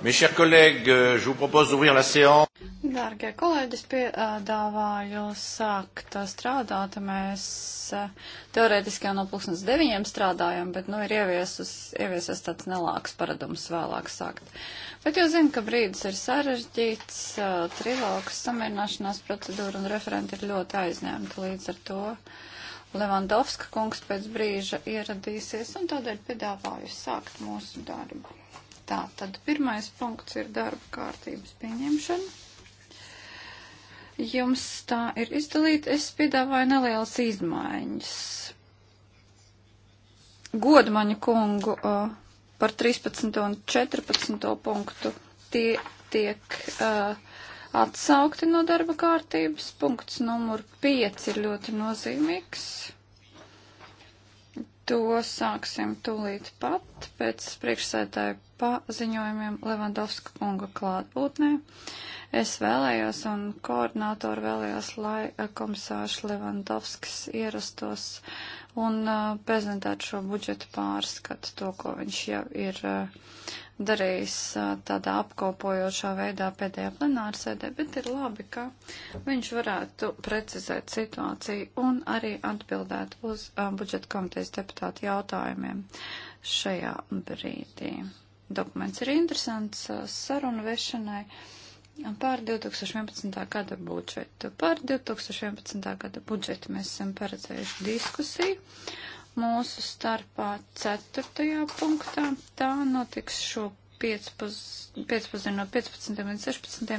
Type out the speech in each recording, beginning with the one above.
Mes chers collègues, euh, je vous propose d'ouvrir la séance. Dārgie kolēģi, es piedāvāju sākt strādāt. Mēs eh, teorētiski jau no pusnes deviņiem strādājam, bet nu ir ieviesus, ieviesis tāds nelāks paradums vēlāk sākt. Bet jau zinu, ka brīdis ir sarežģīts, eh, trilogs, samierināšanās procedūra un referenti ir ļoti aizņemti līdz ar to. Levandovska kungs pēc brīža ieradīsies un tādēļ piedāvāju sākt mūsu darbu. Tā tad pirmais punkts ir darba kārtības pieņemšana. Jums tā ir izdalīta. Es piedāvāju nelielas izmaiņas. Godmaņa kungu uh, par 13. un 14. punktu tie tiek uh, atsaukti no darba kārtības. Punkts numur 5 ir ļoti nozīmīgs. To sāksim tūlīt pat pēc priekšsētāja paziņojumiem Levandovska kunga klātbūtnē. Es vēlējos un koordinātori vēlējos, lai eh, komisārs Levandovskis ierastos un uh, prezentētu šo budžetu pārskatu, to, ko viņš jau ir uh, darījis tādā apkopojošā veidā pēdējā plenārsēdē, bet ir labi, ka viņš varētu precizēt situāciju un arī atbildēt uz uh, budžeta komitejas deputātu jautājumiem šajā brīdī. Dokuments ir interesants uh, sarunu vešanai par 2011. gada budžetu. Par 2011. gada budžetu mēs esam paredzējuši diskusiju mūsu starpā ceturtajā punktā. Tā notiks šo pēcpusdienu piecpuz, no 15. līdz 16.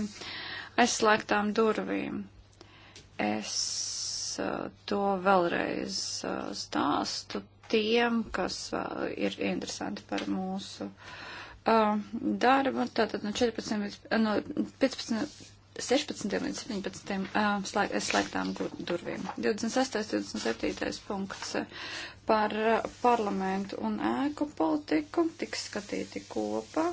aizslēgtām durvīm. Es uh, to vēlreiz uh, stāstu tiem, kas uh, ir interesanti par mūsu darbu. Tātad no 14. līdz no 15. 16. līdz 17. Uh, slēg, slēgtām durvīm. 26. 27. punkts par parlamentu un ēku politiku tiks skatīti kopā.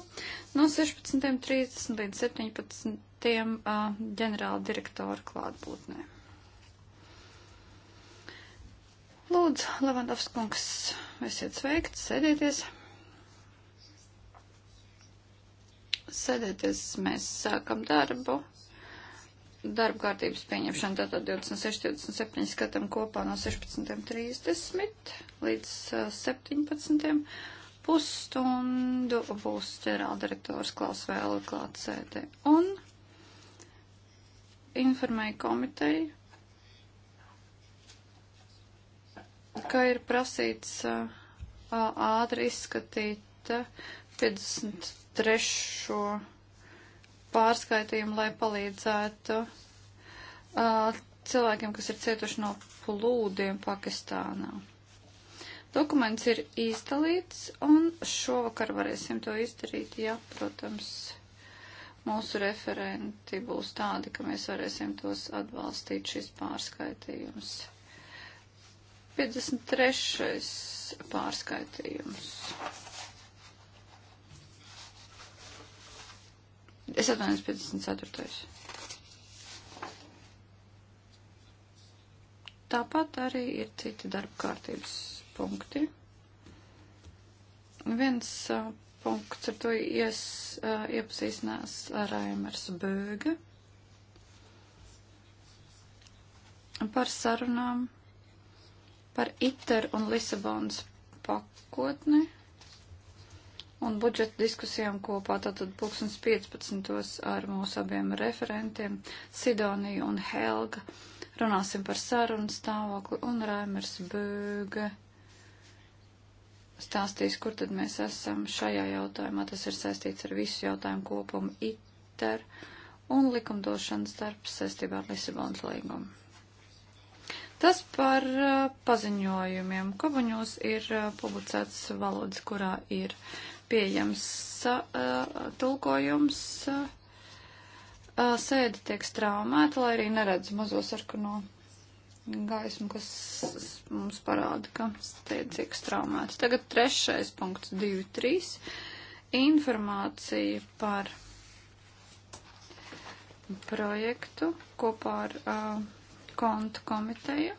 No 16.30 līdz 17. Uh, ģenerāla direktora klātbūtnē. Lūdzu, Levandovskungs, esiet sveikti, sēdieties. sēdēties, mēs sākam darbu darba kārtības pieņemšanu. Tātad 26, 27 skatam kopā no 16.30 līdz 17. Pusstundu būs ģenerāldirektors Klaus Vēlu klāt sēdē. Un informēja komiteju, ka ir prasīts ātri izskatīt 53 pārskaitījumu, lai palīdzētu uh, cilvēkiem, kas ir cietuši no plūdiem Pakistānā. Dokuments ir izdalīts, un šovakar varēsim to izdarīt, ja, protams, mūsu referenti būs tādi, ka mēs varēsim tos atbalstīt šis pārskaitījums. 53. pārskaitījums. Es atvainojos 54. Tāpat arī ir citi darba kārtības punkti. Viens uh, punkts ar to ies, uh, iepazīstinās Raimers Bēga par sarunām par ITER un Lisabonas pakotni un budžeta diskusijām kopā, tātad 2015. ar mūsu abiem referentiem, Sidoniju un Helga. Runāsim par sarunu stāvokli un Raimers Bēge stāstīs, kur tad mēs esam šajā jautājumā. Tas ir saistīts ar visu jautājumu kopumu ITER un likumdošanas darbs saistībā ar Lisabonas līgumu. Tas par uh, paziņojumiem. Kobuņos ir uh, publicēts valodas, kurā ir uh, pieejams uh, tulkojums. Uh, sēde tiek straumēta, lai arī neredz mazo sarkano gaismu, kas mums parāda, ka sēde tiek straumēta. Tagad trešais punkts, divi, trīs. Informācija par projektu kopā ar uh, kontu komiteju.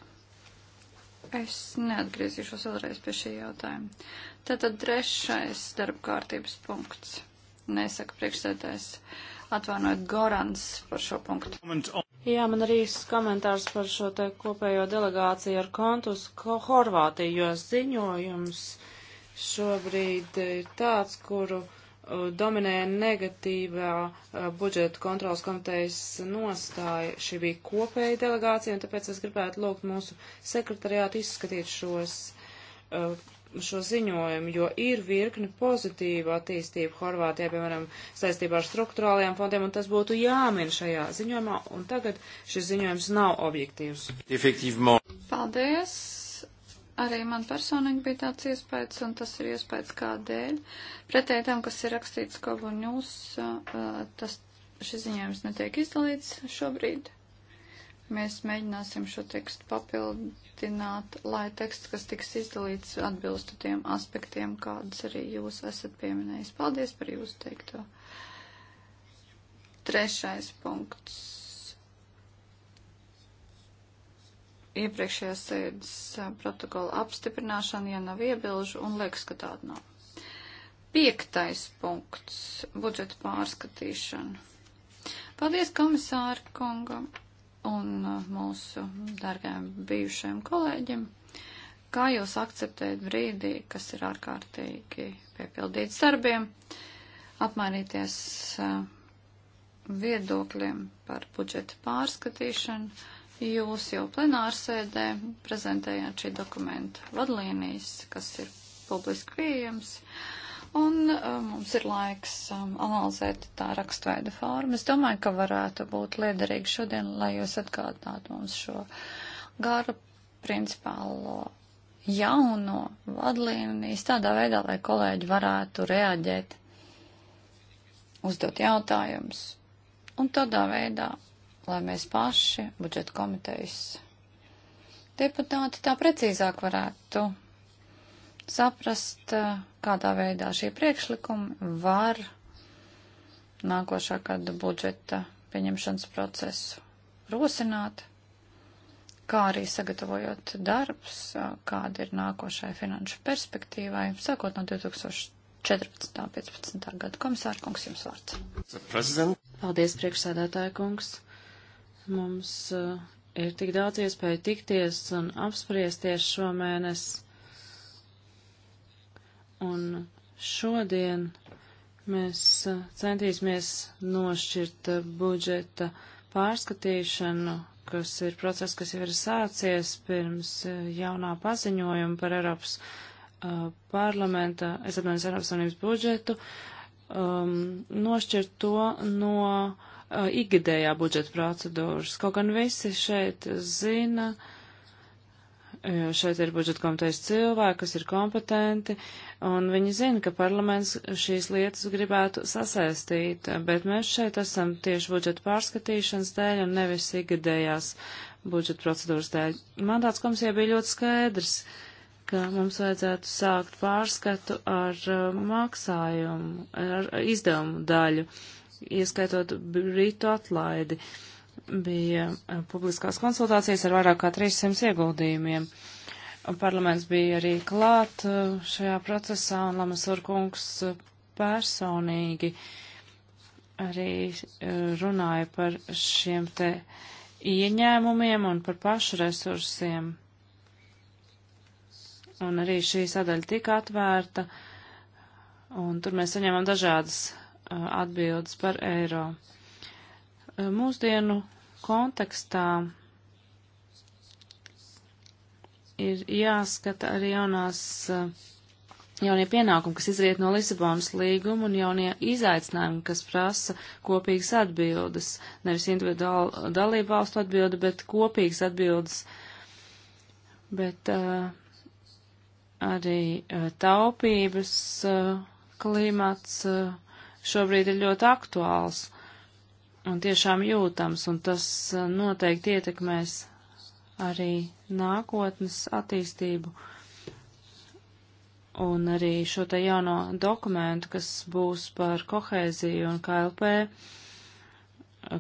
Es neatgriezīšos vēlreiz pie šī jautājuma. Tātad trešais darba kārtības punkts. Nesaka priekšsēdājs. Atvainojiet, Gorans par šo punktu. Jā, man arī īsts komentārs par šo te kopējo delegāciju ar kontus ko Horvātiju, jo ziņojums šobrīd ir tāds, kuru uh, dominē negatīvā uh, budžeta kontrolas komitejas nostāja. Šī bija kopēja delegācija, un tāpēc es gribētu lūgt mūsu sekretariātu izskatīt šos uh, šo ziņojumu, jo ir virkni pozitīva attīstība Horvātijā, piemēram, saistībā ar struktūrālajiem fondiem, un tas būtu jāmin šajā ziņojumā, un tagad šis ziņojums nav objektīvs. Paldies! Arī man personīgi bija tāds iespējas, un tas ir iespējas kādēļ. Pretēji tam, kas ir rakstīts Kovu News, uh, tas šis ziņojums netiek izdalīts šobrīd. Mēs mēģināsim šo tekstu papildināt, lai teksts, kas tiks izdalīts, atbilstu tiem aspektiem, kādas arī jūs esat pieminējis. Paldies par jūsu teikto. Trešais punkts. Iepriekšējās sēdes protokola apstiprināšana, ja nav iebilžu, un liekas, ka tāda nav. Piektais punkts - budžeta pārskatīšana. Paldies komisāru kungam! un uh, mūsu dārgajiem bijušajiem kolēģiem, kā jūs akceptējat brīdī, kas ir ārkārtīgi piepildīts darbiem, apmainīties uh, viedokļiem par budžeta pārskatīšanu. Jūs jau plenārsēdē prezentējāt šī dokumenta vadlīnijas, kas ir publiski pieejams. Uh, Un um, mums ir laiks um, analizēt tā rakstveida formu. Es domāju, ka varētu būt liederīgi šodien, lai jūs atgādinātu mums šo garu principālo jauno vadlīnijas tādā veidā, lai kolēģi varētu reaģēt, uzdot jautājumus. Un tādā veidā, lai mēs paši budžeta komitejas deputāti tā precīzāk varētu saprast, eh, kādā veidā šie priekšlikumi var nākošā gada budžeta pieņemšanas procesu rosināt, kā arī sagatavojot darbs, eh, kāda ir nākošai finanšu perspektīvai, sākot no 2014. un 15. gada komisāra kungs jums vārds. Paldies, priekšsēdētāja kungs. Mums uh, ir tik daudz iespēju tikties un apspriesties šomēnes Un šodien mēs eh, centīsimies nošķirt eh, budžeta pārskatīšanu, kas ir process, kas jau ir sācies pirms eh, jaunā paziņojuma par Eiropas uh, parlamenta, es atvainojos Eiropas Savienības budžetu, um, nošķirt to no uh, ikgadējā budžeta procedūras. Kaut gan visi šeit zina, uh, jo šeit ir budžeta komitejas cilvēki, kas ir kompetenti, un viņi zina, ka parlaments šīs lietas gribētu sasaistīt, bet mēs šeit esam tieši budžeta pārskatīšanas dēļ un nevis ikgadējās budžeta procedūras dēļ. Mandāts komisijai bija ļoti skaidrs, ka mums vajadzētu sākt pārskatu ar maksājumu, ar izdevumu daļu, ieskaitot brītu atlaidi. Uh, bija eh, publiskās konsultācijas ar vairāk kā 300 ieguldījumiem. Parlaments bija arī klāt eh, šajā procesā, un Lamasur kungs eh, personīgi arī runāja par šiem te ieņēmumiem un par pašu resursiem. Un arī šī sadaļa tika atvērta, un tur mēs saņēmām dažādas atbildes par eiro mūsdienu kontekstā ir jāskata arī jaunās, eh, jaunie pienākumi, kas izriet no Lisabonas līguma un jaunie izaicinājumi, kas prasa kopīgas atbildes, nevis individuāli dalību valstu atbildi, bet kopīgas atbildes, bet uh, arī uh, taupības uh, klimats uh, šobrīd ir ļoti aktuāls un tiešām jūtams, un tas eh, noteikti ietekmēs arī nākotnes attīstību un arī šo te jauno dokumentu, kas būs par kohēziju un KLP, eh,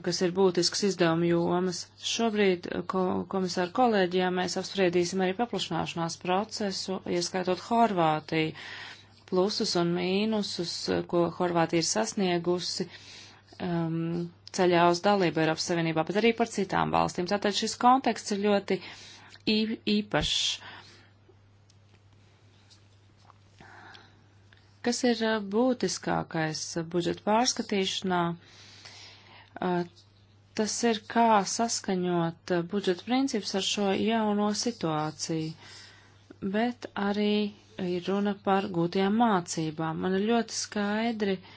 kas ir būtisks izdevumu jomas. Šobrīd eh, ko, komisāru kolēģijā mēs apspriedīsim arī paplašanāšanās procesu, ieskaitot Horvātiju, plusus un mīnusus, ko Horvātija ir sasniegusi um, ceļā uz dalību Eiropas Savienībā, bet arī par citām valstīm. Tātad šis konteksts ir ļoti īpašs. Kas ir būtiskākais budžeta pārskatīšanā? Tas ir kā saskaņot budžeta principus ar šo jauno situāciju, bet arī ir runa par gūtajām mācībām. Man ir ļoti skaidri uh,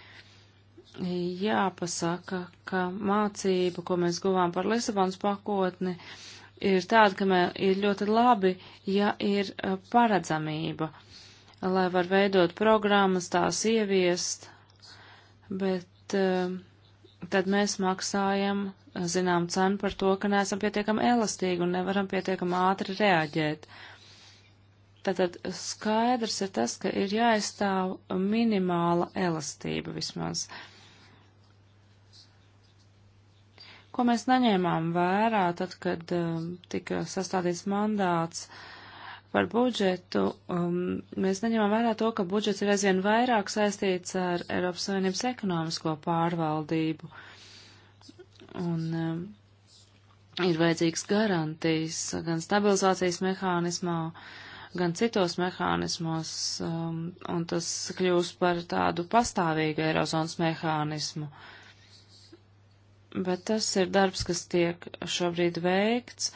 jāpasaka, ka mācība, ko mēs guvām par Lisabonas pakotni, ir tāda, ka mēs ir ļoti labi, ja ir paredzamība, lai var veidot programmas, tās ieviest, bet tad mēs maksājam zinām cenu par to, ka neesam pietiekami elastīgi un nevaram pietiekami ātri reaģēt. Tātad skaidrs ir tas, ka ir jāizstāv minimāla elastība vismaz. Uh, ko mēs neņēmām vērā tad, kad um, tika sastādīts mandāts par budžetu. Um, mēs neņēmām vērā to, ka budžets ir aizvien vairāk saistīts ar Eiropas Savienības ekonomisko pārvaldību. Un, um, ir vajadzīgs garantijas gan stabilizācijas mehānismā, gan citos mehānismos, um, un tas kļūs par tādu pastāvīgu Eirozonas mehānismu. Uh, bet tas ir darbs, kas tiek šobrīd veikts,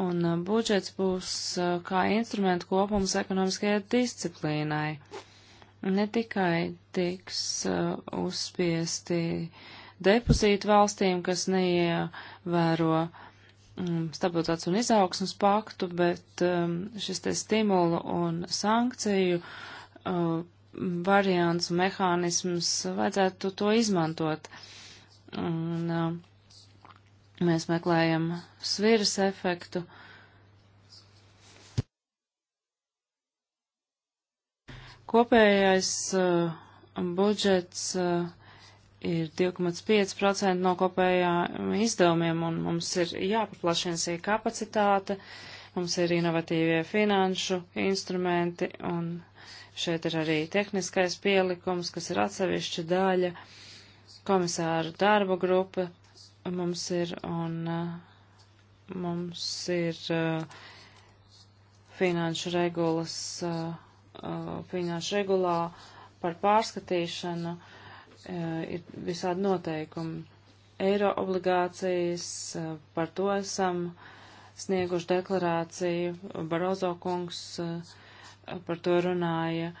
un uh, budžets būs uh, kā instrumentu kopums ekonomiskajai disciplīnai. Ne tikai tiks uh, uzspiesti depozītu valstīm, kas neievēro um, stabilitātes un izaugsmas paktu, bet um, šis te stimulu un sankciju variants, mehānisms, vajadzētu to izmantot. Uh, Un uh, mēs meklējam sviras efektu. Kopējais uh, budžets uh, ir 2,5% no kopējā izdevumiem, un mums ir jāpaplašina šī kapacitāte, mums ir inovatīvie finanšu instrumenti, un šeit ir arī tehniskais pielikums, kas ir atsevišķa daļa. Uh, komisāru darba grupa mums ir un uh, mums ir uh, finanšu regulas, uh, finanšu regulā par pārskatīšanu ir visādi noteikumi. Eiro obligācijas, par to esam snieguši deklarāciju, Barozo kungs par to runāja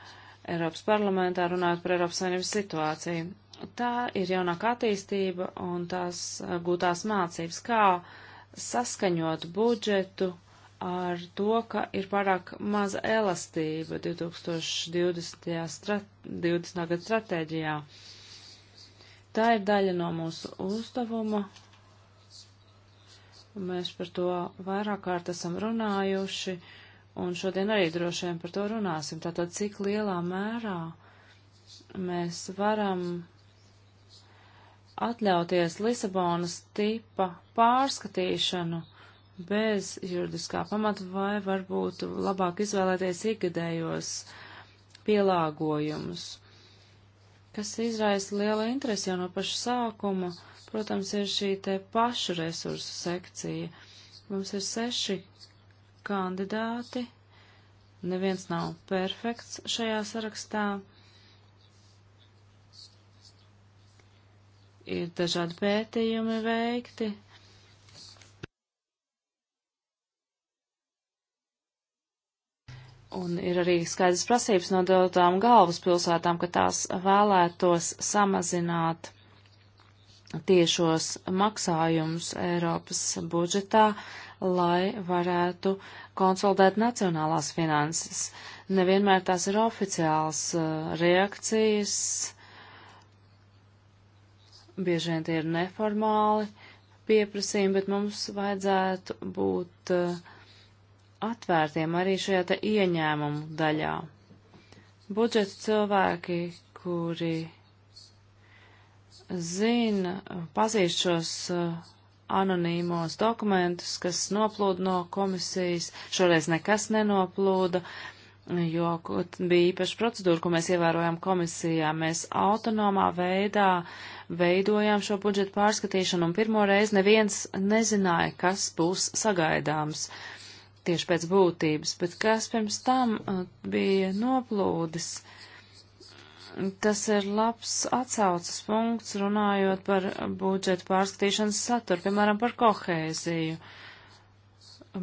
Eiropas parlamentā, runājot par Eiropas Savienības situāciju tā ir jaunākā attīstība un tās eh, gūtās mācības, kā saskaņot budžetu ar to, ka ir pārāk maza elastība 2020. Strat 20. gada stratēģijā. Tā ir daļa no mūsu uzdevuma. Mēs par to vairāk kārt esam runājuši, un šodien arī droši vien par to runāsim. Tātad, cik lielā mērā mēs varam atļauties Lisabonas tipa pārskatīšanu bez juridiskā pamata vai varbūt labāk izvēlēties ikgadējos pielāgojumus, kas izraisa liela interesi jau no paša sākuma, protams, ir šī te pašu resursu sekcija. Mums ir seši kandidāti, neviens nav perfekts šajā sarakstā. ir dažādi pētījumi veikti. Un ir arī skaidrs prasības no tām galvaspilsētām, ka tās vēlētos samazināt tiešos maksājumus Eiropas budžetā, lai varētu konsolidēt nacionālās finanses. Nevienmēr tās ir oficiāls uh, reakcijas bieži vien tie ir neformāli pieprasījumi, bet mums vajadzētu būt eh, atvērtiem arī šajā te ieņēmumu daļā. Budžeta cilvēki, kuri zina, pazīst šos eh, anonīmos dokumentus, kas noplūda no komisijas, šoreiz nekas nenoplūda, jo bija īpaša procedūra, ko mēs ievērojam komisijā. Mēs autonomā veidā uh, veidojām šo budžetu pārskatīšanu, un pirmo reizi neviens nezināja, kas būs sagaidāms tieši pēc būtības, bet kas pirms tam uh, bija noplūdes. Tas ir labs atsaucas punkts, runājot par budžetu pārskatīšanas saturu, piemēram, par kohēziju.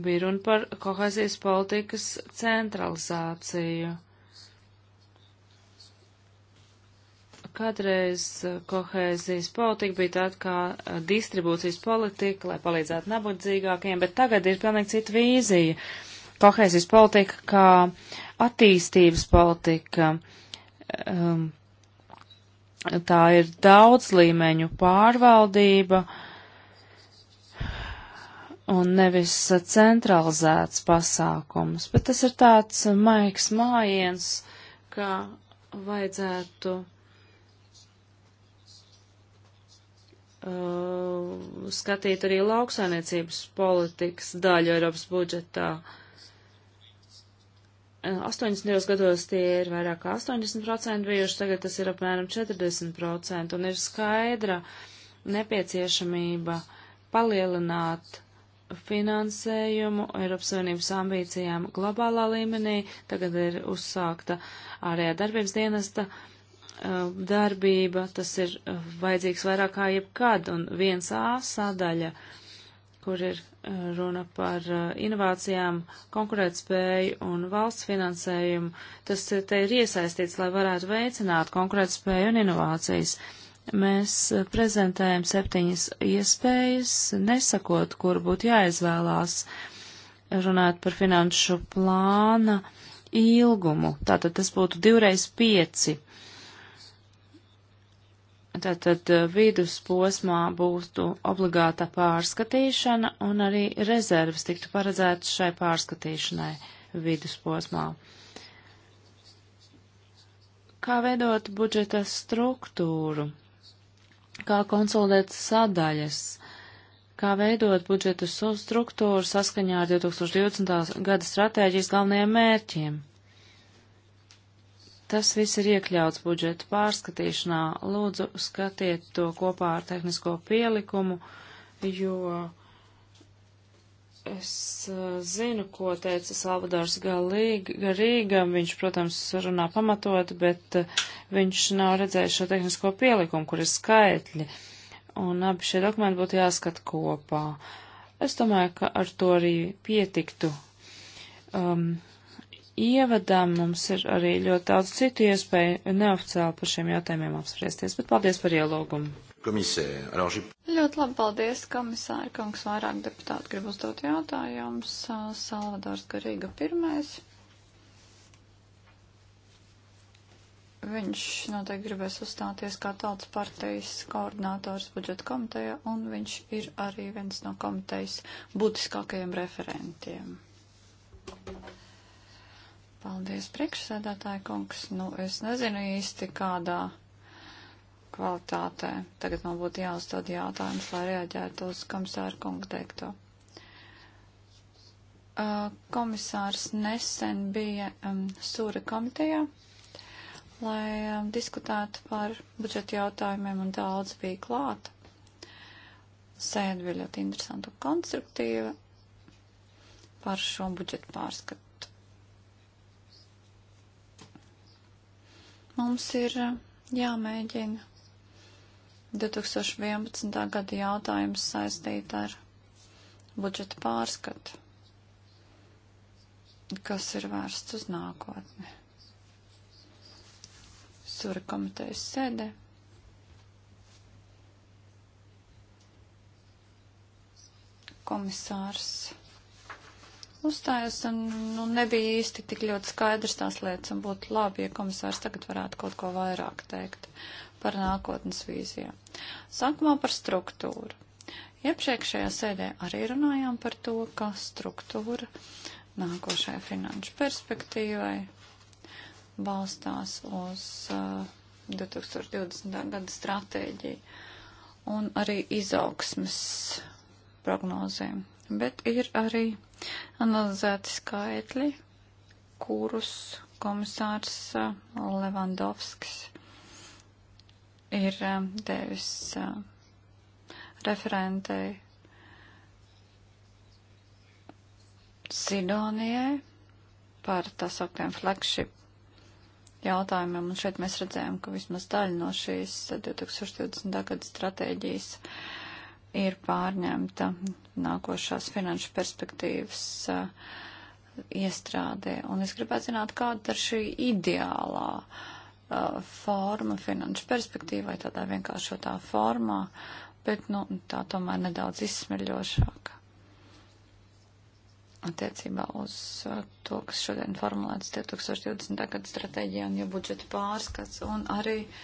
Bija runa par kohēzijas politikas centralizāciju Kādreiz eh, kohēzijas politika bija tāda kā eh, distribūcijas politika, lai palīdzētu nabadzīgākiem, bet tagad ir pilnīgi cita vīzija. Kohēzijas politika kā attīstības politika. Um, tā ir daudz līmeņu pārvaldība un nevis eh, centralizēts pasākums, bet tas ir tāds maigs mājiens, ka vajadzētu uh, skatīt arī lauksainiecības politikas daļu Eiropas budžetā. 80. Uh, gados tie ir vairāk kā 80% bijuši, tagad tas ir apmēram 40% un ir skaidra nepieciešamība palielināt finansējumu Eiropas Savienības ambīcijām globālā līmenī. Tagad ir uzsākta ārējā darbības dienesta uh, Uh, darbība, tas ir uh, vajadzīgs vairāk kā jebkad, un viens A sadaļa, kur ir uh, runa par inovācijām, konkurētspēju un valsts finansējumu, tas te ir iesaistīts, lai varētu veicināt konkurētspēju un inovācijas. Mēs prezentējam septiņas iespējas, nesakot, kur būtu jāizvēlās, runājot par finanšu plāna ilgumu. Tātad tas būtu divreiz pieci Tātad eh, vidusposmā būtu obligāta pārskatīšana un arī rezerves tiktu paredzētas šai pārskatīšanai vidusposmā. Kā veidot budžeta struktūru? Kā konsolidēt sadaļas? Kā veidot budžeta struktūru saskaņā ar 2020. gada stratēģijas galvenajiem mērķiem? Tas viss ir iekļauts budžeta pārskatīšanā. Lūdzu, skatiet to kopā ar tehnisko pielikumu, jo es uh, zinu, ko teica Salvadors Garīga. Viņš, protams, runā pamatot, bet uh, viņš nav redzējis šo tehnisko pielikumu, kur ir skaitļi. Un abi šie dokumenti būtu jāskat kopā. Es domāju, ka ar to arī pietiktu. Um, ievadam. Mums ir arī ļoti daudz citu iespēju neoficiāli par šiem jautājumiem apspriesties, bet paldies par ielūgumu. Komisēra. Ļoti labi, paldies, komisāri, kungs, vairāk deputāti grib uzdot jautājumus. Salvadors Garīga pirmais. Viņš noteikti gribēs uzstāties kā tautas partijas koordinātors budžeta komiteja, un viņš ir arī viens no komitejas būtiskākajiem referentiem. Paldies, priekšsēdētāji kungs. Nu, es nezinu īsti kādā kvalitātē. Tagad man būtu jāuzdod jautājums, lai reaģētu uz komisāru kungu teikto. Komisārs nesen bija um, Sūra komitejā, lai um, diskutētu par budžeta jautājumiem, un daudz bija klāt. Sēde bija ļoti interesanta un konstruktīva par šo budžeta pārskatu. Mums ir jāmēģina 2011. gada jautājums saistīt ar budžeta pārskatu, kas ir vērsts uz nākotni. Sura komitejas sēde. Komisārs uzstājas un nu, nebija īsti tik ļoti skaidrs tās lietas, un būtu labi, ja komisārs tagad varētu kaut ko vairāk teikt par nākotnes vīzijām. Sākumā par struktūru. Iepriekšējā sēdē arī runājām par to, ka struktūra nākošajai finanšu perspektīvai balstās uz uh, 2020. gada stratēģiju un arī izaugsmes prognozēm bet ir arī analizēti skaitļi, kurus komisārs Levandovskis ir devis referentei Sidonijai par tā sauktiem flagship jautājumiem, un šeit mēs redzējām, ka vismaz daļa no šīs 2020. gada stratēģijas uh, ir pārņemta nākošās finanšu perspektīvas uh, iestrādē. Un es gribētu zināt, kāda ir šī ideālā uh, forma finanšu perspektīvai, tādā vienkāršotā formā, bet nu, tā tomēr nedaudz izsmeļošāka attiecībā uz uh, to, kas šodien formulēts 2020. gada stratēģijā un jau budžeta pārskats un arī uh,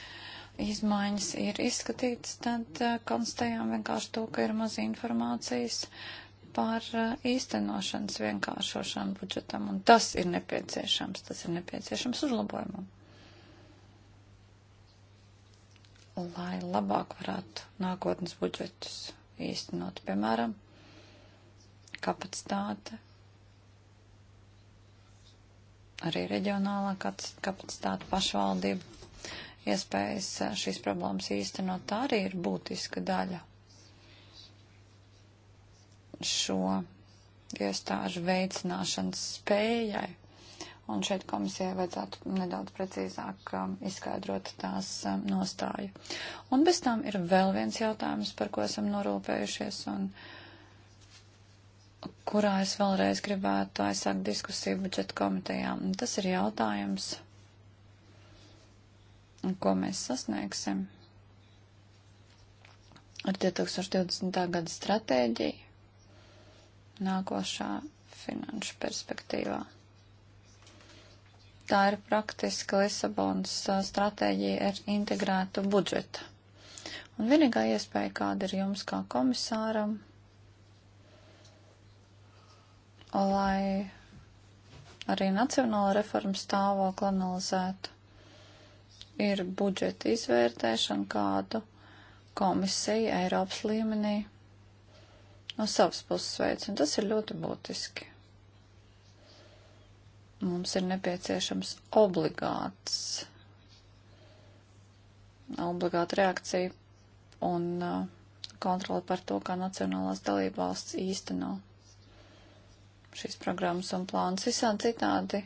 izmaiņas ir izskatītas, tad eh, konstatējām vienkārši to, ka ir maz informācijas par eh, īstenošanas vienkāršošanu budžetam, un tas ir nepieciešams, tas ir nepieciešams uzlabojumam. Lai labāk varētu nākotnes budžetus īstenot, piemēram, kapacitāte, arī reģionālā kapacitāte, pašvaldība iespējas šīs problēmas īstenot. Tā arī ir būtiska daļa šo iestāžu veicināšanas spējai. Un šeit komisijai vajadzētu nedaudz precīzāk um, izskaidrot tās um, nostāju. Un bez tām ir vēl viens jautājums, par ko esam norūpējušies un kurā es vēlreiz gribētu aizsākt diskusiju budžeta komitejām. Tas ir jautājums un ko mēs sasniegsim ar 2020. gada stratēģiju nākošā finanšu perspektīvā. Tā ir praktiski Lisabonas stratēģija ar integrētu budžetu. Un vienīgā iespēja, kāda ir jums kā komisāram, lai arī nacionālo reformu stāvokli analizētu, ir budžeta izvērtēšana kādu komisiju Eiropas līmenī no savas puses veids, un tas ir ļoti būtiski. Mums ir nepieciešams obligāts, obligāta reakcija un uh, kontroli par to, kā nacionālās dalībvalsts īsteno šīs programmas un plāns. Visādi citādi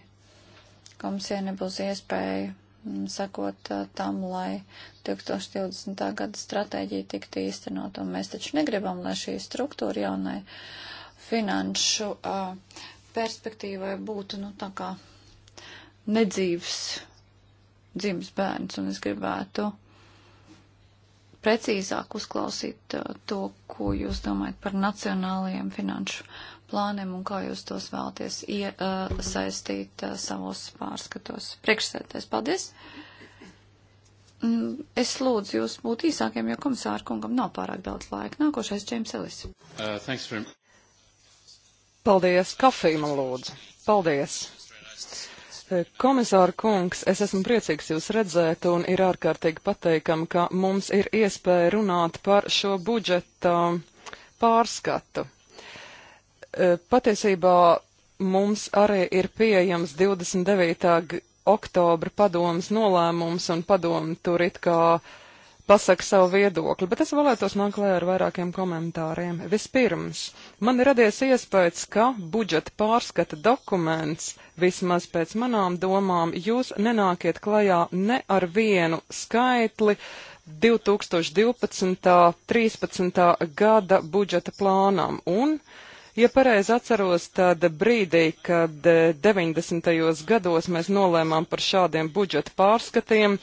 komisija nebūs iespēja Mm, sakot tam, lai 2020. gada stratēģija tiktu īstenot. Un mēs taču negribam, lai šī struktūra jaunai finanšu uh, perspektīvai būtu, nu, tā kā nedzīvs dzimis bērns. Un es gribētu precīzāk uzklausīt uh, to, ko jūs domājat par nacionālajiem finanšu plāniem un kā jūs tos vēlaties iesaistīt eh, savos pārskatos. Priekšsēdētājs, paldies! Mm, es lūdzu jūs būt īsākiem, jo komisāra kungam nav pārāk daudz laika. Nākošais Džeims Elis. Uh, for... Paldies, kafija man lūdzu. Paldies. Komisāra kungs, es esmu priecīgs jūs redzēt un ir ārkārtīgi pateikam, ka mums ir iespēja runāt par šo budžeta pārskatu. E, patiesībā mums arī ir pieejams 29. oktobra padomas nolēmums un padomu tur it kā pasaka savu viedokli, bet es vēlētos nākt klajā ar vairākiem komentāriem. Vispirms, man ir radies iespējas, ka budžeta pārskata dokuments, vismaz pēc manām domām, jūs nenākiet klajā ne ar vienu skaitli 2012. 13. gada budžeta plānam un Ja pareizi atceros, tad brīdī, kad 90. Eh, gados mēs nolēmām par šādiem budžeta pārskatiem,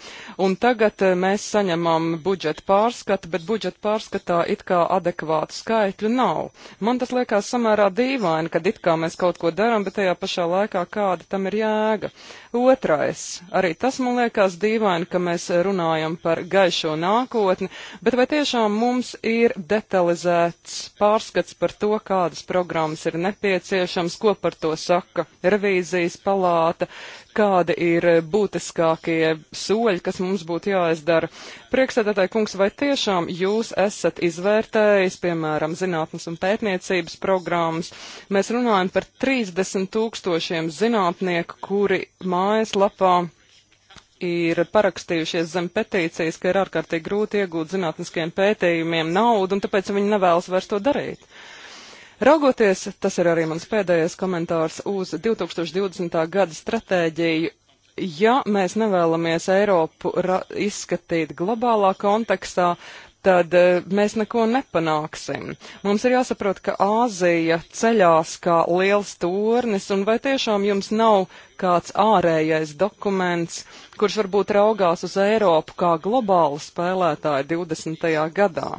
un tagad eh, mēs saņemam budžeta pārskatu, bet budžeta pārskatā it kā adekvātu skaitļu nav. Man tas liekas samērā dīvaini, kad it kā mēs kaut ko darām, bet tajā pašā laikā kāda tam ir jēga. Otrais, arī tas man liekas dīvaini, ka mēs runājam par gaišo nākotni, bet vai tiešām mums ir detalizēts pārskats par to, kādas problēmas programmas ir nepieciešams, ko par to saka revīzijas palāta, kādi ir būtiskākie soļi, kas mums būtu jāizdara. Priekšsēdētāji kungs, vai tiešām jūs esat izvērtējis, piemēram, zinātnes un pētniecības programmas? Mēs runājam par 30 tūkstošiem zinātnieku, kuri mājaslapā ir parakstījušies zem petīcijas, ka ir ārkārtīgi grūti iegūt zinātniskajiem pētījumiem naudu, un tāpēc viņi nevēlas vairs to darīt. Raugoties, tas ir arī mans pēdējais komentārs uz 2020. gada stratēģiju ja mēs nevēlamies Eiropu izskatīt globālā kontekstā, tad e, mēs neko nepanāksim. Mums ir jāsaprot, ka Āzija ceļās kā liels tornis, un vai tiešām jums nav kāds ārējais dokuments, kurš varbūt raugās uz Eiropu kā globālu spēlētāju 20. gadā?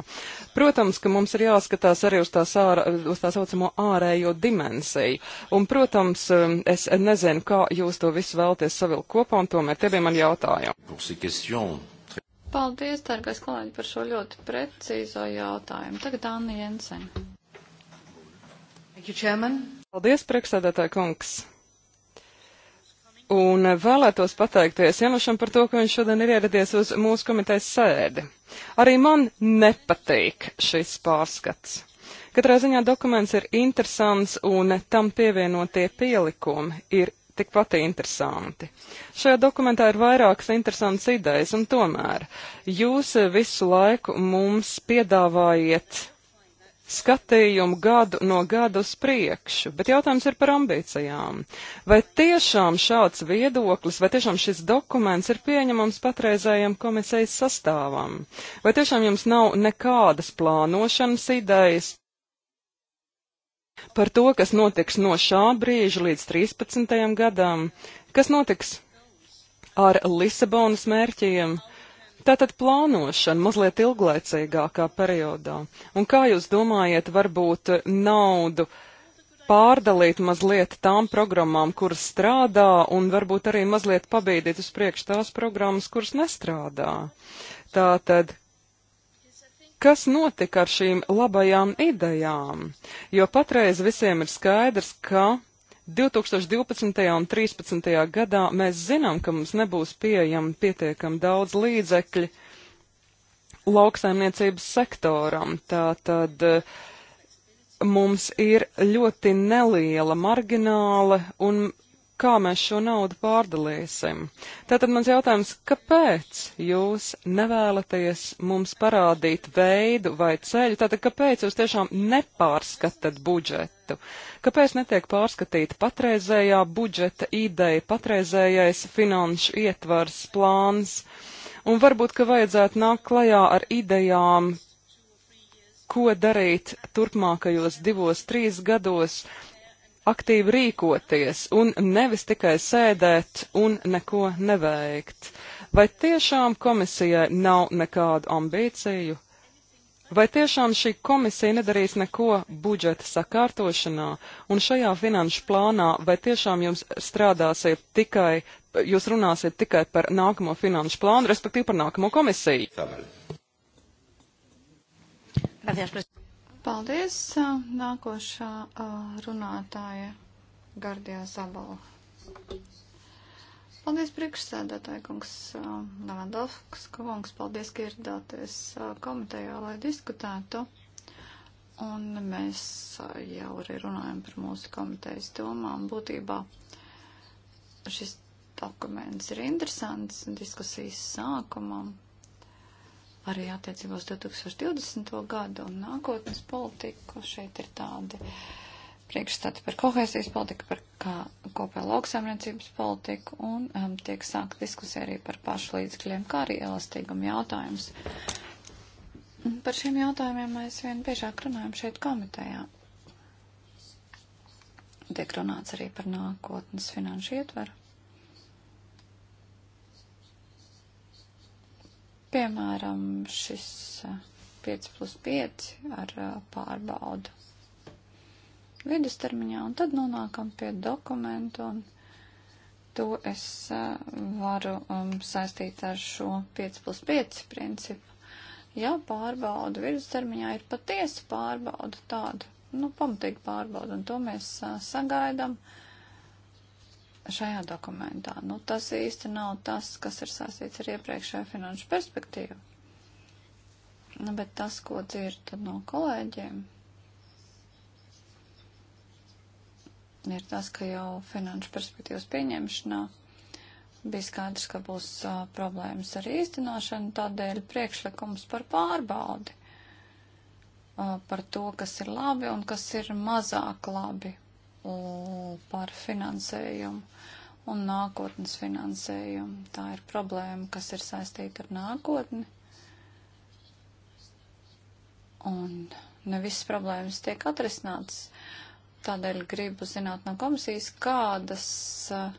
Protams, ka mums ir jāskatās arī uz tā, sāra, uz tā saucamo ārējo dimensiju. Un, protams, um, es nezinu, kā jūs to visu vēlties savilkt kopā, un tomēr tie bija mani jautājumi. Paldies, dārgais kolēģi, par šo ļoti precīzo jautājumu. Tagad Anna Jensen. You, Paldies, priekšsēdētāja kungs. Un vēlētos pateikties Jamašam par to, ka viņš šodien ir ieradies uz mūsu komitejas sēdi. Arī man nepatīk šis pārskats. Katrā ziņā dokuments ir interesants un tam pievienotie pielikumi ir tikpat interesanti. Šajā dokumentā ir vairākas interesantas idejas, un tomēr jūs visu laiku mums piedāvājiet skatījumu gadu no gada uz priekšu, bet jautājums ir par ambīcijām. Vai tiešām šāds viedoklis, vai tiešām šis dokuments ir pieņemams patreizējiem komisijas sastāvam? Vai tiešām jums nav nekādas plānošanas idejas? Par to, kas notiks no šā brīža līdz 13. gadam, kas notiks ar Lisabonas mērķiem, uh, Tātad plānošana mazliet ilglaicīgākā periodā. Un kā jūs domājat, varbūt naudu pārdalīt mazliet tām programmām, kuras strādā, un varbūt arī mazliet pabīdīt uz priekš tās programmas, kuras nestrādā. Tātad, kas notika ar šīm labajām idejām? Jo patreiz visiem ir skaidrs, ka 2012. un 2013. gadā mēs zinām, ka mums nebūs pieejama pietiekami daudz līdzekļi lauksaimniecības sektoram. Tātad eh, mums ir ļoti neliela margināla un kā mēs šo naudu pārdalīsim. Tātad mans jautājums, kāpēc jūs nevēlaties mums parādīt veidu vai ceļu? Tātad, kāpēc jūs tiešām nepārskatat budžetu? Kāpēc netiek pārskatīta patreizējā budžeta ideja, patreizējais finanšu ietvars, plāns? Un varbūt, ka vajadzētu nākt klajā ar idejām, ko darīt turpmākajos divos, trīs gados, aktīvi rīkoties un nevis tikai sēdēt un neko neveikt. Vai tiešām komisijai nav nekādu ambīciju? Vai tiešām šī komisija nedarīs neko budžeta sakārtošanā un šajā finanšu plānā, vai tiešām jums strādāsiet tikai, jūs runāsiet tikai par nākamo finanšu plānu, respektīvi par nākamo komisiju? Paldies. Nākošā runātāja Gardijā Zabala. Paldies priekšsēdētāji, kungs Levandovs, kungs, paldies, ka ieradāties komitejā, lai diskutētu. Un mēs jau arī runājam par mūsu komitejas domām. Būtībā šis dokuments ir interesants diskusijas sākumam arī attiecībos 2020. gadu un nākotnes politiku. Šeit ir tādi priekšstati par kohēsijas politiku, par kā, kopēju lauksaimniecības politiku un um, tiek sākt diskusija arī par pašu līdzekļiem, kā arī elastīgumu jautājums. Par šiem jautājumiem mēs vien biežāk runājam šeit komitejā. Tiek runāts arī par nākotnes finanšu ietveru Piemēram, šis 5 eh, plus 5 ar eh, pārbaudu vidustermiņā, un tad nonākam pie dokumentu, un to es eh, varu um, saistīt ar šo 5 plus 5 principu. Ja pārbaudu vidustermiņā ir patiesa pārbauda tāda, nu, pamatīga pārbauda, un to mēs uh, sagaidām. Uh, šajā dokumentā. Nu, tas īsti nav tas, kas ir sāstīts ar iepriekšējo finanšu perspektīvu. Nu, bet tas, ko dzirdu no kolēģiem, ir tas, ka jau finanšu perspektīvas pieņemšanā bija skaidrs, ka būs uh, problēmas ar īstenošanu, tādēļ priekšlikums par pārbaudi, uh, par to, kas ir labi un kas ir mazāk labi par finansējumu un nākotnes finansējumu. Tā ir problēma, kas ir saistīta ar nākotni. Un ne visas problēmas tiek atrisinātas. Tādēļ gribu zināt no komisijas, kādas uh,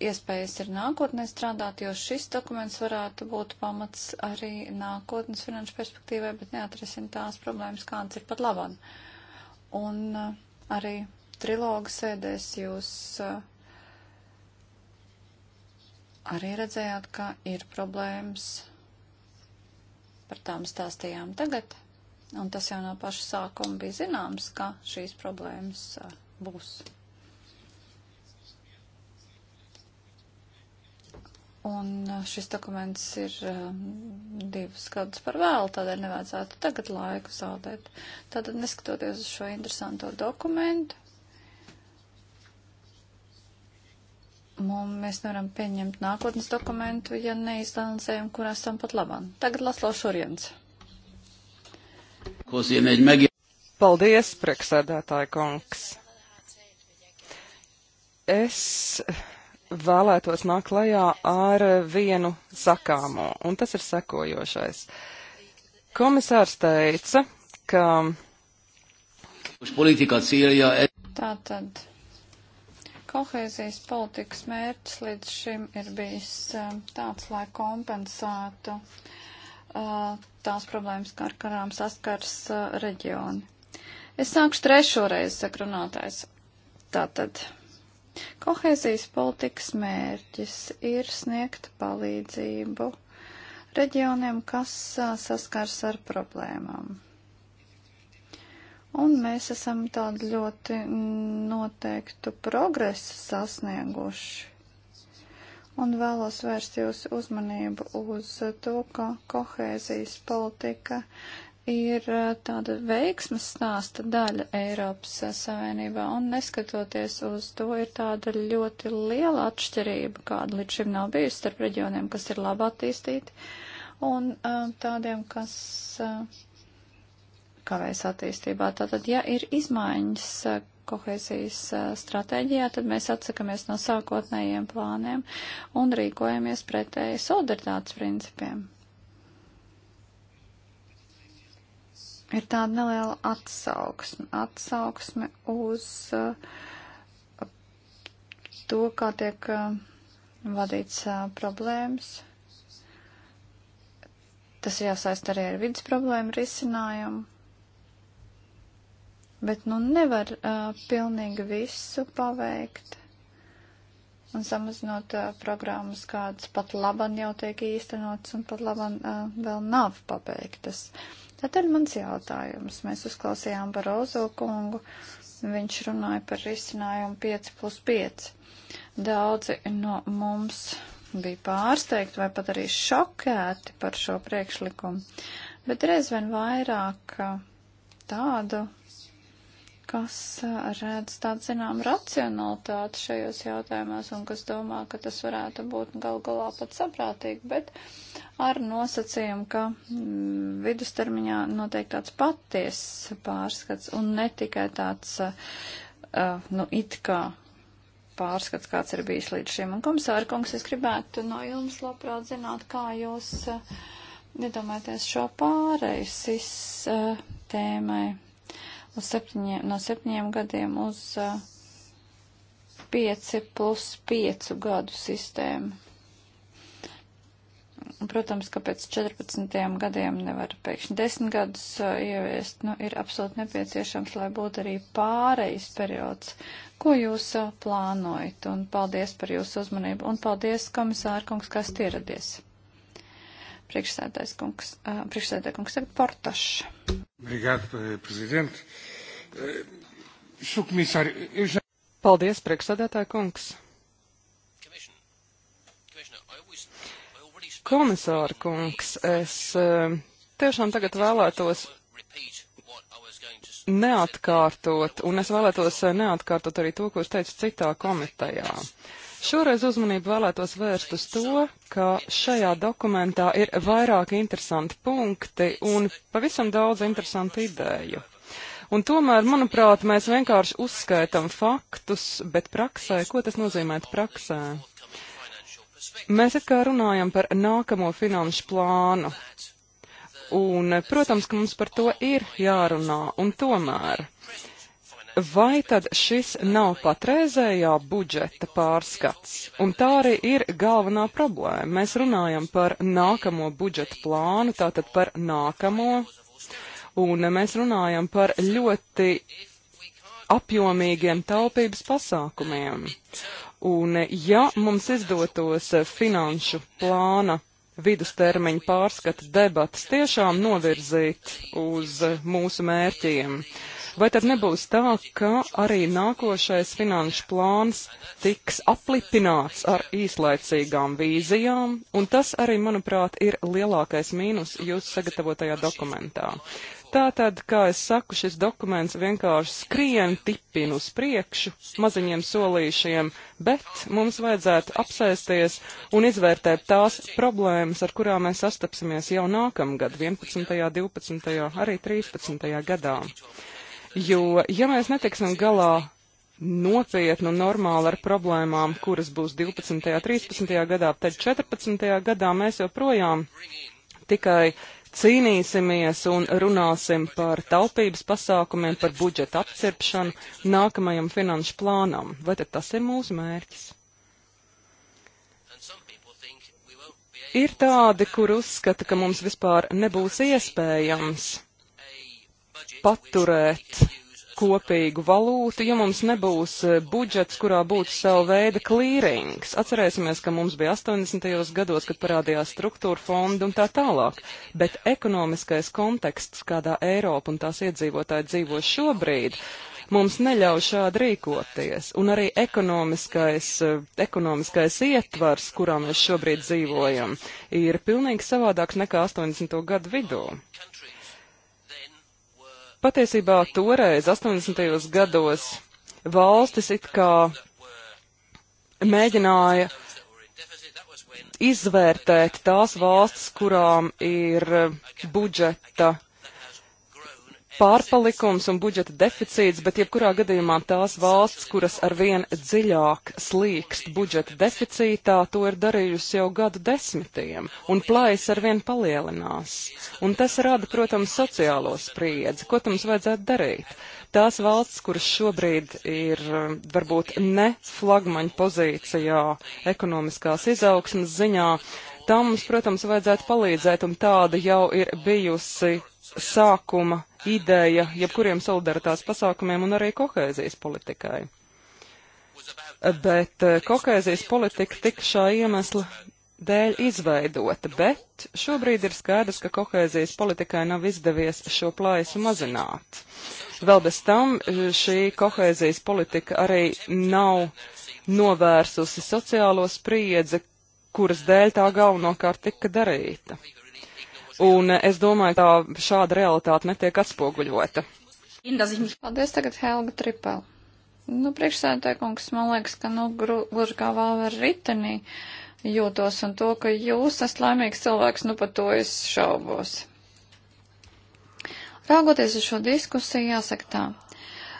iespējas ir nākotnē strādāt, jo šis dokuments varētu būt pamats arī nākotnes finanšu perspektīvai, bet neatrisina tās problēmas, kādas ir pat labāk. Uh, Un uh, arī trilogu sēdēs jūs uh, arī redzējāt, ka ir problēmas. Par tām stāstījām tagad. Un tas jau no paša sākuma bija zināms, ka šīs problēmas uh, būs. Un eh, šis dokuments ir eh, divus gadus par vēlu, tādēļ nevajadzētu tagad laiku zaudēt. Tātad, neskatoties uz šo interesanto dokumentu, mēs nevaram pieņemt nākotnes dokumentu, ja neizanalizējam, kur esam pat labam. Tagad Laslo Šurjans. Paldies, prieksēdētāji kungs. Es vēlētos nākt klajā ar vienu sakāmo, un tas ir sekojošais. Komisārs teica, ka. E- Tātad kohēzijas politikas mērķis līdz šim ir bijis e, tāds, lai kompensētu uh, tās problēmas, kā ar karām saskars uh, reģioni. Es sākušu trešo reizi, saka runātājs. Tātad Kohēzijas politikas mērķis ir sniegt palīdzību reģioniem, kas saskars ar problēmām. Un mēs esam tādu ļoti noteiktu progresu sasnieguši. Un vēlos vērst jūsu uzmanību uz to, ka kohēzijas politika ir tāda veiksmas stāsta daļa Eiropas Savienībā, un neskatoties uz to, ir tāda ļoti liela atšķirība, kāda līdz šim nav bijusi starp reģioniem, kas ir labi attīstīti, un tādiem, kas kavēs attīstībā. Tātad, ja ir izmaiņas kohēzijas stratēģijā, tad mēs atsakamies no sākotnējiem plāniem un rīkojamies pretēji solidaritātes principiem. ir tāda neliela atsauksme, atsauksme uz uh, to, kā tiek uh, vadīts uh, problēmas. Tas jāsaist arī ar vidas problēmu risinājumu. Bet nu nevar uh, pilnīgi visu paveikt. Un samazinot uh, programmas, kādas pat laban jau tiek īstenotas un pat laban uh, vēl nav pabeigtas. Uh, Tātad mans jautājums. Mēs uzklausījām par Ozokungu, viņš runāja par risinājumu 5 plus 5. Daudzi no mums bija pārsteigti vai pat arī šokēti par šo priekšlikumu, bet reizvien vairāk uh, tādu, kas uh, redz tādu zinām racionalitāti šajos jautājumos un kas domā, ka tas varētu būt gal galā pat saprātīgi, bet uh, ar nosacījumu, ka mm, vidustermiņā notiek tāds paties pārskats un ne tikai tāds, uh, nu, it kā pārskats, kāds ir bijis līdz šim. Un, komisāra kungs, es gribētu no jums labprāt zināt, kā jūs uh, iedomājaties šo pāreju SIS uh, tēmai uz septiņiem, no septiņiem gadiem uz uh, 5 plus 5 gadu sistēmu. Protams, ka pēc 14 gadiem nevar pēkšņi 10 gadus uh, ieviest. Nu, ir absolūti nepieciešams, lai būtu arī pārejas periods. Ko jūs uh, plānojat? Un paldies par jūsu uzmanību. Un paldies, komisāra kungs, kas ieradies. Priekšsēdājs kungs, uh, priekšsēdājs kungs, tagad portašs. Brigāda eh, prezidenta. Eh, paldies, priekšsēdētāja kungs. Komisāra kungs, es eh, tiešām tagad vēlētos neatkārtot, un es vēlētos eh, neatkārtot arī to, ko es teicu citā komitejā. Šoreiz uzmanību vēlētos vērst uz to, ka šajā dokumentā ir vairāk interesanti punkti un pavisam daudz interesantu ideju. Un tomēr, manuprāt, mēs vienkārši uzskaitam faktus, bet praksē, ko tas nozīmē praksē? Mēs atkal runājam par nākamo finanšu plānu. Un, protams, ka mums par to ir jārunā, un tomēr, vai tad šis nav patreizējā budžeta pārskats? Un tā arī ir galvenā problēma. Mēs runājam par nākamo budžeta plānu, tātad par nākamo, un mēs runājam par ļoti apjomīgiem taupības pasākumiem. Un ja mums izdotos eh, finanšu plāna vidustermiņa pārskata debatas tiešām novirzīt uz eh, mūsu mērķiem, vai tad nebūs tā, ka arī nākošais finanšu plāns tiks aplipināts ar īslaicīgām vīzijām, un tas arī, manuprāt, ir lielākais mīnus jūsu sagatavotajā dokumentā. Tātad, kā es saku, šis dokuments vienkārši skrien tipin uz priekšu maziņiem solīšiem, bet mums vajadzētu apsēsties un izvērtēt tās problēmas, ar kurām mēs sastapsimies jau nākamgad, 11., 12., arī 13. gadā. Jo, ja mēs netiksim galā nopietni un normāli ar problēmām, kuras būs 12. un 13. gadā, tad 14. gadā mēs joprojām tikai cīnīsimies un runāsim par taupības pasākumiem, par budžeta apcirpšanu nākamajam finanšu plānam. Vai tad tas ir mūsu mērķis? Ir tādi, kur uzskata, ka mums vispār nebūs iespējams paturēt kopīgu valūtu, ja mums nebūs e, budžets, kurā būtu sava veida klīrings. Atcerēsimies, ka mums bija 80. gados, kad parādījās struktūra fonda un tā tālāk, bet ekonomiskais konteksts, kādā Eiropa un tās iedzīvotāji dzīvo šobrīd, mums neļauj šādi rīkoties, un arī ekonomiskais, e, ekonomiskais ietvars, kurā mēs šobrīd dzīvojam, ir pilnīgi savādāks nekā 80. gadu vidū. Patiesībā toreiz, 80. gados, valstis it kā mēģināja izvērtēt tās valstis, kurām ir budžeta pārpalikums un budžeta deficīts, bet jebkurā gadījumā tās valsts, kuras arvien dziļāk slīkst budžeta deficītā, to ir darījusi jau gadu desmitiem, un plājas arvien palielinās. Un tas rada, protams, sociālo spriedzi, ko tam vajadzētu darīt. Tās valsts, kuras šobrīd ir um, varbūt ne flagmaņa pozīcijā ekonomiskās izaugsmas ziņā, tam mums, protams, vajadzētu palīdzēt, un tāda jau ir bijusi sākuma ideja jebkuriem solidaritātes pasākumiem un arī kohēzijas politikai. Bet eh, kohēzijas politika tika šā iemesla dēļ izveidota, bet šobrīd ir skaidrs, ka kohēzijas politikai nav izdevies šo plaisu mazināt. Vēl bez tam eh, šī kohēzijas politika arī nav novērsusi sociālo spriedzi, kuras dēļ tā galvenokārt tika darīta. Un es domāju, ka šāda realitāte netiek atspoguļota. Paldies tagad Helga Tripel. Nu, priekšsēdētāji kungs, man liekas, ka, nu, gluži kā vēl ar ritenī jūtos un to, ka jūs esat laimīgs cilvēks, nu, par to es šaubos. Raugoties uz šo diskusiju, jāsaka tā.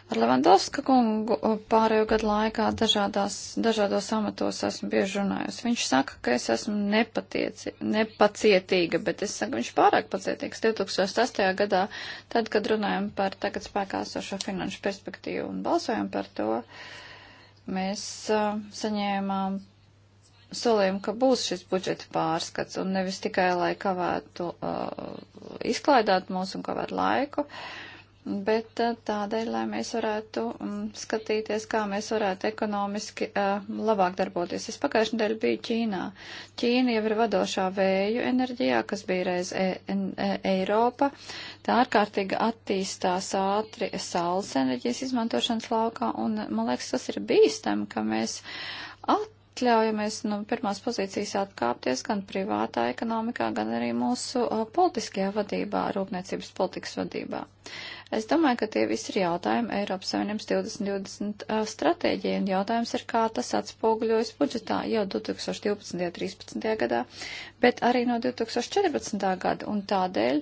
Ar Levandovska kungu uh, pārējo gadu laikā dažādās, dažādos amatos esmu bieži runājusi. Viņš saka, ka es esmu nepacietīga, bet es saku, viņš pārāk pacietīgs. 2008. gadā, tad, kad runājam par tagad spēkā esošo finanšu perspektīvu un balsojam par to, mēs uh, saņēmām solījumu, ka būs šis budžeta pārskats un nevis tikai, lai kavētu uh, izklaidāt mūs un kavētu laiku. Uh, bet eh, tādēļ, lai mēs varētu mm, skatīties, kā mēs varētu ekonomiski uh, labāk darboties. Es pagājušajā nedēļā biju Ķīnā. Ķīna jau ir vadošā vēju enerģijā, kas bija reiz e e Eiropa. Tā ārkārtīgi attīstās ātri saules enerģijas izmantošanas laukā, un man liekas, tas ir bīstami, ka mēs atļaujamies no nu, pirmās pozīcijas atkāpties gan privātā ekonomikā, gan arī mūsu uh, politiskajā vadībā, rūpniecības politikas vadībā. Uh, Es domāju, ka tie visi ir jautājumi Eiropas Savienības 2020 uh, stratēģijai, un jautājums ir, kā tas atspoguļojas budžetā jau 2012. un 2013. gadā, bet arī no 2014. gada, un tādēļ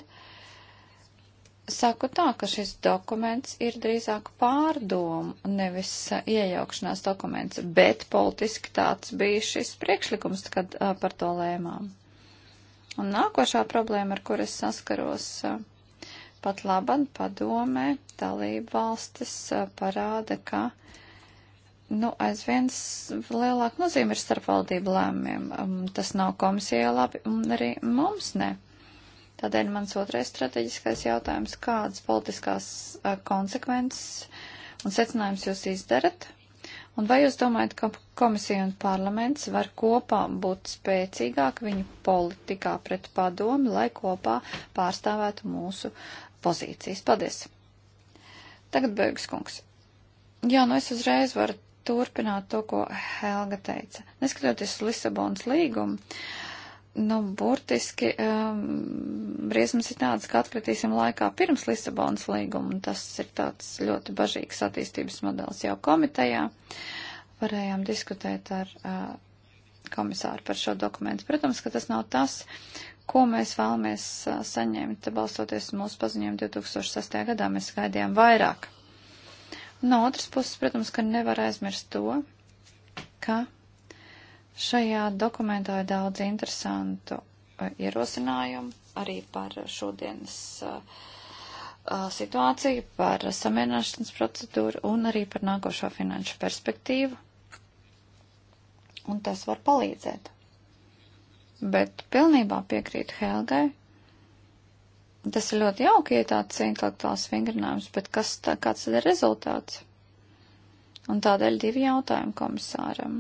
saku tā, ka šis dokuments ir drīzāk pārdomu, nevis uh, iejaukšanās dokuments, bet politiski tāds bija šis priekšlikums, kad uh, par to lēmām. Un nākošā problēma, ar kur es saskaros, uh, Pat laban padomē dalību valstis parāda, ka nu, aizvien lielāka nozīme ir starpvaldību lēmumiem. Tas nav komisijai labi un arī mums ne. Tādēļ mans otrais strateģiskais jautājums, kādas politiskās konsekvences un secinājums jūs izdarat? Un vai jūs domājat, ka komisija un parlaments var kopā būt spēcīgāk viņu politikā pret padomi, lai kopā pārstāvētu mūsu pozīcijas. Paldies! Tagad Bēgas kungs. Jā, nu es uzreiz varu turpināt to, ko Helga teica. Neskatoties uz Lisabonas līgumu, nu, burtiski um, briesmas ir tādas, ka atkritīsim laikā pirms Lisabonas līguma, un tas ir tāds ļoti bažīgs attīstības modelis jau komitejā. Varējām diskutēt ar uh, komisāru par šo dokumentu. Protams, ka tas nav tas, ko mēs vēlamies saņemt, balstoties mūsu paziņojumu 2006. gadā. Mēs gaidījām vairāk. No otras puses, protams, ka nevar aizmirst to, ka šajā dokumentā ir daudz interesantu ierosinājumu arī par šodienas situāciju, par samierināšanas procedūru un arī par nākošo finanšu perspektīvu. Un tas var palīdzēt bet pilnībā piekrītu Helgai. Tas ir ļoti jauki, ja tāds intelektuāls vingrinājums, bet kas tā, kāds tad ir rezultāts? Un tādēļ divi jautājumi komisāram.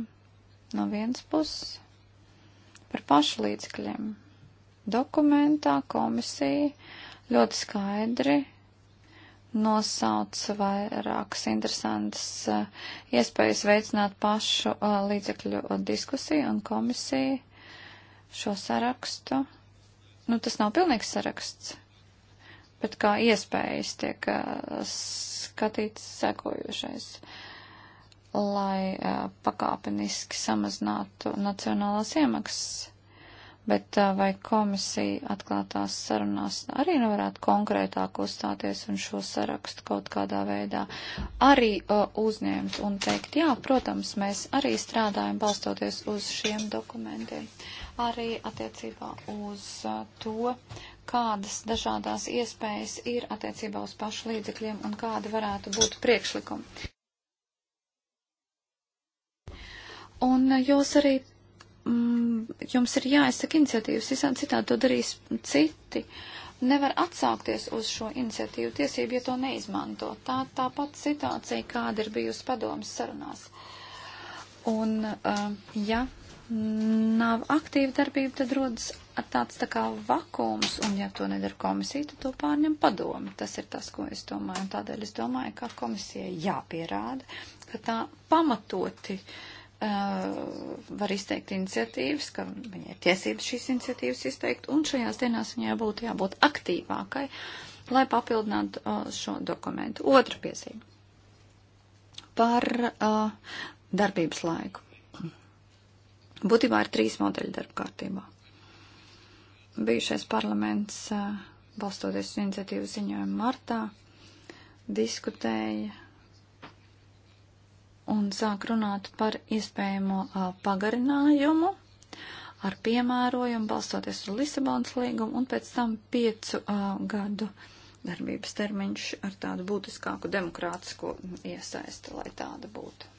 No vienas puses par pašu līdzekļiem. Dokumentā komisija ļoti skaidri nosauc vairākas interesantas uh, iespējas veicināt pašu uh, līdzekļu uh, diskusiju un komisiju šo sarakstu. Nu, tas nav pilnīgs saraksts, bet kā iespējas tiek uh, skatīts sekojušais, lai uh, pakāpeniski samazinātu nacionālās iemaksas Bet vai komisija atklātās sarunās arī nevarētu konkrētāk uzstāties un šo sarakstu kaut kādā veidā arī uh, uzņemt un teikt, jā, protams, mēs arī strādājam balstoties uz šiem dokumentiem, arī attiecībā uz uh, to, kādas dažādās iespējas ir attiecībā uz pašu līdzekļiem un kādi varētu būt priekšlikumi. Un jūs arī mm, jums ir jāizsaka iniciatīvas, visādi citādi to darīs citi. Nevar atsākties uz šo iniciatīvu tiesību, ja to neizmanto. Tā tā pati situācija, kāda ir bijusi padomas sarunās. Un, uh, ja nav aktīva darbība, tad rodas tāds tā kā vakums, un ja to nedara komisija, tad to pārņem padomi. Tas ir tas, ko es domāju, un tādēļ es domāju, ka komisijai jāpierāda, ka tā pamatoti uh, uh, var izteikt iniciatīvas, ka viņai ir tiesības šīs iniciatīvas izteikt, un šajās dienās viņai būtu jābūt aktīvākai, lai papildinātu uh, šo dokumentu. Otra piezīme par uh, darbības laiku. Būtībā ir trīs modeļi darba kārtībā. Bijušais parlaments, uh, balstoties uz iniciatīvu ziņojumu martā, diskutēja un sāk runāt par iespējamo uh, pagarinājumu ar piemērojumu, balstoties uz Lisabonas līgumu, un pēc tam piecu uh, gadu darbības termiņš ar tādu būtiskāku demokrātisko iesaisti, lai tāda būtu.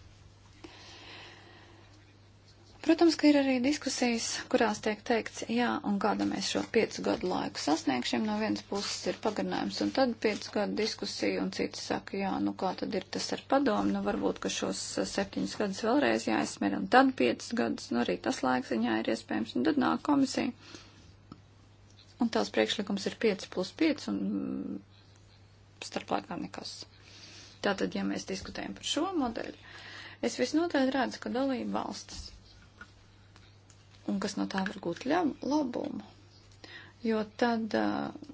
Protams, ka ir arī diskusijas, kurās tiek teikts, jā, un kāda mēs šo piecu gadu laiku sasniegšam. No vienas puses ir pagarinājums, un tad piecu gadu diskusija, un citi saka, jā, nu kā tad ir tas ar padomu, nu varbūt, ka šos eh, septiņus gadus vēlreiz jāizsmer, un tad piecus gadus, nu arī tas laiks viņā ir iespējams, un tad nāk komisija. Un tās priekšlikums ir 5 plus 5, un mm, starp laikām nekas. Tātad, ja mēs diskutējam par šo modeļu, es visnotaļ redzu, ka dalība valstis un kas no tā var gūt labumu. Jo tad uh,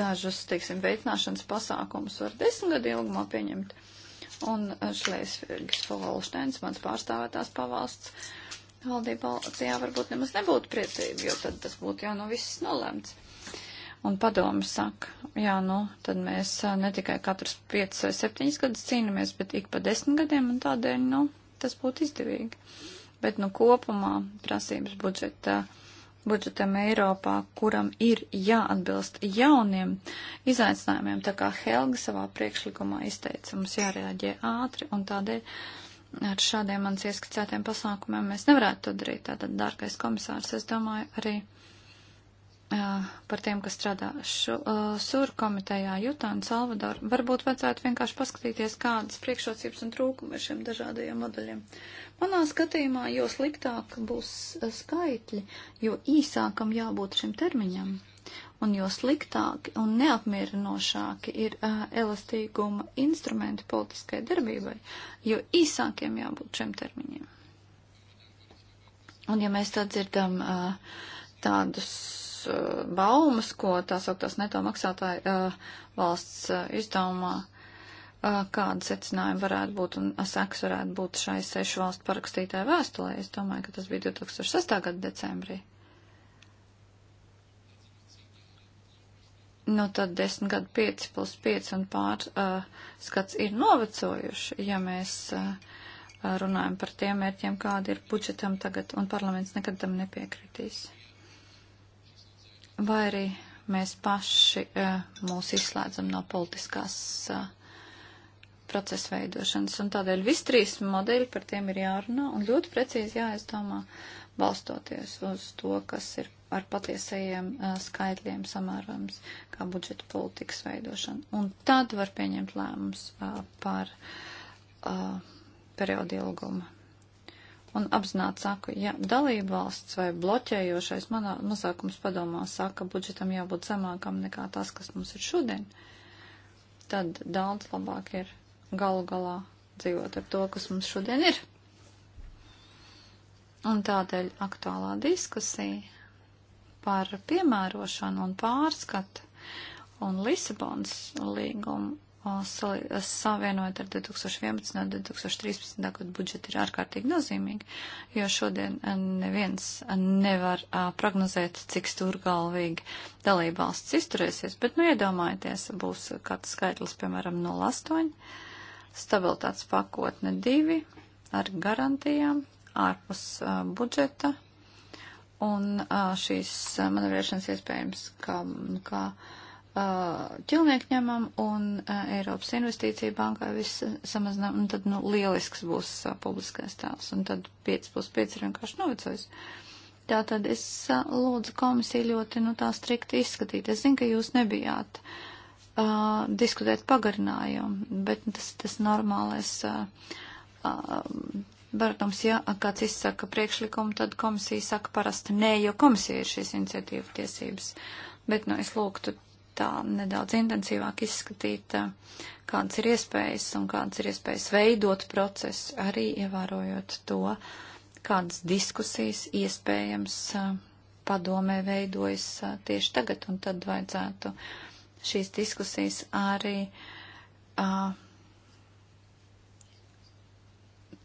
dažus, teiksim, veicināšanas pasākumus var desmit gadu ilgumā pieņemt. Un Šlēsvirgas Folsteins, mans pārstāvētās pavalsts, valdība Balcijā varbūt nemaz nebūtu priecība, jo tad tas būtu jau no viss nolēmts. Un padomu saka, jā, nu, tad mēs ne tikai katrs 5 vai 7 gadus cīnāmies, bet ik pa 10 gadiem, un tādēļ, nu, tas būtu izdevīgi. Bet, nu, kopumā prasības budžeta, budžetam Eiropā, kuram ir jāatbilst jauniem izaicinājumiem, tā kā Helga savā priekšlikumā izteica, mums jārēģē ātri un tādēļ ar šādiem manas ieskicētiem pasākumiem mēs nevarētu to darīt. Tātad, dārgais komisārs, es domāju, arī Eh, par tiem, kas strādā šo, uh, sur komitejā Jutā un Salvador, varbūt vajadzētu vienkārši paskatīties, kādas priekšrocības un trūkumi ir šiem dažādajiem modeļiem. Manā skatījumā, jo sliktāk būs eh, skaitļi, jo īsākam jābūt šim termiņam, un jo sliktāki un neapmierinošāki ir uh, elastīguma instrumenti politiskai darbībai, jo īsākiem jābūt šiem termiņiem. Un ja mēs tad dzirdam uh, tādus uh, baumas, ko tās augtās neto maksātāji uh, valsts uh, izdevumā, uh, kāda secinājuma varētu būt un uh, seks varētu būt šai sešu valstu parakstītāju vēstulē. Es domāju, ka tas bija 2006. gada decembrī. Nu, tad 10 gadu 5 plus 5 un pārskats uh, ir novecojuši, ja mēs uh, runājam par tiem mērķiem, kādi ir budžetam tagad, un parlaments nekad tam nepiekritīs vai arī mēs paši eh, mūs izslēdzam no politiskās eh, procesa veidošanas. Un tādēļ viss trīs modeļi par tiem ir jārunā un ļoti precīzi jāizdomā, balstoties uz to, kas ir ar patiesajiem eh, skaitļiem samērojams kā budžeta politikas veidošana. Un tad var pieņemt lēmums par periodu ilgumu Un apzināti saku, ja dalība valsts vai bloķējošais manā mazākums padomā saka, budžetam jābūt zemākam nekā tas, kas mums ir šodien, tad daudz labāk ir galu galā dzīvot ar to, kas mums šodien ir. Un tādēļ aktuālā diskusija par piemērošanu un pārskatu un Lisabonas līgumu savienojot ar 2011. un 2013. gadu budžetu ir ārkārtīgi nozīmīgi, jo šodien eh, neviens eh, nevar eh, prognozēt, cik stūrgalvīgi dalībvalsts izturēsies, bet, nu, iedomājieties, būs kāds skaitlis, piemēram, 08, stabilitātes pakotne 2 ar garantijām ārpus budžeta, un šīs manevrēšanas iespējams, kā, kā ķilnieku ņemam un Eiropas investīcija bankai viss samazinām, un tad, nu, lielisks būs publiskais tēls, un tad 5 plus 5 ir vienkārši novecojis. Tā tad es lūdzu komisiju ļoti, nu, tā strikti izskatīt. Es zinu, ka jūs nebijāt uh, diskutēt pagarinājumu, bet tas, tas normālais. Uh, uh, Baratums, ja kāds izsaka priekšlikumu, tad komisija saka parasti nē, jo komisija ir šīs iniciatīva tiesības. Bet, nu, es lūgtu tā nedaudz intensīvāk izskatīt, kādas ir iespējas un kādas ir iespējas veidot procesu, arī ievērojot to, kādas diskusijas iespējams padomē veidojas tieši tagad, un tad vajadzētu šīs diskusijas arī uh,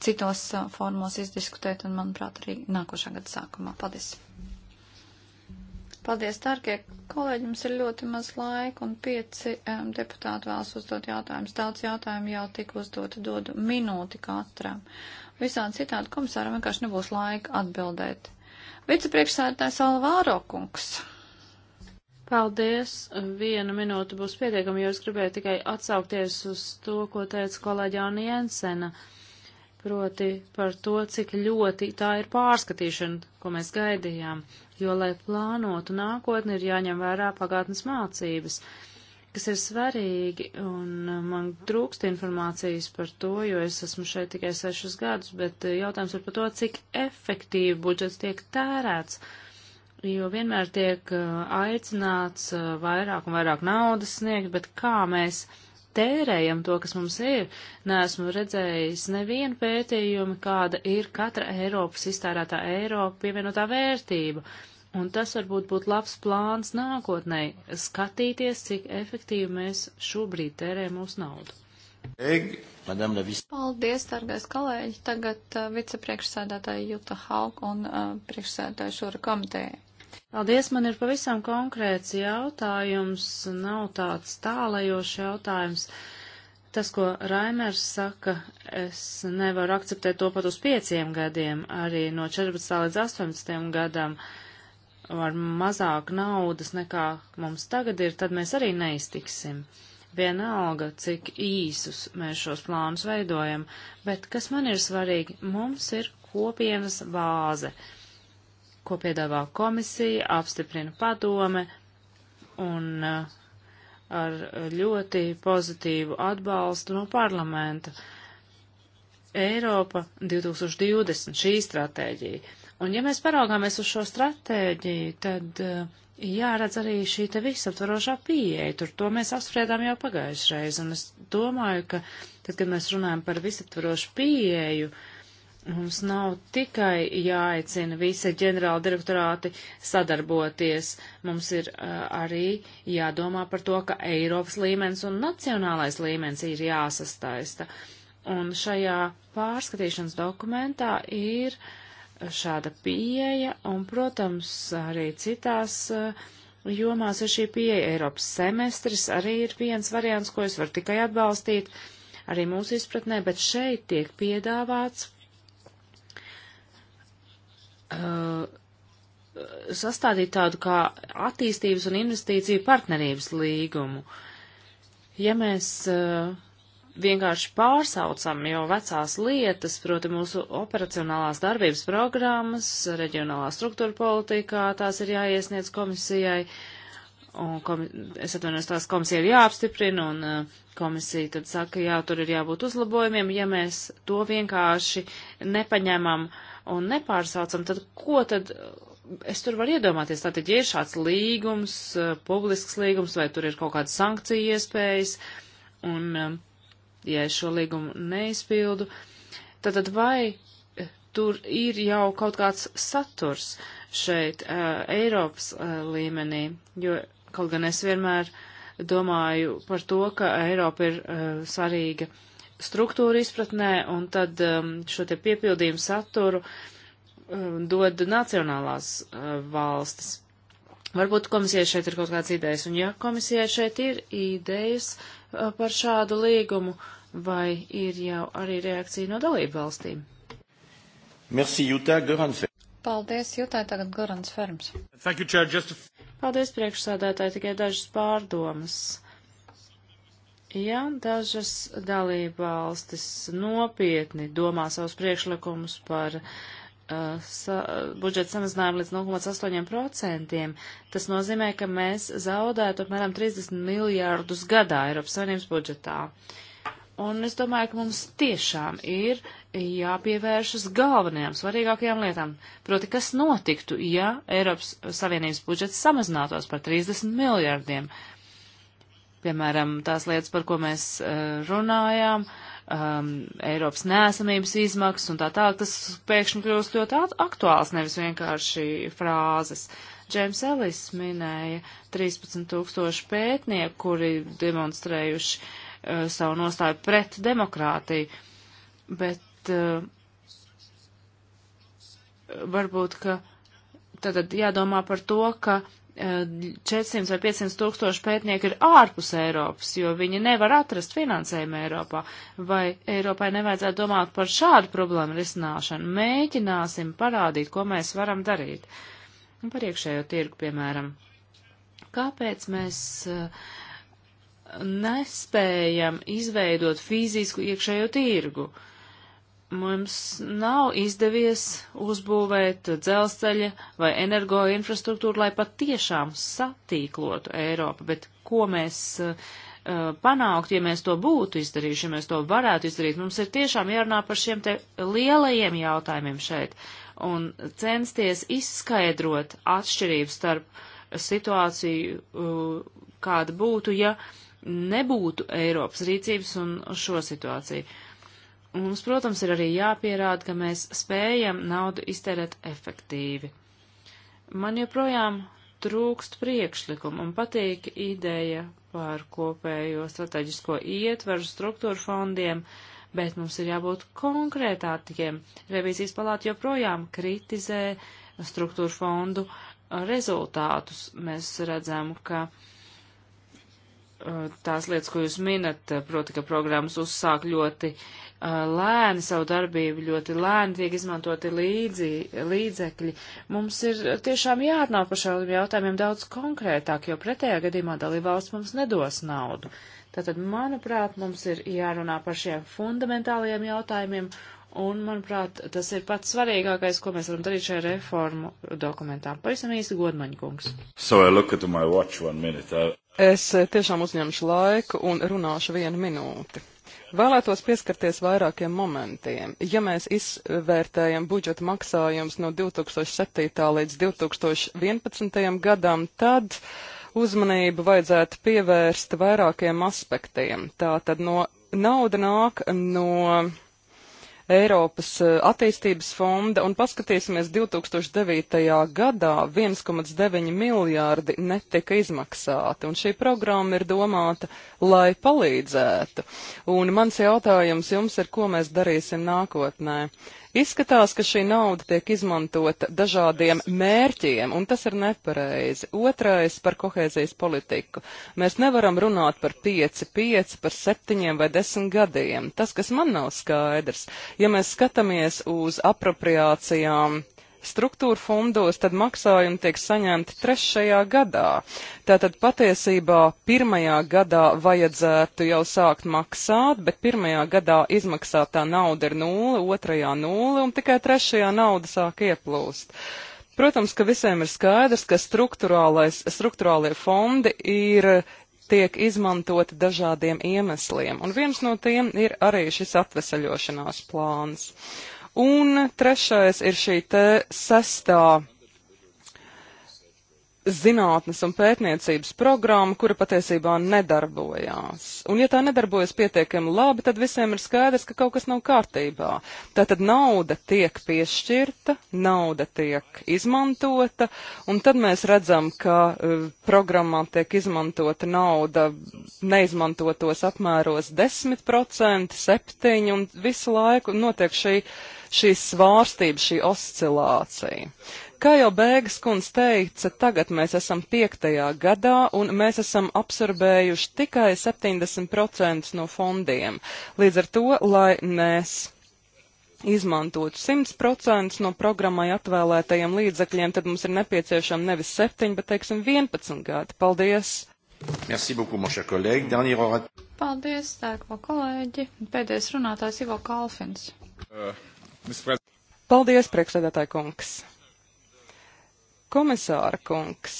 citos formos izdiskutēt, un, manuprāt, arī nākošā gada sākumā. Paldies! Paldies, dārgie kolēģi, mums ir ļoti maz laika un pieci um, deputāti vēlas uzdot jautājumus. Daudz jautājumu jau tika uzdota, dodu minūti katram. Visādi citādi komisāram vienkārši nebūs laika atbildēt. Vicepriekšsēdētājs Alvāro kungs. Paldies. Viena minūte būs pietiekama, jo es gribēju tikai atsaukties uz to, ko teica kolēģi Jāni Jensena. Uh, proti par to, cik ļoti tā ir pārskatīšana, ko mēs gaidījām, jo, lai plānotu nākotni, ir jāņem vērā pagātnes mācības, kas ir svarīgi, un man trūkst informācijas par to, jo es esmu šeit tikai sešus gadus, bet jautājums ir par to, cik efektīvi budžets tiek tērēts, jo vienmēr tiek uh, aicināts uh, vairāk un vairāk naudas sniegt, bet kā mēs tērējam to, kas mums ir. Nesmu redzējis nevienu pētījumu, kāda ir katra Eiropas iztērētā Eiropa pievienotā vērtība. Un tas varbūt būtu labs plāns nākotnē - skatīties, cik efektīvi mēs šobrīd tērējam mūsu naudu. Paldies, dargais kolēģi. Tagad uh, vicepriekšsēdētāja Juta Hauk un uh, priekšsēdētāja Šura komiteja. Paldies, man ir pavisam konkrēts jautājums, nav tāds tālajošs jautājums. Tas, ko Raimers saka, es nevaru akceptēt to pat uz pieciem gadiem, arī no 14. līdz 18. gadam ar mazāk naudas nekā mums tagad ir, tad mēs arī neiztiksim vienalga, cik īsus mēs šos plānus veidojam, bet kas man ir svarīgi, mums ir kopienas vāze. Uh, ko piedāvā komisija, apstiprina padome un uh, ar ļoti pozitīvu atbalstu no parlamenta. Eiropa 2020 šī stratēģija. Un ja mēs paraugāmies uz šo stratēģiju, tad uh, jāredz arī šī te visaptvarošā pieeja. Tur to mēs apspriedām jau pagājušreiz. Un es domāju, ka tad, kad mēs runājam par visaptvarošu pieeju, uh, Mums nav tikai jāaicina visi ģenerāla direktorāti sadarboties, mums ir uh, arī jādomā par to, ka Eiropas līmenis un nacionālais līmenis ir jāsastaista. Un šajā pārskatīšanas dokumentā ir šāda pieeja, un, protams, arī citās uh, jomās ir šī pieeja. Eiropas semestris arī ir viens variants, ko es varu tikai atbalstīt, arī mūsu izpratnē, bet šeit tiek piedāvāts uh, sastādīt tādu kā attīstības un investīciju partnerības līgumu. Ja mēs uh, vienkārši pārsaucam jau vecās lietas, proti mūsu operacionālās darbības programmas, reģionālā struktūra politikā, tās ir jāiesniedz komisijai, un komi es atvainojos, tās komisija ir jāapstiprina, un uh, komisija tad saka, jā, tur ir jābūt uzlabojumiem, ja mēs to vienkārši nepaņemam uh, un nepārsaucam, tad ko tad es tur varu iedomāties? Tātad, ja ir šāds līgums, eh, publisks līgums, vai tur ir kaut kāda sankcija iespējas, un eh, ja es šo līgumu neizpildu, tad, tad vai eh, tur ir jau kaut kāds saturs šeit uh, Eiropas uh, līmenī, jo kaut gan es vienmēr domāju par to, ka Eiropa ir uh, svarīga uh, struktūru izpratnē un tad um, šo te piepildījumu saturu um, dod nacionālās uh, valstis. Varbūt komisijai šeit ir kaut kāds idejas, un ja komisijai šeit ir idejas uh, par šādu līgumu, vai ir jau arī reakcija no dalību valstīm? Merci, Jūtā, Goranfer. Paldies, Jūtā, tagad Gorans Ferms. Thank you, Chair, just... Paldies, priekšsādātāji, tikai dažas pārdomas Ja dažas dalībvalstis nopietni domā savus priekšlikumus par uh, sa, budžeta samazinājumu līdz 0,8%, tas nozīmē, ka mēs zaudētu apmēram 30 miljārdus gadā Eiropas Savienības budžetā. Un es domāju, ka mums tiešām ir jāpievēršas galvenajām, svarīgākajām lietām. Proti, kas notiktu, ja Eiropas Savienības budžets samazinātos par 30 miljārdiem? Uh, Piemēram, tās lietas, par ko mēs eh, runājām, um, Eiropas nēsamības izmaksas un tā tālāk, tas pēkšņi kļūst ļoti aktuāls, nevis vienkārši frāzes. Džēms Ellis minēja 13 tūkstoši pētnieku, kuri demonstrējuši uh, savu nostāju pret demokrātiju, bet uh, varbūt, ka tad jādomā par to, ka 400 vai 500 tūkstoši pētnieku ir ārpus Eiropas, jo viņi nevar atrast finansējumu Eiropā. Vai Eiropai nevajadzētu domāt par šādu problēmu risināšanu? Mēģināsim parādīt, ko mēs varam darīt. Un par iekšējo tirgu, piemēram. Kāpēc mēs eh, nespējam izveidot fizisku iekšējo tirgu? Uh, mums nav izdevies uzbūvēt dzelzceļa vai energoinfrastruktūru, lai pat tiešām satīklotu Eiropu, bet ko mēs uh, panākt, ja mēs to būtu izdarījuši, ja mēs to varētu izdarīt. Mums ir tiešām jārunā par šiem te lielajiem jautājumiem šeit un censties izskaidrot atšķirību starp situāciju, uh, kāda būtu, ja nebūtu Eiropas rīcības un šo situāciju. Uh, Mums, protams, ir arī jāpierāda, ka mēs spējam naudu iztērēt efektīvi. Man joprojām trūkst priekšlikumu un patīk ideja par kopējo strateģisko ietveru struktūru fondiem, bet mums ir jābūt konkrētākiem. Revīzijas palāta joprojām kritizē struktūru fondu rezultātus. Mēs redzam, ka uh, tās lietas, ko jūs minat, uh, proti, ka programmas uzsāk ļoti uh, Uh, lēni savu darbību, ļoti lēni tiek izmantoti līdzi, līdzekļi. Mums ir tiešām jāatnāk par šādiem jautājumiem daudz konkrētāk, jo pretējā gadījumā dalībvalsts mums nedos naudu. Tātad, manuprāt, mums ir jārunā par šiem fundamentālajiem jautājumiem, un, manuprāt, tas ir pats svarīgākais, ko mēs varam darīt šajā reformu dokumentā. Pavisam īsti godmaņkungs. So I... Es eh, tiešām uzņemšu laiku un runāšu vienu minūti. Vēlētos pieskarties vairākiem momentiem. Ja mēs izvērtējam budžeta maksājums no 2007. līdz 2011. gadam, tad uzmanību vajadzētu pievērst vairākiem aspektiem. Tā tad no nauda nāk no Eiropas eh, attīstības fonda un paskatīsimies 2009. gadā 1,9 miljārdi netika izmaksāti. Un šī programma ir domāta, lai palīdzētu. Un mans jautājums jums ir, ko mēs darīsim nākotnē. Izskatās, ka šī nauda tiek izmantota dažādiem mērķiem, un tas ir nepareizi. Otrais par kohēzijas politiku. Mēs nevaram runāt par 5, 5, par 7 vai 10 gadiem. Tas, kas man nav skaidrs, ja mēs skatāmies uz apropriācijām struktūra fondos, tad maksājumi tiek saņemti trešajā gadā. Tātad patiesībā pirmajā gadā vajadzētu jau sākt maksāt, bet pirmajā gadā izmaksātā nauda ir nulle, otrajā nulle un tikai trešajā nauda sāk ieplūst. Protams, ka visiem ir skaidrs, ka struktūrālie fondi ir tiek izmantoti dažādiem iemesliem, un viens no tiem ir arī šis atvesaļošanās plāns. Uh, Un trešais ir šī te sestā zinātnes un pētniecības programma, kura patiesībā nedarbojās. Un ja tā nedarbojas pietiekami labi, tad visiem ir skaidrs, ka kaut kas nav kārtībā. Tātad nauda tiek piešķirta, nauda tiek izmantota, un tad mēs redzam, ka uh, programmā tiek izmantota nauda neizmantotos apmēros 10%, 7% un visu laiku notiek šī šī svārstība, šī oscilācija. Kā jau Bēgas kundze teica, tagad mēs esam piektajā gadā un mēs esam absorbējuši tikai 70% no fondiem. Līdz ar to, lai mēs izmantot 100% no programmai atvēlētajiem līdzekļiem, tad mums ir nepieciešama nevis 7, bet, teiksim, 11 gadi. Paldies! Merci beaucoup, mon cher collègue. Dernier orat... Paldies, tēko kolēģi. Pēdējais runātājs Ivo Kalfins. Uh. Paldies, priekšsēdētāji kungs. Komisāra kungs.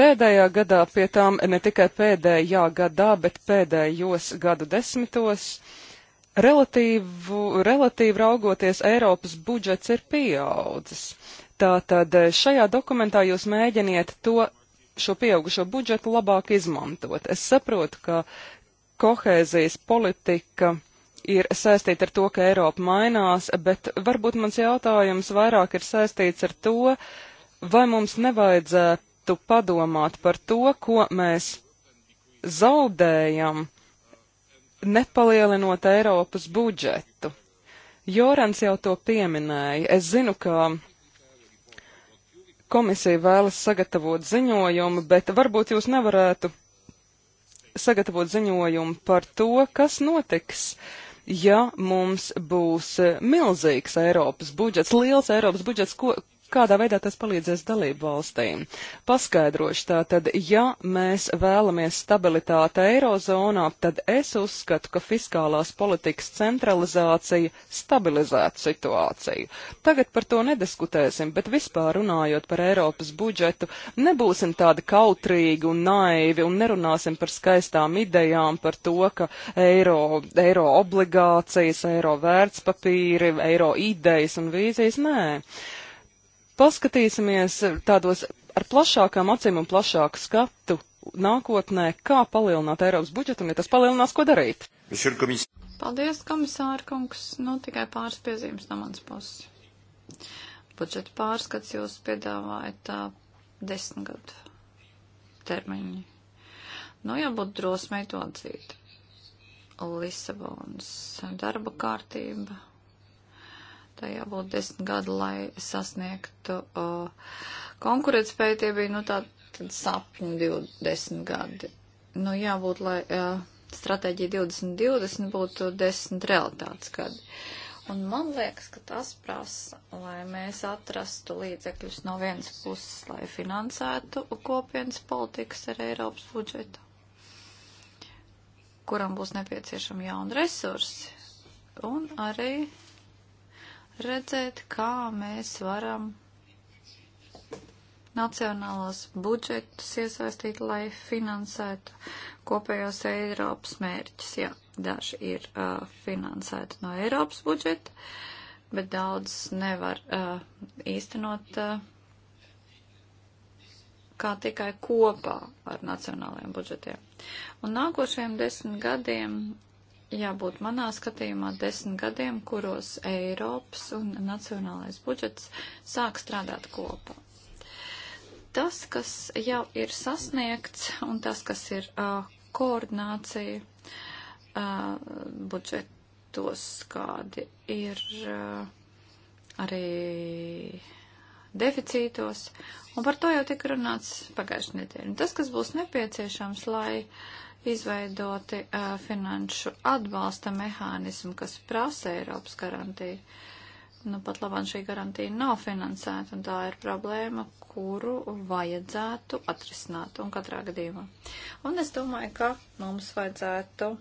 Pēdējā gadā, pie tām ne tikai pēdējā gadā, bet pēdējos gadu desmitos, relatīvu, relatīvi raugoties, Eiropas budžets ir pieaudzis. Tātad eh, šajā dokumentā jūs mēģiniet to šo pieaugušo budžetu labāk izmantot. Es saprotu, ka kohēzijas politika ir saistīta ar to, ka Eiropa mainās, bet varbūt mans jautājums vairāk ir saistīts ar to, vai mums nevajadzētu padomāt par to, ko mēs zaudējam, nepalielinot Eiropas budžetu. Jorans jau to pieminēja. Es zinu, ka komisija vēlas sagatavot ziņojumu, bet varbūt jūs nevarētu sagatavot ziņojumu par to, kas notiks. Uh, ja mums būs milzīgs Eiropas budžets, liels Eiropas budžets, ko, kādā veidā tas palīdzēs dalību valstīm. Paskaidrošu tā tad, ja mēs vēlamies stabilitāti eirozonā, tad es uzskatu, ka fiskālās politikas centralizācija stabilizētu situāciju. Tagad par to nediskutēsim, bet vispār runājot par Eiropas budžetu, nebūsim tādi kautrīgi un naivi un nerunāsim par skaistām idejām par to, ka eiro, eiro obligācijas, eiro vērtspapīri, eiro idejas un vīzijas. Nē paskatīsimies tādos ar plašākām acīm un plašāku skatu nākotnē, kā palielināt Eiropas budžetu, un ja tas palielinās, ko darīt. Paldies, komisāra kungs. Nu, tikai pāris piezīmes no manas puses. Budžeta pārskats jūs piedāvājat tā desmit gadu termiņu. Nu, jābūt drosmei to atzīt. Lisabonas darba kārtība tā jābūt desmit gadu, lai sasniegtu uh, konkurētspēju. Tie bija, nu, tā sapņu 20 gadi. Nu, jābūt, lai uh, stratēģija 2020 būtu desmit realitātes gadi. Un man liekas, ka tas prasa, lai mēs atrastu līdzekļus no vienas puses, lai finansētu kopienas politikas ar Eiropas budžetu, kuram būs nepieciešami jauni resursi. Un arī redzēt, kā mēs varam nacionālos budžetus iesaistīt, lai finansētu kopējos Eiropas mērķus. Jā, daži ir uh, finansēti no Eiropas budžeta, bet daudz nevar uh, īstenot uh, kā tikai kopā ar nacionālajiem budžetiem. Un nākošajiem desmit gadiem jābūt manā skatījumā desmit gadiem, kuros Eiropas un nacionālais budžets sāk strādāt kopā. Tas, kas jau ir sasniegts un tas, kas ir uh, koordinācija uh, budžetos, kādi ir uh, arī deficītos, un par to jau tika runāts pagājušajā nedēļā. Tas, kas būs nepieciešams, lai uh, izveidoti uh, finanšu atbalsta mehānismu, kas prasa Eiropas garantiju. Nu, pat labāk šī garantija nav finansēta, un tā ir problēma, kuru vajadzētu atrisināt un katrā gadījumā. Un es domāju, ka mums vajadzētu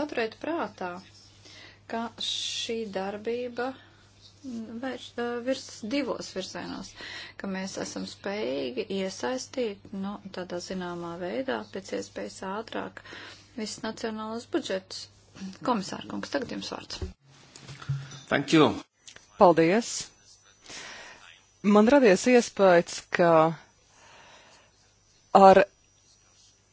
paturēt prātā, ka šī darbība vērš, virs divos virzienos, ka mēs esam spējīgi iesaistīt, nu, tādā zināmā veidā, pēc iespējas ātrāk, visus nacionālos budžetus. Komisāra kungs, tagad jums vārds. Thank you. Paldies. Man radies iespējas, ka ar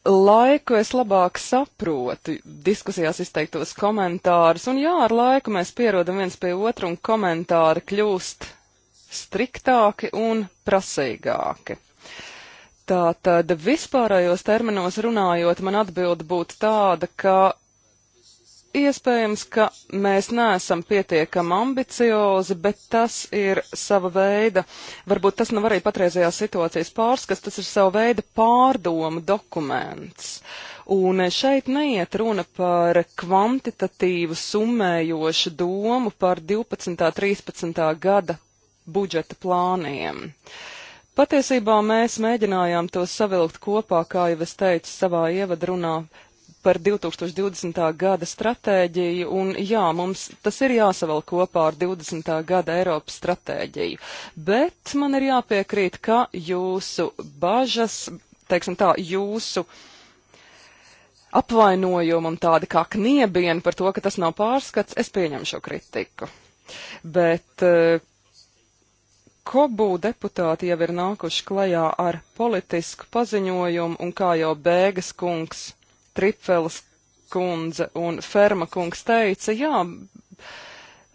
laiku es labāk saprotu diskusijās izteiktos komentārus, un jā, ar laiku mēs pierodam viens pie otra, un komentāri kļūst striktāki un prasīgāki. Tātad vispārējos terminos runājot, man atbilde būtu tāda, ka Iespējams, ka mēs neesam pietiekami ambiciozi, bet tas ir sava veida, varbūt tas nav arī patreizējās situācijas pārskats, tas ir sava veida pārdomu dokuments. Un šeit neiet runa par kvantitatīvu summējošu domu par 12. 13. gada budžeta plāniem. Patiesībā mēs mēģinājām to savilkt kopā, kā jau es teicu savā ievadrunā, par 2020. gada stratēģiju, un jā, mums tas ir jāsavēl kopā ar 20. gada Eiropas stratēģiju. Bet man ir jāpiekrīt, ka jūsu bažas, teiksim tā, jūsu apvainojumu un tādi kā kniebieni par to, ka tas nav pārskats, es pieņemu šo kritiku. Bet eh, Kobu deputāti jau ir nākuši klajā ar politisku paziņojumu, un kā jau Bēgas kungs Tripfels kundze un Ferma kungs teica, jā,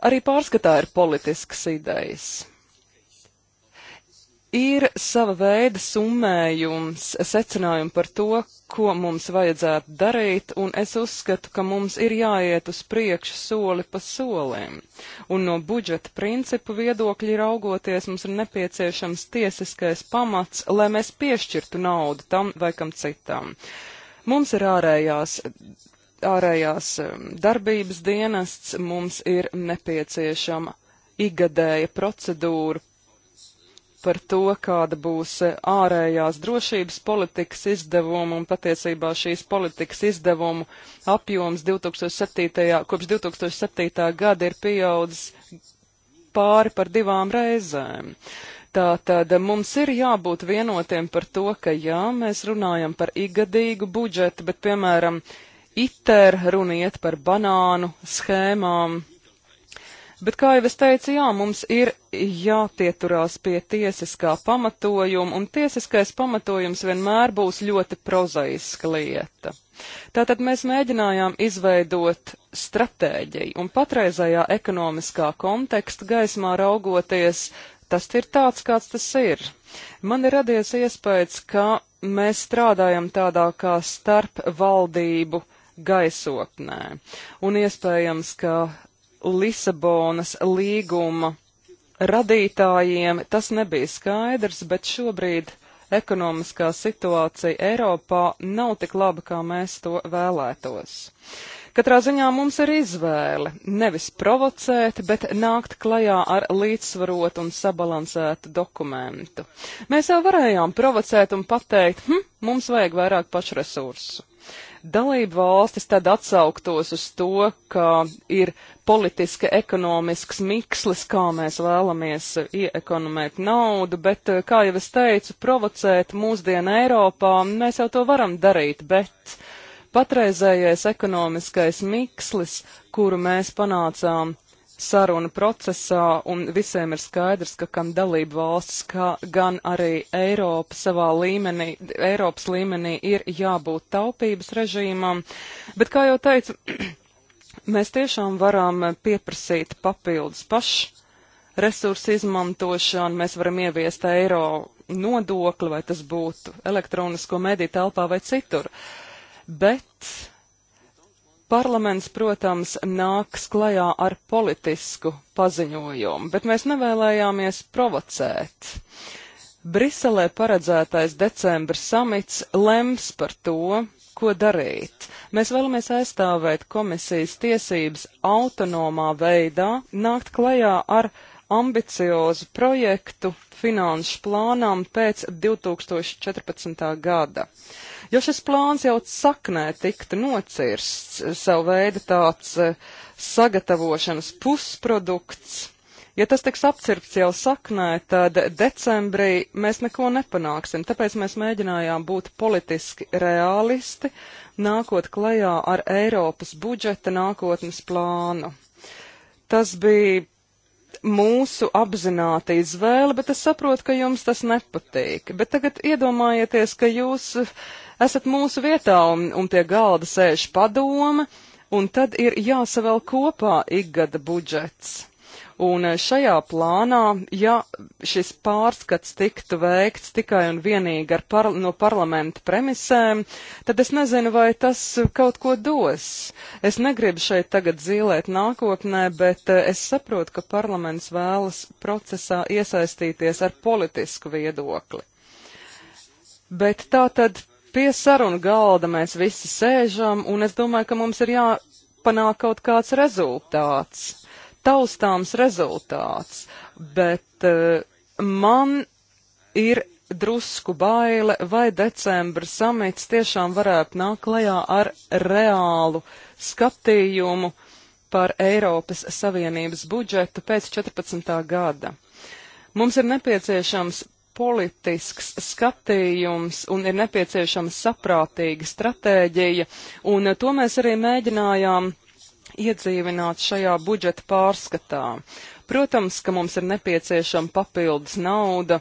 arī pārskatā ir politiskas idejas. Ir sava veida summējums, secinājumi par to, ko mums vajadzētu darīt, un es uzskatu, ka mums ir jāiet uz priekšu soli pa solim. Un no budžeta principu viedokļa raugoties, mums ir nepieciešams tiesiskais pamats, lai mēs piešķirtu naudu tam vai kam citam. Uh, Mums ir ārējās, ārējās um, darbības dienests, mums ir nepieciešama igadēja procedūra par to, kāda būs uh, ārējās drošības politikas izdevuma un patiesībā šīs politikas izdevumu apjoms 2007, kopš 2007. gada ir pieaudzis pāri par divām reizēm. Tātad mums ir jābūt vienotiem par to, ka jā, mēs runājam par igadīgu budžetu, bet, piemēram, ITER runiet par banānu schēmām. Bet, kā jau es teicu, jā, mums ir jāpieturās pie tiesiskā pamatojuma, un tiesiskais pamatojums vienmēr būs ļoti prozaiska lieta. Tātad mēs mēģinājām izveidot stratēģiju, un patreizējā ekonomiskā konteksta gaismā raugoties, tas ir tāds, kāds tas ir. Man ir radies iespējas, ka mēs strādājam tādā kā starpvaldību gaisotnē, un iespējams, ka Lisabonas līguma radītājiem tas nebija skaidrs, bet šobrīd ekonomiskā situācija Eiropā nav tik laba, kā mēs to vēlētos. Uh, Katrā ziņā mums ir izvēle nevis provocēt, bet nākt klajā ar līdzsvarotu un sabalansētu dokumentu. Mēs jau varējām provocēt un pateikt, hm, mums vajag vairāk pašresursu. Dalība valstis tad atsauktos uz to, ka ir politiski ekonomisks mikslis, kā mēs vēlamies ieekonomēt naudu, bet, kā jau es teicu, provocēt mūsdienu Eiropā mēs jau to varam darīt, bet Patreizējais ekonomiskais mikslis, kuru mēs panācām saruna procesā, un visiem ir skaidrs, ka gan dalību valsts, kā, gan arī Eiropa savā līmenī, Eiropas līmenī ir jābūt taupības režīmam. Bet, kā jau teicu, mēs tiešām varam pieprasīt papildus pašu resursu izmantošanu, mēs varam ieviest eiro nodokli, vai tas būtu elektronisko mediju telpā vai citur. Uh, bet parlaments, protams, nāks klajā ar politisku paziņojumu, bet mēs nevēlējāmies provocēt. Briselē paredzētais decembra samits lems par to, ko darīt. Mēs vēlamies aizstāvēt komisijas tiesības autonomā veidā nākt klajā ar ambiciozu projektu finanšu plānām pēc 2014. gada. Jo šis plāns jau saknē tiktu nocirsts, savu veidu tāds eh, sagatavošanas pusprodukts. Ja tas tiks apcirpts jau saknē, tad decembrī mēs neko nepanāksim, tāpēc mēs mēģinājām būt politiski realisti, nākot klajā ar Eiropas budžeta nākotnes plānu. Tas bija mūsu apzināta izvēle, bet es saprotu, ka jums tas nepatīk. Bet tagad iedomājieties, ka jūs esat mūsu vietā un, un pie galda sēž padome, un tad ir jāsavēl kopā ikgada budžets. Un eh, šajā plānā, ja šis pārskats tiktu veikts tikai un vienīgi par, no parlamenta premisēm, tad es nezinu, vai tas kaut ko dos. Es negribu šeit tagad zīlēt nākotnē, bet eh, es saprotu, ka parlaments vēlas procesā iesaistīties ar politisku viedokli. Bet tā tad pie sarunu galda mēs visi sēžam, un es domāju, ka mums ir jāpanāk kaut kāds rezultāts taustāms rezultāts, bet eh, man ir drusku baile, vai decembra samits tiešām varētu nākt klajā ar reālu skatījumu par Eiropas Savienības budžetu pēc 14. gada. Mums ir nepieciešams politisks skatījums un ir nepieciešama saprātīga stratēģija, un to mēs arī mēģinājām uh, iedzīvināts šajā budžeta pārskatā. Protams, ka mums ir nepieciešama papildus nauda.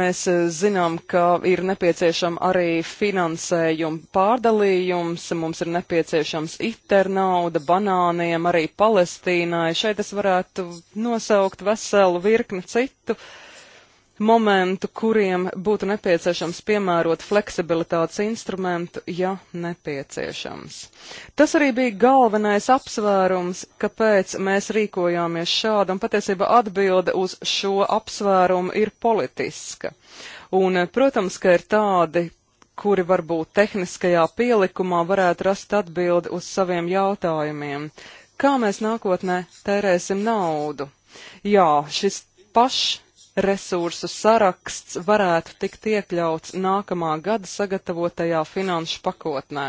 Mēs eh, zinām, ka ir nepieciešama arī finansējuma pārdalījums, mums ir nepieciešams iter nauda banāniem, arī Palestīnai. Šeit es varētu nosaukt veselu virkni citu uh, momentu, kuriem būtu nepieciešams piemērot fleksibilitātes instrumentu, ja nepieciešams. Tas arī bija galvenais apsvērums, kāpēc mēs rīkojāmies šādi, un patiesībā atbilde uz šo apsvērumu ir politiska. Un, protams, ka ir tādi, kuri varbūt tehniskajā pielikumā varētu rast atbildi uz saviem jautājumiem. Kā mēs nākotnē tērēsim naudu? Jā, šis pašs resursu saraksts varētu tikt iekļauts nākamā gada sagatavotajā finanšu pakotnē.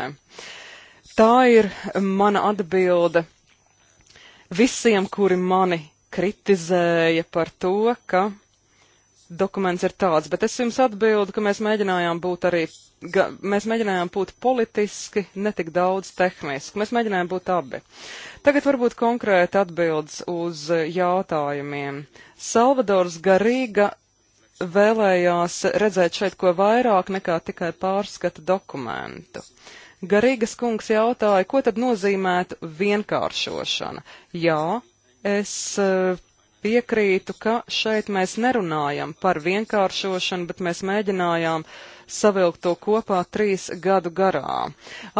Tā ir mana atbilde visiem, kuri mani kritizēja par to, ka dokuments ir tāds, bet es jums atbildu, ka mēs mēģinājām būt arī, ga, mēs mēģinājām būt politiski, netik daudz tehniski, mēs mēģinājām būt abi. Tagad varbūt konkrēti atbildes uz jautājumiem. Salvadors Garīga vēlējās redzēt šeit ko vairāk nekā tikai pārskata dokumentu. Garīgas kungs jautāja, ko tad nozīmētu vienkāršošana. Jā, es eh, piekrītu, ka šeit mēs nerunājam par vienkāršošanu, bet mēs mēģinājām savilkt to kopā trīs gadu garā.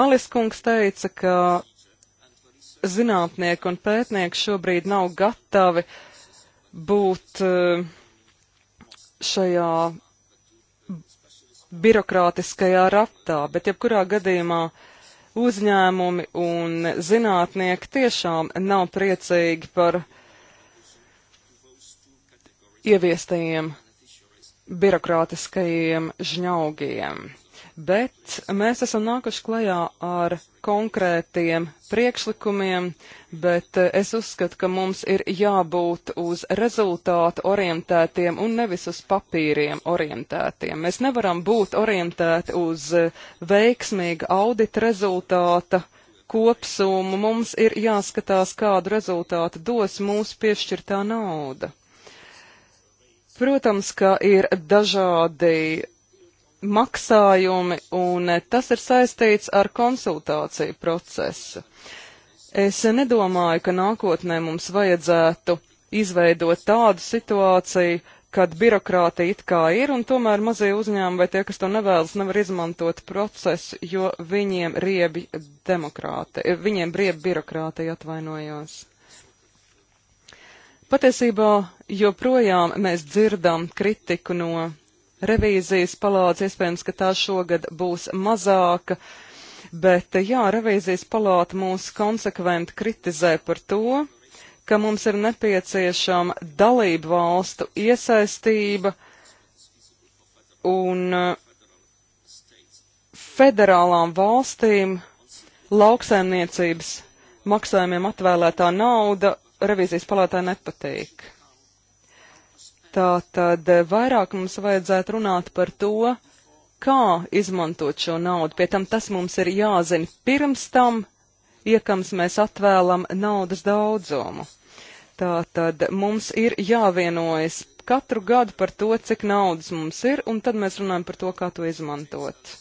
Alis kungs teica, ka zinātnieki un pētnieki šobrīd nav gatavi būt eh, šajā birokrātiskajā ratā, bet jebkurā gadījumā uzņēmumi un zinātnieki tiešām nav priecīgi par uh, ieviestajiem birokrātiskajiem žņaugiem. Bet mēs esam nākuši klajā ar konkrētiem priekšlikumiem, bet es uzskatu, ka mums ir jābūt uz rezultātu orientētiem un nevis uz papīriem orientētiem. Mēs nevaram būt orientēti uz veiksmīga audita rezultāta kopsumu. Mums ir jāskatās, kādu rezultātu dos mūsu piešķirtā nauda. Protams, ka ir dažādi maksājumi, un tas ir saistīts ar konsultāciju procesu. Es nedomāju, ka nākotnē mums vajadzētu izveidot tādu situāciju, kad birokrātija it kā ir, un tomēr mazie uzņēmumi vai tie, kas to nevēlas, nevar izmantot procesu, jo viņiem riebi demokrāti, eh, viņiem riebi birokrātija atvainojās. Patiesībā joprojām mēs dzirdam kritiku no revīzijas palāca, iespējams, ka tā šogad būs mazāka, bet jā, revīzijas palāta mūs konsekventi kritizē par to, ka mums ir nepieciešama dalību valstu iesaistība un eh, federālām valstīm lauksaimniecības maksājumiem atvēlētā nauda revīzijas palātē nepatīk. Tā tad vairāk mums vajadzētu runāt par to, kā izmantot šo naudu. Pie tam tas mums ir jāzina pirms tam, iekams mēs atvēlam naudas daudzumu. Tā tad mums ir jāvienojas katru gadu par to, cik naudas mums ir, un tad mēs runājam par to, kā to izmantot.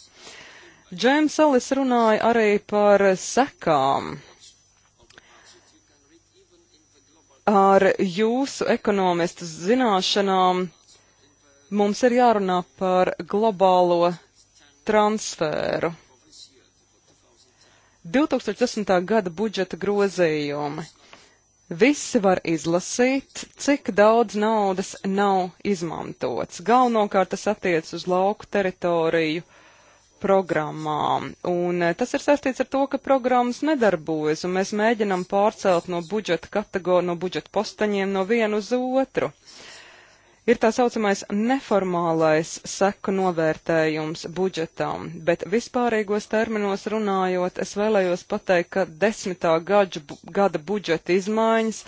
Džēms Alis runāja arī par sekām ar jūsu ekonomistu zināšanām mums ir jārunā par globālo transferu. 2010. gada budžeta grozījumi. Visi var izlasīt, cik daudz naudas nav izmantots. Galvenokārt tas attiec uz lauku teritoriju programmām. Un eh, tas ir saistīts ar to, ka programmas nedarbojas, un mēs mēģinam pārcelt no budžeta kategoriju, no budžeta postaņiem no vienu uz otru. Ir tā saucamais neformālais seku novērtējums budžetam, bet vispārīgos terminos runājot, es vēlējos pateikt, ka desmitā gadžu, gada budžeta izmaiņas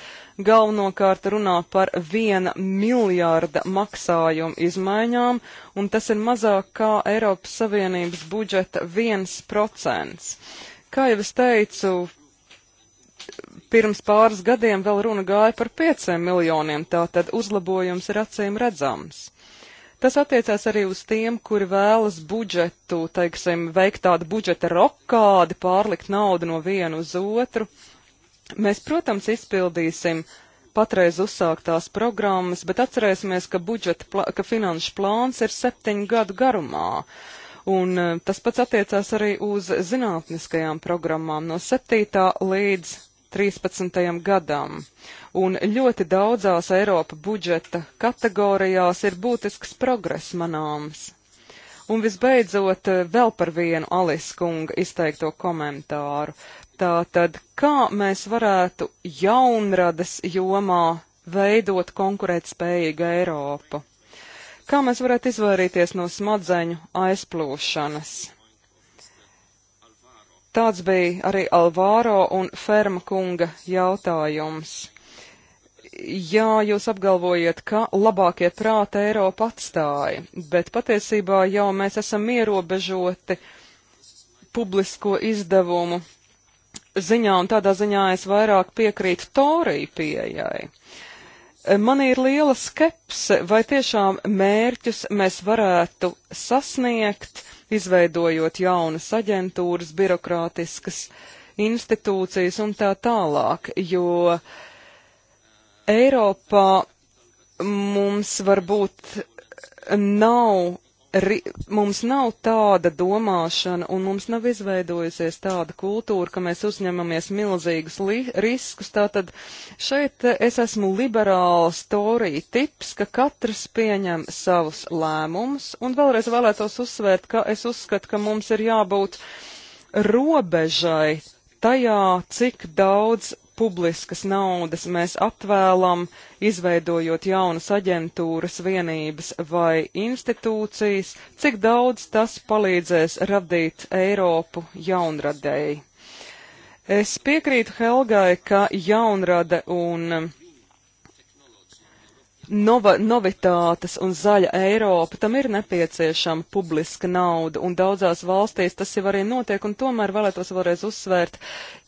galvenokārt runā par viena miljārda maksājumu izmaiņām, un tas ir mazāk kā Eiropas Savienības budžeta viens procents. Kā jau es teicu, pirms pāris gadiem vēl runa gāja par 5 miljoniem, tātad uzlabojums ir acīm redzams. Tas attiecās arī uz tiem, kuri vēlas budžetu, teiksim, veikt tādu budžeta rokādi, pārlikt naudu no vienu uz otru. Mēs, protams, izpildīsim patreiz uzsāktās programmas, bet atcerēsimies, ka, budžeta, ka finanšu plāns ir septiņu gadu garumā. Un eh, tas pats attiecās arī uz zinātniskajām programmām no 7. līdz 13. gadam, un ļoti daudzās Eiropa budžeta kategorijās ir būtisks progress manāms. Un visbeidzot, eh, vēl par vienu Alis kunga izteikto komentāru. Tātad, kā mēs varētu jaunradas jomā veidot konkurētspējīgu Eiropu? Kā mēs varētu izvairīties no smadzeņu aizplūšanas? Tāds bija arī Alvāro un Ferma kunga jautājums. Jā, jūs apgalvojat, ka labākie prāti Eiropa atstāja, bet patiesībā jau mēs esam ierobežoti publisko izdevumu ziņā, un tādā ziņā es vairāk piekrītu Toriju pieejai. Uh, Man ir liela skepse, vai tiešām mērķus mēs varētu sasniegt, izveidojot jaunas aģentūras, birokrātiskas institūcijas un tā tālāk, jo Eiropā mums varbūt nav ri, mums nav tāda domāšana un mums nav izveidojusies tāda kultūra, ka mēs uzņemamies milzīgus li, riskus. Tātad šeit eh, es esmu liberāls torija tips, ka katrs pieņem savus lēmumus un vēlreiz vēlētos uzsvērt, ka es uzskatu, ka mums ir jābūt robežai tajā, cik daudz publiskas naudas mēs atvēlam, izveidojot jaunas aģentūras vienības vai institūcijas, cik daudz tas palīdzēs radīt Eiropu jaunradēji. Es piekrītu Helgai, ka jaunrade un nova, novitātes un zaļa Eiropa, tam ir nepieciešama publiska nauda, un daudzās valstīs tas jau arī notiek, un tomēr vēlētos vēlreiz uzsvērt,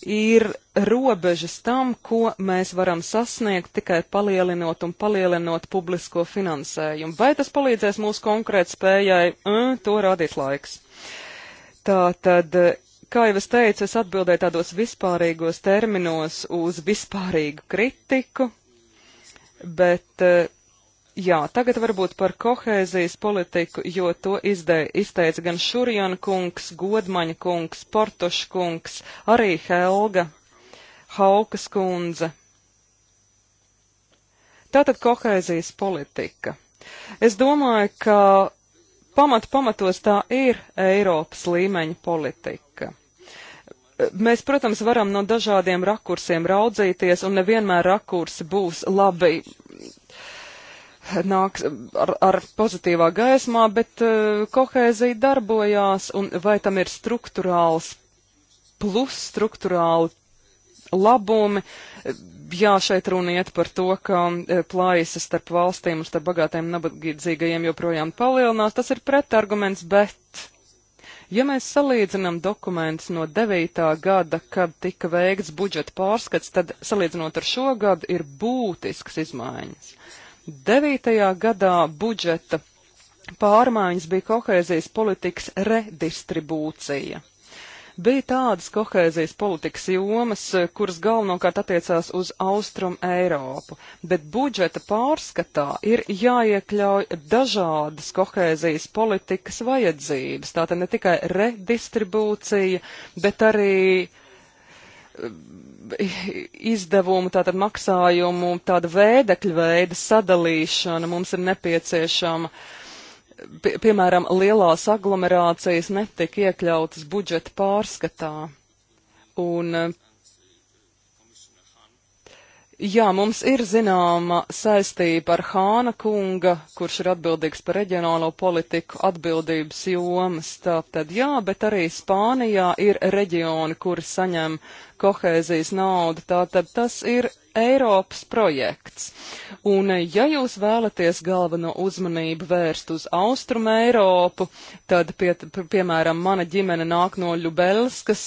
ir robežas tam, ko mēs varam sasniegt tikai palielinot un palielinot publisko finansējumu. Vai tas palīdzēs mūsu konkrēt spējai, mm, to rādīs laiks. Tā tad kā jau es teicu, es atbildēju tādos vispārīgos terminos uz vispārīgu kritiku, bet eh, jā, tagad varbūt par kohēzijas politiku, jo to izde, izteica gan Šurjana kungs, Godmaņa kungs, Portoš kungs, arī Helga, Haukas kundze. Tātad kohēzijas politika. Es domāju, ka pamat pamatos tā ir Eiropas līmeņa politika. Mēs, protams, varam no dažādiem rakursiem raudzīties, un nevienmēr rakursi būs labi nāks ar, ar pozitīvā gaismā, bet uh, kohēzija darbojās, un vai tam ir struktūrāls plus struktūrāli labumi. Jā, šeit runa iet par to, ka eh, plājas starp valstīm un starp bagātiem un nabadzīgajiem joprojām palielinās. Tas ir pretarguments, bet Ja mēs salīdzinām dokumentus no 9. gada, kad tika veikts budžeta pārskats, tad salīdzinot ar šo gadu ir būtisks izmaiņas. 9. gadā budžeta pārmaiņas bija kohēzijas politikas redistribūcija bija tādas kohēzijas politikas jomas, eh, kuras galvenokārt attiecās uz Austrum Eiropu, bet budžeta pārskatā ir jāiekļauj dažādas kohēzijas politikas vajadzības, tātad ne tikai redistribūcija, bet arī eh, izdevumu, tātad maksājumu, tāda vēdekļu veida sadalīšana mums ir nepieciešama. Uh, pie, piemēram, lielās aglomerācijas netika iekļautas budžeta pārskatā. Un Jā, mums ir zināma saistība ar Hāna kunga, kurš ir atbildīgs par reģionālo politiku atbildības jomas. Tātad jā, bet arī Spānijā ir reģioni, kuri saņem kohēzijas naudu. Tātad tas ir Eiropas projekts. Un ja jūs vēlaties galveno uzmanību vērst uz Austrum Eiropu, tad, pie, piemēram, mana ģimene nāk no Ļubelskas,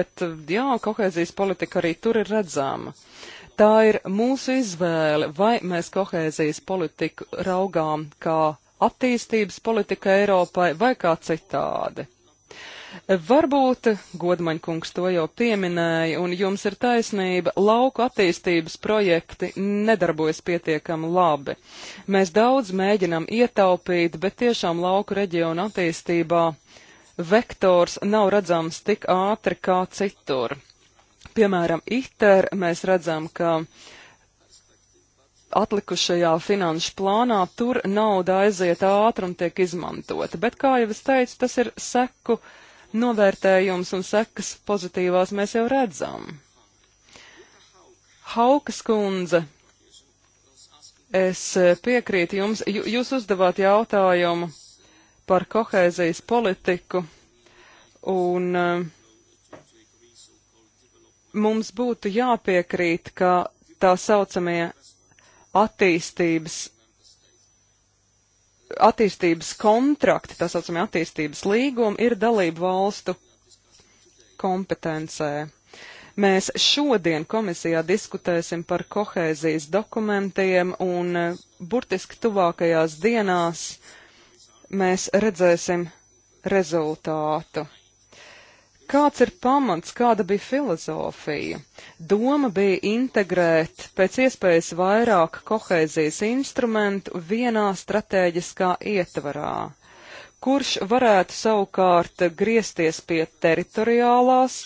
bet jā, kohēzijas politika arī tur ir redzama. Tā ir mūsu izvēle, vai mēs kohēzijas politiku raugām kā attīstības politiku Eiropai vai kā citādi. Varbūt, godmaņkungs to jau pieminēja, un jums ir taisnība, lauku attīstības projekti nedarbojas pietiekami labi. Mēs daudz mēģinam ietaupīt, bet tiešām lauku reģionu attīstībā vektors nav redzams tik ātri kā citur. Piemēram, ITER mēs redzam, ka atlikušajā finanšu plānā tur nauda aiziet ātri un tiek izmantota. Bet, kā jau es teicu, tas ir seku novērtējums un sekas pozitīvās mēs jau redzam. Haukas kundze, es piekrītu jums, jūs uzdevāt jautājumu par kohēzijas politiku un uh, mums būtu jāpiekrīt, ka tā saucamie attīstības, attīstības kontrakti, tā saucamie attīstības līgumi ir dalību valstu kompetencē. Mēs šodien komisijā diskutēsim par kohēzijas dokumentiem un e, burtiski tuvākajās dienās mēs redzēsim rezultātu. Kāds ir pamats, kāda bija filozofija? Doma bija integrēt pēc iespējas vairāk kohēzijas instrumentu vienā stratēģiskā ietvarā, kurš varētu savukārt griezties pie teritoriālās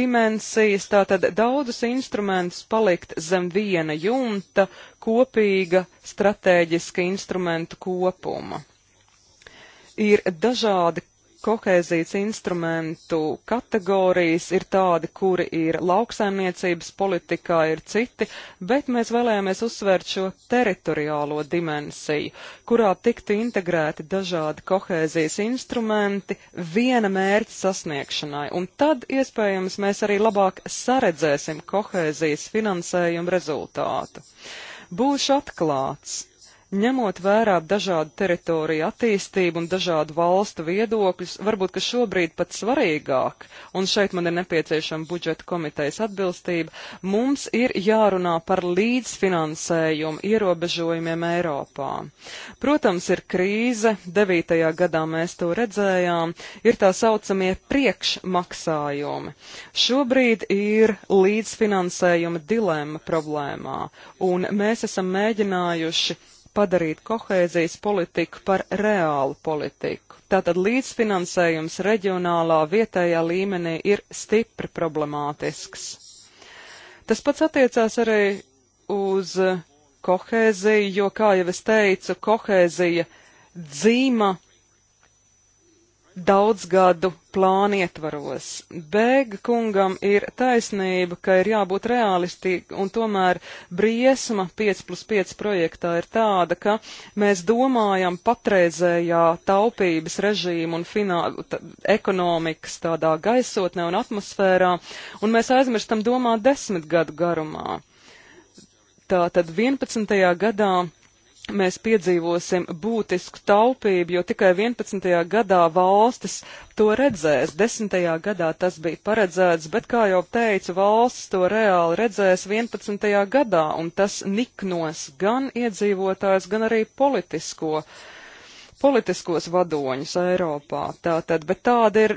dimensijas, tātad daudzus instrumentus palikt zem viena jumta kopīga stratēģiska instrumentu kopuma. Ir dažādi kohēzijas instrumentu kategorijas, ir tādi, kuri ir lauksaimniecības politikā, ir citi, bet mēs vēlējāmies uzsvērt šo teritoriālo dimensiju, kurā tiktu integrēti dažādi kohēzijas instrumenti viena mērķa sasniegšanai, un tad iespējams mēs arī labāk saredzēsim kohēzijas finansējumu rezultātu. Būšu atklāts Ņemot vērā dažādu teritoriju attīstību un dažādu valstu viedokļus, varbūt, ka šobrīd pat svarīgāk, un šeit man ir nepieciešama budžeta komitejas atbilstība, mums ir jārunā par līdzfinansējumu ierobežojumiem Eiropā. Protams, ir krīze, devītajā gadā mēs to redzējām, ir tā saucamie priekšmaksājumi. Šobrīd ir līdzfinansējuma dilemma problēmā, un mēs esam mēģinājuši padarīt kohēzijas politiku par reālu politiku. Tātad līdzfinansējums reģionālā vietējā līmenī ir stipri problemātisks. Tas pats attiecās arī uz kohēziju, jo, kā jau es teicu, kohēzija dzīma daudzgadu plānu ietvaros. Bēga kungam ir taisnība, ka ir jābūt realistīgi, un tomēr briesma 5 plus 5 projektā ir tāda, ka mēs domājam patreizējā taupības režīma un finā, t, ekonomikas tādā gaisotnē un atmosfērā, un mēs aizmirstam domāt desmit gadu garumā. Tātad 11. gadā mēs piedzīvosim būtisku taupību, jo tikai 11. gadā valstis to redzēs. 10. gadā tas bija paredzēts, bet, kā jau teicu, valstis to reāli redzēs 11. gadā, un tas niknos gan iedzīvotājs, gan arī politisko. Politiskos vadoņus Eiropā. Tātad, bet tāda ir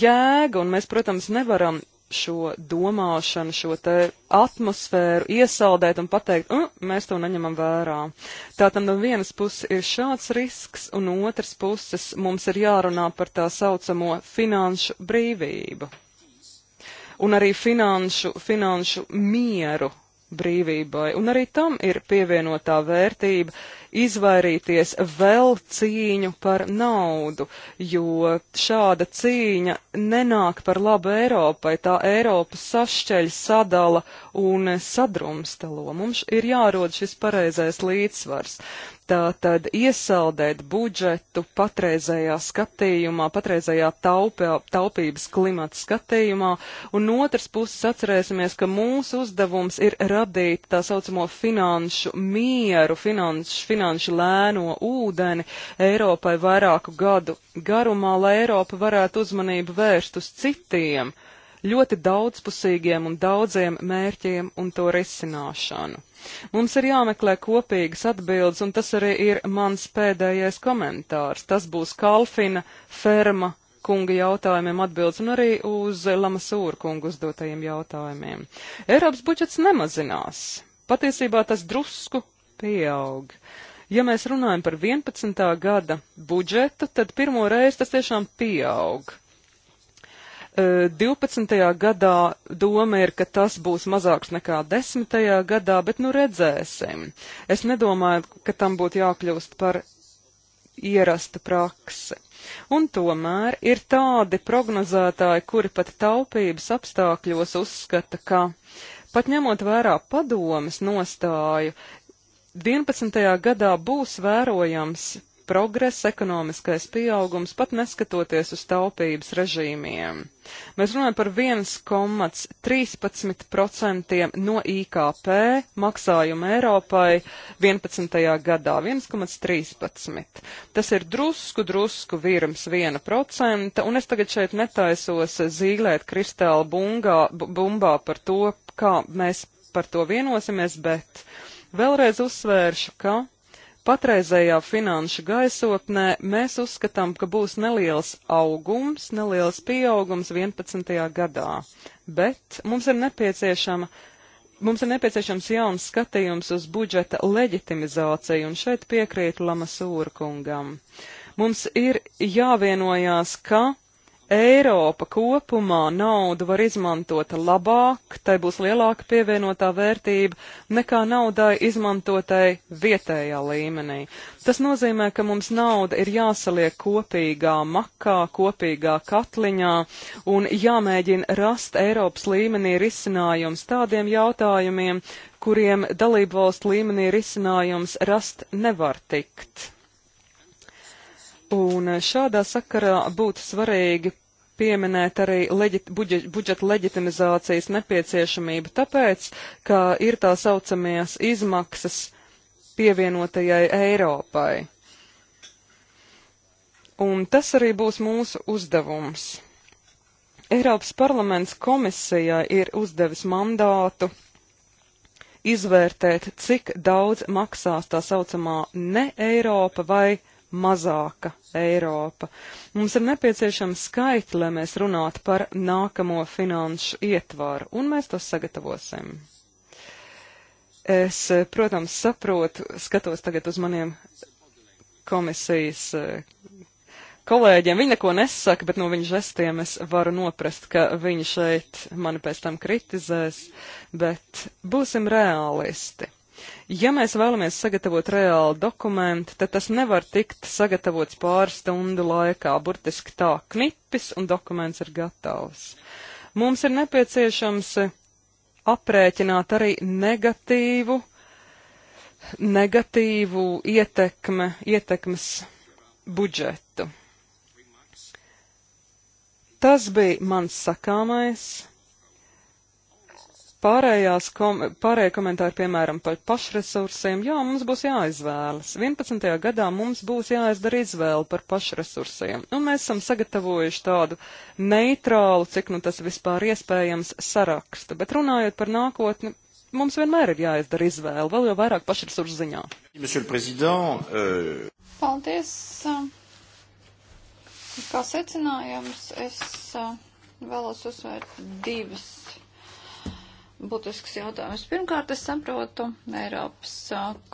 jēga, un mēs, protams, nevaram šo domāšanu, šo te atmosfēru iesaldēt un pateikt, uh, mēs to neņemam vērā. Tātad no vienas puses ir šāds risks, un no otras puses mums ir jārunā par tā saucamo finanšu brīvību. Un arī finanšu, finanšu mieru brīvībai. Un arī tam ir pievienotā vērtība, izvairīties vēl cīņu par naudu, jo šāda cīņa nenāk par labu Eiropai, tā Eiropa sašķeļ, sadala un sadrumstalo. Mums ir jārod šis pareizais līdzsvars. Tātad iesaldēt budžetu patreizējā skatījumā, patreizējā taupē, taupības klimata skatījumā, un otrs puses atcerēsimies, ka mūsu uzdevums ir radīt tā saucamo finanšu mieru, finanšu, finanšu finanšu lēno ūdeni Eiropai vairāku gadu garumā, lai Eiropa varētu uzmanību vērst uz citiem ļoti daudzpusīgiem un daudziem mērķiem un to risināšanu. Mums ir jāmeklē kopīgas atbildes, un tas arī ir mans pēdējais komentārs. Tas būs Kalfina, Ferma kunga jautājumiem atbildes un arī uz Lamasūra kungu uzdotajiem jautājumiem. Eiropas budžets nemazinās. Patiesībā tas drusku pieaug. Ja mēs runājam par 11. gada budžetu, tad pirmo reizi tas tiešām pieaug. 12. E, gadā doma ir, ka tas būs mazāks nekā 10. gadā, bet nu redzēsim. Es nedomāju, ka tam būtu jākļūst par ierasta prakse. Un tomēr ir tādi prognozētāji, kuri pat taupības apstākļos uzskata, ka pat ņemot vērā padomas nostāju, 11. gadā būs vērojams progress, ekonomiskais pieaugums, pat neskatoties uz taupības režīmiem. Mēs runājam par 1,13% no IKP maksājumu Eiropai 11. gadā, 1,13. Tas ir drusku, drusku virms 1%, un es tagad šeit netaisos zīlēt kristāla bungā, bumbā par to, kā mēs par to vienosimies, bet Vēlreiz uzsvēršu, ka patreizējā finanšu gaisotnē mēs uzskatām, ka būs neliels augums, neliels pieaugums 11. gadā, bet mums ir nepieciešama. Mums ir nepieciešams jauns skatījums uz budžeta leģitimizāciju, un šeit piekrīt Lamasūra kungam. Mums ir jāvienojās, ka Eiropa kopumā naudu var izmantot labāk, tai būs lielāka pievienotā vērtība nekā naudai izmantotai vietējā līmenī. Tas nozīmē, ka mums nauda ir jāsaliek kopīgā makā, kopīgā katliņā un jāmēģina rast Eiropas līmenī risinājums tādiem jautājumiem, kuriem dalību valstu līmenī risinājums rast nevar tikt. Un šādā sakarā būtu svarīgi pieminēt arī leģit, budžet, budžeta leģitimizācijas nepieciešamību, tāpēc, ka ir tā saucamies izmaksas pievienotajai Eiropai. Un tas arī būs mūsu uzdevums. Eiropas parlaments komisijai ir uzdevis mandātu izvērtēt, cik daudz maksās tā saucamā ne Eiropa vai Eiropa mazāka Eiropa. Mums ir nepieciešama skaitļi, lai mēs runātu par nākamo finanšu ietvaru, un mēs to sagatavosim. Es, protams, saprotu, skatos tagad uz maniem komisijas eh, kolēģiem. Viņi neko nesaka, bet no viņa žestiem es varu noprast, ka viņi šeit mani pēc tam kritizēs, bet būsim realisti. Ja mēs vēlamies sagatavot reālu dokumentu, tad tas nevar tikt sagatavots pāris stundu laikā, burtiski tā knipis un dokuments ir gatavs. Mums ir nepieciešams aprēķināt arī negatīvu, negatīvu ietekme, ietekmes budžetu. Tas bija mans sakāmais. Pārējās kom pārējie komentāri, piemēram, par pašresursiem, jā, mums būs jāizvēlas. 11. gadā mums būs jāizdara izvēle par pašresursiem, un mēs esam sagatavojuši tādu neitrālu, cik nu tas vispār iespējams, sarakstu. Bet runājot par nākotni, mums vienmēr ir jāizdara izvēle, vēl jau vairāk pašresursu ziņā. Euh, Paldies! Um, kā secinājums, es uh, vēlos uzsvērt divas būtisks jautājums. Pirmkārt, es saprotu Eiropas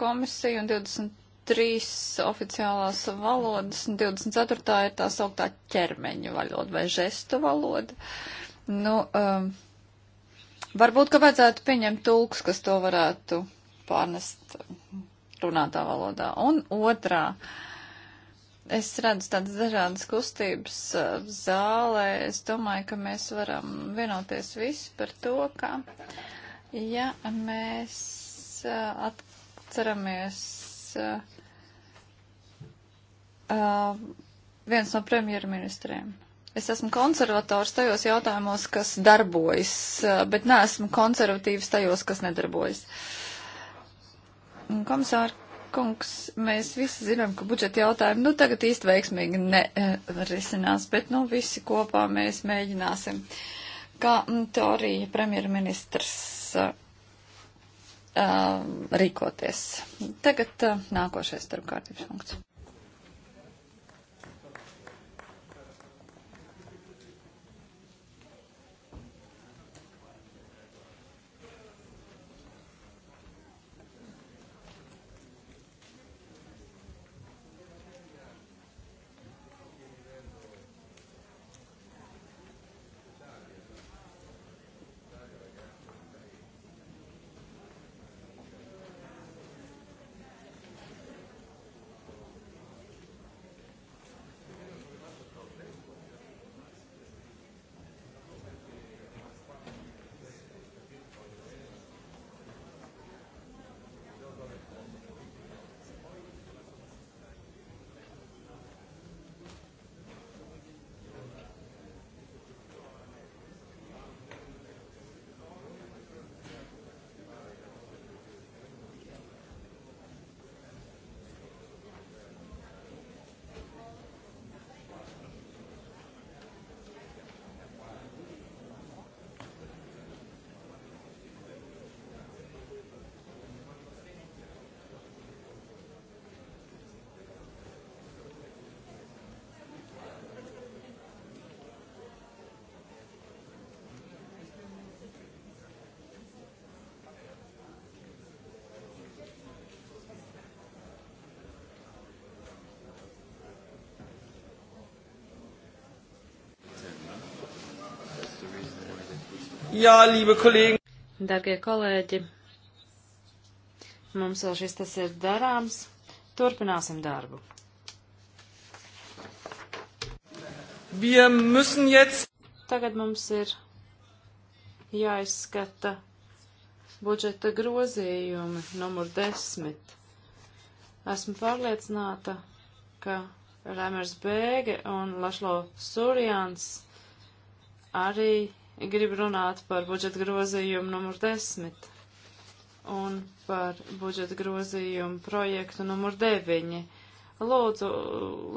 komisiju un 23 oficiālās valodas, un 24. ir tā sauktā ķermeņa valoda vai žestu valoda. Nu, um, varbūt, ka vajadzētu pieņemt tulks, kas to varētu pārnest runātā valodā. Un otrā. Uh, Es redzu tādas dažādas kustības eh, zālē. Es domāju, ka mēs varam vienoties visi par to, ka, ja mēs eh, atceramies eh, viens no premjerministriem. Es esmu konservators tajos jautājumos, kas darbojas, bet neesmu konservatīvs tajos, kas nedarbojas. Komisāri, kungs, mēs visi zinām, ka budžeta jautājumi nu tagad īsti veiksmīgi nerisinās, bet nu visi kopā mēs mēģināsim. Kā mm, to arī premjerministrs uh, rīkoties. Tagad uh, nākošais starpkārtības punkts. Jā, liebe kolēģi. Dargie kolēģi, mums vēl šis tas ir darāms. Turpināsim darbu. Wir müssen jetzt. Tagad mums ir jāizskata budžeta grozījumi numur desmit. Esmu pārliecināta, ka Rēmers Bēge un Lašlo Surjans arī gribu runāt par budžeta grozījumu numur 10 un par budžeta grozījumu projektu numur 9. Lūdzu,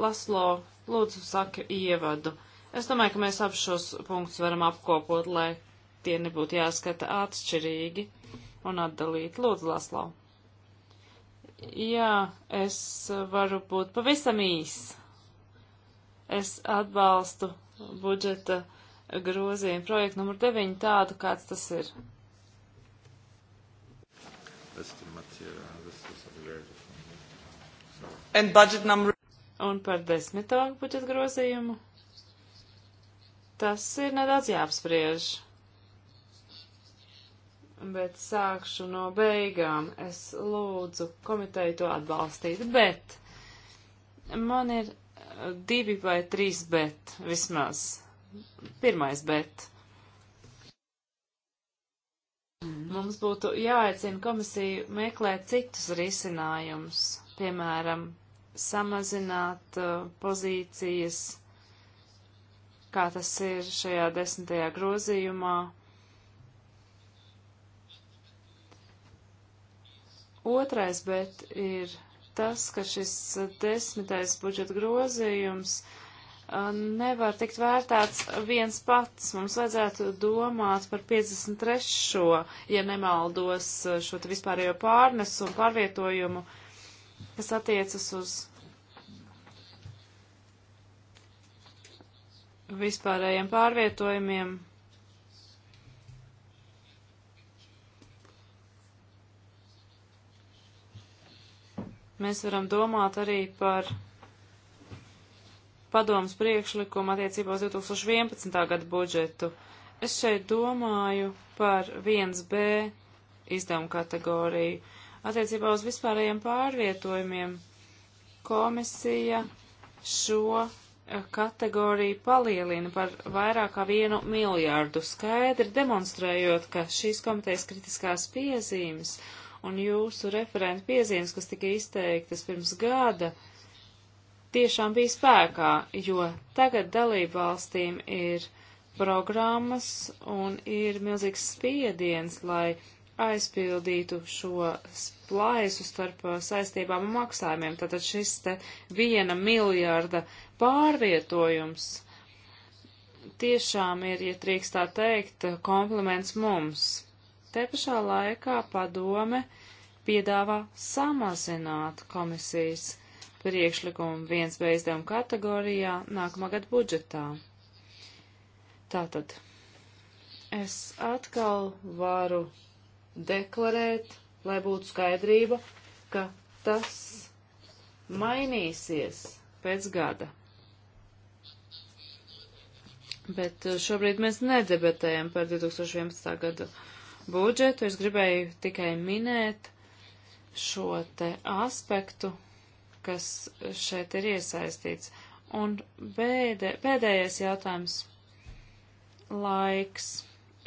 Laslo, lūdzu saka ievadu. Es domāju, ka mēs ap šos punktus varam apkopot, lai tie nebūtu jāskata atšķirīgi un atdalīti. Lūdzu, Laslo. Jā, es varu būt pavisam īs. Es atbalstu budžeta uh, grozījumu projektu numur 9 tādu, kāds tas ir. Un par desmito budžeta grozījumu. Tas ir nedaudz jāapspriež. Bet sākšu no beigām. Es lūdzu komiteju to atbalstīt, bet man ir divi vai trīs bet vismaz pirmais bet. Mums būtu jāaicina komisiju meklēt citus risinājumus, piemēram, samazināt uh, pozīcijas, kā tas ir šajā desmitajā grozījumā. Otrais bet ir tas, ka šis desmitais budžeta grozījums uh, nevar tikt vērtēts viens pats. Mums vajadzētu domāt par 53. ja nemaldos šo te vispārējo pārnesumu, pārvietojumu, kas attiecas uz vispārējiem pārvietojumiem. Mēs varam domāt arī par padomas priekšlikumu attiecībā uz 2011. gada budžetu. Es šeit domāju par 1B izdevumu kategoriju. Attiecībā uz vispārējiem pārvietojumiem komisija šo eh, kategoriju palielina par vairāk kā vienu miljārdu, skaidri demonstrējot, ka šīs komitejas kritiskās piezīmes un jūsu referenta piezīmes, kas tika izteiktas pirms gada, uh, tiešām bija spēkā, jo tagad dalību valstīm ir programmas un ir milzīgs spiediens, lai aizpildītu šo plaisu starp uh, saistībām un maksājumiem. Tātad šis te viena miljārda pārvietojums tiešām ir, ja drīkst tā teikt, kompliments mums. Te pašā laikā padome piedāvā samazināt komisijas priekšlikumu viens B izdevuma kategorijā nākamā gada budžetā. Tātad es atkal varu deklarēt, lai būtu skaidrība, ka tas mainīsies pēc gada. Bet uh, šobrīd mēs nedebetējam par 2011. gadu budžetu. Es gribēju tikai minēt šo te aspektu, kas šeit ir iesaistīts. Un bēdē, pēdējais jautājums - laiks.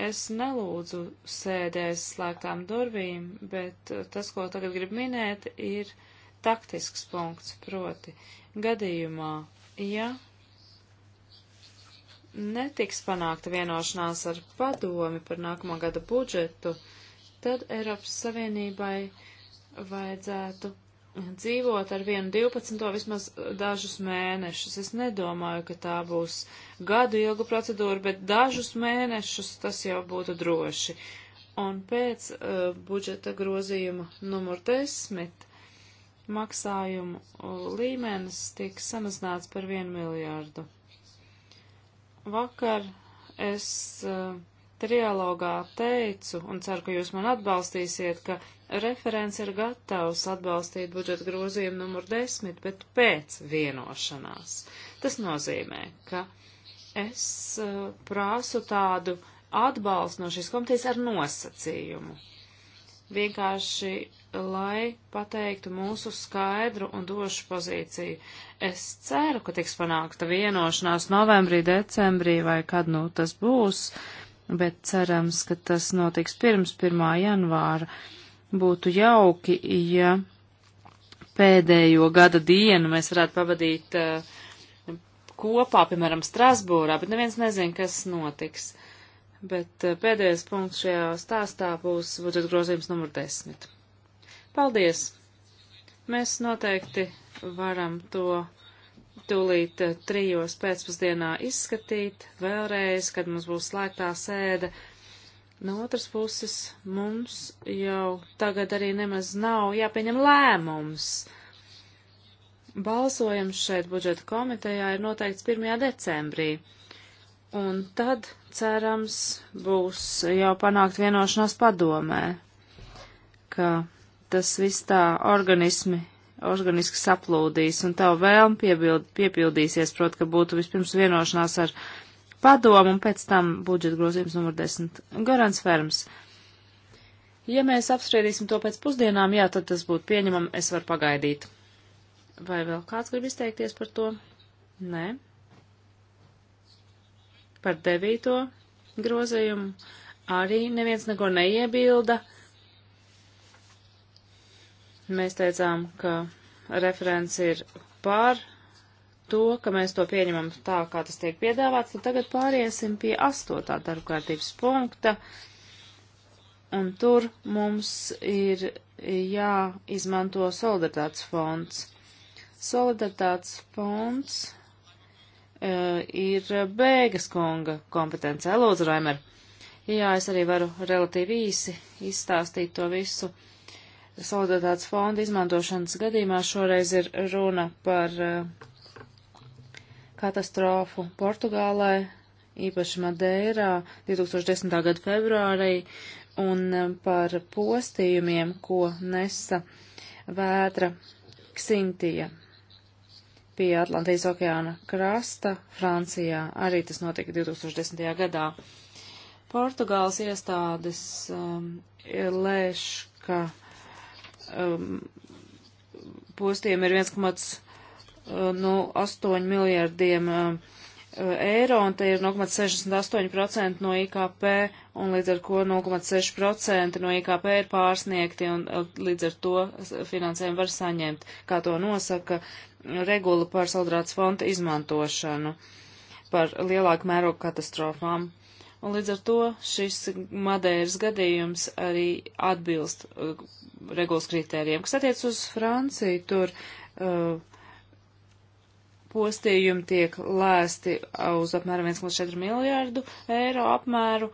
Es nelūdzu sēdēs slēgtām durvīm, bet tas, ko tagad grib minēt, ir taktisks punkts, proti gadījumā, ja netiks panākta vienošanās ar padomi par nākamā gada budžetu, tad Eiropas Savienībai vajadzētu dzīvot ar vienu 12. vismaz dažus mēnešus. Es nedomāju, ka tā būs gadu ilga procedūra, bet dažus mēnešus tas jau būtu droši. Un pēc uh, budžeta grozījuma numur 10 maksājumu uh, līmenis tiks samazināts par vienu miljārdu. Vakar es uh, trialogā teicu, un ceru, ka jūs man atbalstīsiet, ka referents ir gatavs atbalstīt budžeta grozījumu numur desmit, bet pēc vienošanās. Tas nozīmē, ka es eh, prāsu tādu atbalstu no šīs komitejas ar nosacījumu. Vienkārši, lai pateiktu mūsu skaidru un došu pozīciju. Es ceru, ka tiks panākta vienošanās novembrī, decembrī vai kad nu tas būs. Uh, bet cerams, ka tas notiks pirms 1. janvāra. Būtu jauki, ja pēdējo gada dienu mēs varētu pavadīt uh, kopā, piemēram, Strasbūrā, bet neviens nezina, kas notiks. Bet uh, pēdējais punkts šajā stāstā būs budžeta grozījums numur 10. Paldies! Mēs noteikti varam to tūlīt eh, trijos pēcpusdienā izskatīt vēlreiz, kad mums būs slēgtā sēde. No otras puses, mums jau tagad arī nemaz nav jāpieņem lēmums. Balsojums šeit budžeta komitejā ir noteikts 1. decembrī, un tad, cerams, būs jau panākt vienošanās padomē, ka tas viss tā organismi organiski saplūdīs, un tavu vēlmu piebild, piepildīsies, prot, ka būtu vispirms vienošanās ar padomu, un pēc tam budžeta grozījums numur 10. Garants Ferms. Ja mēs apspriedīsim to pēc pusdienām, jā, tad tas būtu pieņemam, es varu pagaidīt. Vai vēl kāds grib izteikties par to? Nē. Par devīto grozījumu arī neviens neko neiebilda. Mēs teicām, ka referents ir pār to, ka mēs to pieņemam tā, kā tas tiek piedāvāts, tad tagad pāriesim pie astotā darbkārtības punkta, un tur mums ir jāizmanto solidaritātes fonds. Solidaritātes fonds uh, ir Bēgas konga kompetence. Lūdzu, Raimer, jā, es arī varu relatīvi īsi izstāstīt to visu. Uh, solidaritātes fonda izmantošanas gadījumā šoreiz ir runa par eh, katastrofu Portugālē, īpaši Madeirā 2010. gada februārī, un eh, par postījumiem, ko nesa vētra Ksintija pie Atlantijas okeāna krasta Francijā. Arī tas notika 2010. gadā. Portugāles iestādes um, lēš, ka um, postiem ir 1,8 uh, nu, miljardiem um, eiro, un te ir 0,68% no IKP, un līdz ar ko 0,6% no IKP ir pārsniegti, un uh, līdz ar to finansējumu var saņemt, kā to nosaka regula par saldrāts fonta izmantošanu par lielāku mērogu katastrofām. Un līdz ar to šis Madeiras gadījums arī atbilst uh, regulas kritērijiem. Kas attiec uz Franciju, tur uh, postījumi tiek lēsti uz apmēram 1,4 miljārdu eiro apmēru.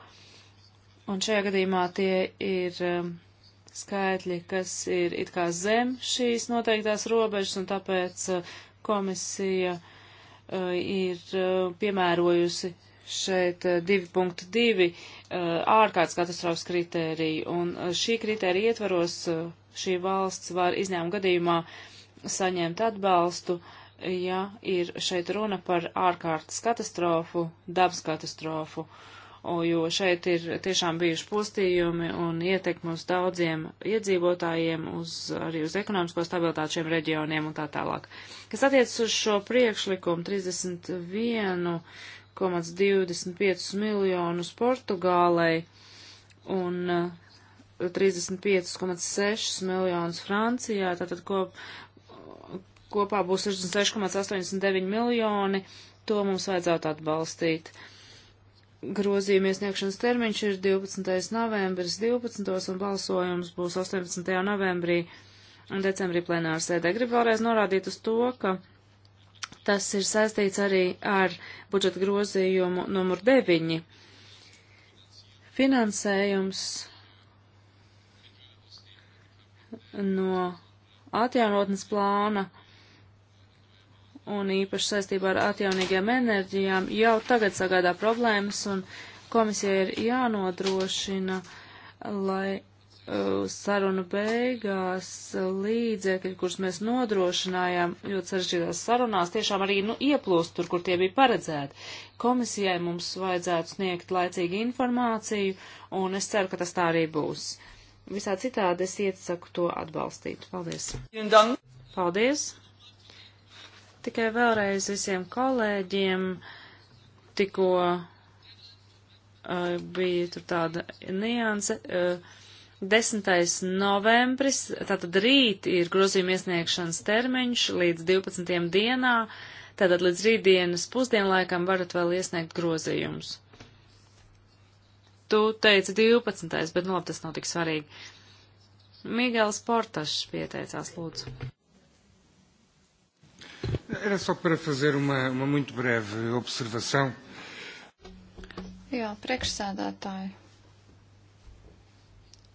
Un šajā gadījumā tie ir um, skaitļi, kas ir it kā zem šīs noteiktās robežas, un tāpēc uh, komisija uh, ir uh, piemērojusi šeit 2.2 eh, eh, ārkārtas katastrofas kritēriju, un eh, šī kritērija ietvaros šī valsts var izņēmuma gadījumā saņemt atbalstu, ja ir šeit runa par ārkārtas katastrofu, dabas katastrofu, jo šeit ir tiešām bijuši postījumi un ietekmi uz daudziem iedzīvotājiem, uz, arī uz ekonomisko stabilitāti šiem reģioniem un tā tālāk. Kas attiecas uz šo priekšlikumu 31 1,25 miljonus Portugālei un 35,6 eh, miljonus Francijā, tātad kop, kopā būs 66,89 miljoni, to mums vajadzētu atbalstīt. Grozījuma iesniegšanas termiņš ir 12. novembris 12. un balsojums būs 18. novembrī un decembrī plenārsēdē. Gribu vēlreiz norādīt uz to, ka Tas ir saistīts arī ar budžeta grozījumu numur 9. Finansējums no atjaunotnes plāna un īpaši saistībā ar atjaunīgiem enerģijām jau tagad sagādā problēmas un komisija ir jānodrošina, lai Uh, sarunu beigās līdzekļi, kurus mēs nodrošinājām ļoti sarežģītās sarunās, tiešām arī nu, ieplūst tur, kur tie bija paredzēti. Komisijai mums vajadzētu sniegt laicīgi informāciju, un es ceru, ka tas tā arī būs. Visā citādi es iesaku to atbalstīt. Paldies! Paldies! Tikai vēlreiz visiem kolēģiem tikko uh, bija tur tāda nianse. Uh, 10. novembris, tātad rīt ir grozījuma iesniegšanas termiņš līdz 12. dienā, tātad līdz rītdienas pusdienlaikam varat vēl iesniegt grozījumus. Tu teici 12. bet nu labi, tas nav tik svarīgi. Migels Portašs pieteicās, lūdzu. Era só para fazer uma, uma muito breve observação. Jā, priekšsēdētāji.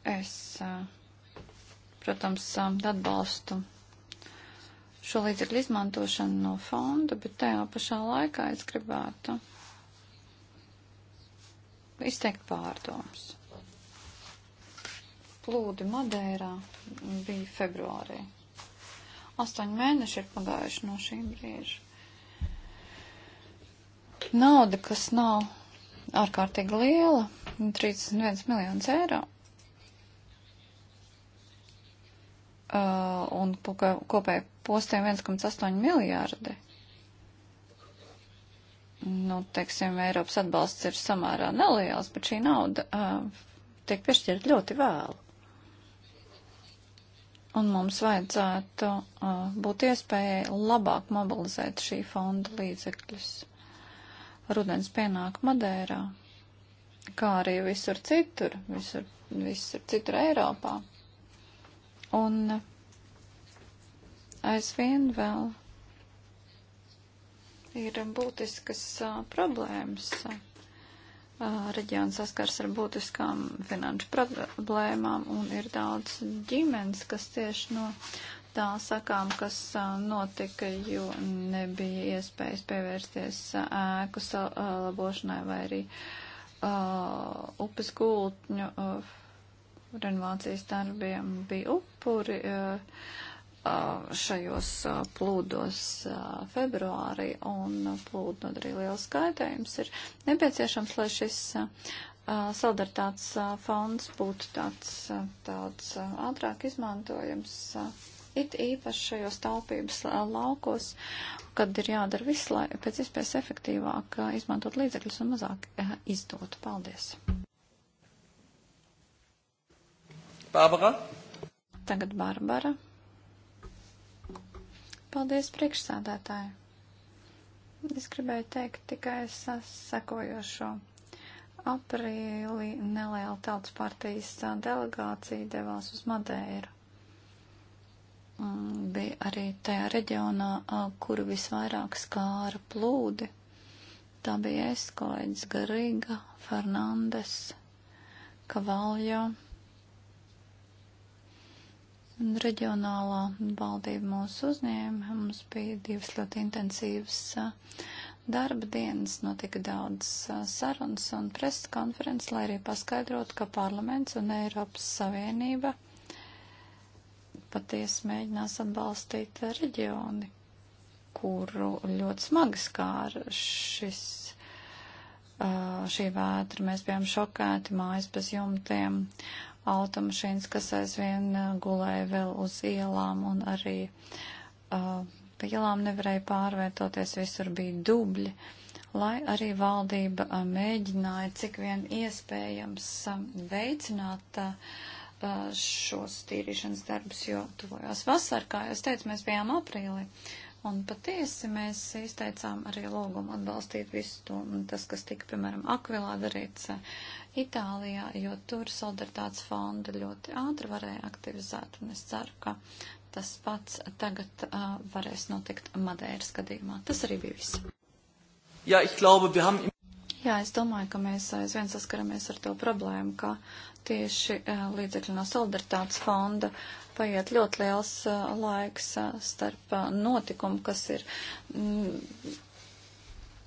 Es, protams, atbalstu šo līdzekļu izmantošanu no fonda, bet tajā pašā laikā es gribētu izteikt pārdomas. Plūdi Madeirā bija februārī. Astoņi mēneši ir pagājuši no šī brīža. Nauda, kas nav ārkārtīgi liela, 31 miljonus eiro, uh, un kopēji postiem 1,8 miljārdi. Nu, teiksim, Eiropas atbalsts ir samērā neliels, bet šī nauda uh, tiek piešķirt ļoti vēlu. Un mums vajadzētu uh, būt iespējai labāk mobilizēt šī fonda līdzekļus. Rudens pienāk Madērā, kā arī visur citur, visur, visur citur Eiropā. Un aizvien vēl ir būtiskas a, problēmas. Reģions saskars ar būtiskām finanšu problēmām un ir daudz ģimenes, kas tieši no tā sakām, kas a, notika, jo nebija iespējas pievērsties ēku salabošanai vai arī a, upes gultņu renovācijas darbiem bija upuri eh, eh, šajos eh, plūdos februārī, un plūdu nodarīja liels skaitējums. Ir nepieciešams, lai šis solidaritātes fonds būtu tāds, tāds ātrāk izmantojams. It īpaši šajos taupības laukos, kad ir jādara viss, lai pēc iespējas efektīvāk izmantot līdzekļus un mazāk izdot. Paldies! Barbara. Tagad Barbara. Paldies priekšsādātāju. Es gribēju teikt tikai sakojošo. Aprīlī neliela tautas partijas delegācija devās uz Madeiru. Bija arī tajā reģionā, kuru visvairāk skāra plūdi. Tā bija es, kolēģis Garīga, Fernandes, Kavaljo. Un reģionālā valdība mūs uzņēma. Mums bija divas ļoti intensīvas darba dienas, notika daudz sarunas un preses konferences, lai arī paskaidrotu, ka parlaments un Eiropas Savienība patiesi mēģinās atbalstīt reģioni, kuru ļoti smagi skāra šis šī vētra, mēs bijām šokēti, mājas bez jumtiem, automašīnas, kas aizvien uh, gulēja vēl uz ielām un arī uh, pa ielām nevarēja pārvietoties, visur bija dubļi, lai arī valdība uh, mēģināja cik vien iespējams um, uh, veicināt uh, šos tīrīšanas darbus, jo tuvojās vasar, kā es teicu, mēs bijām aprīlī. Un patiesi mēs izteicām arī lūgumu atbalstīt visu to, un tas, kas tika, piemēram, Akvilā darīts, uh, Itālijā, jo tur solidaritātes fonda ļoti ātri varēja aktivizēt, un es ceru, ka tas pats tagad uh, varēs notikt Madeiras gadījumā. Tas arī bija viss. Jā, ich glaube, wir haben... Jā, es domāju, ka mēs aizvien saskaramies ar to problēmu, ka tieši uh, līdzekļi no solidaritātes fonda paiet ļoti liels uh, laiks uh, starp uh, notikumu, kas ir. Mm,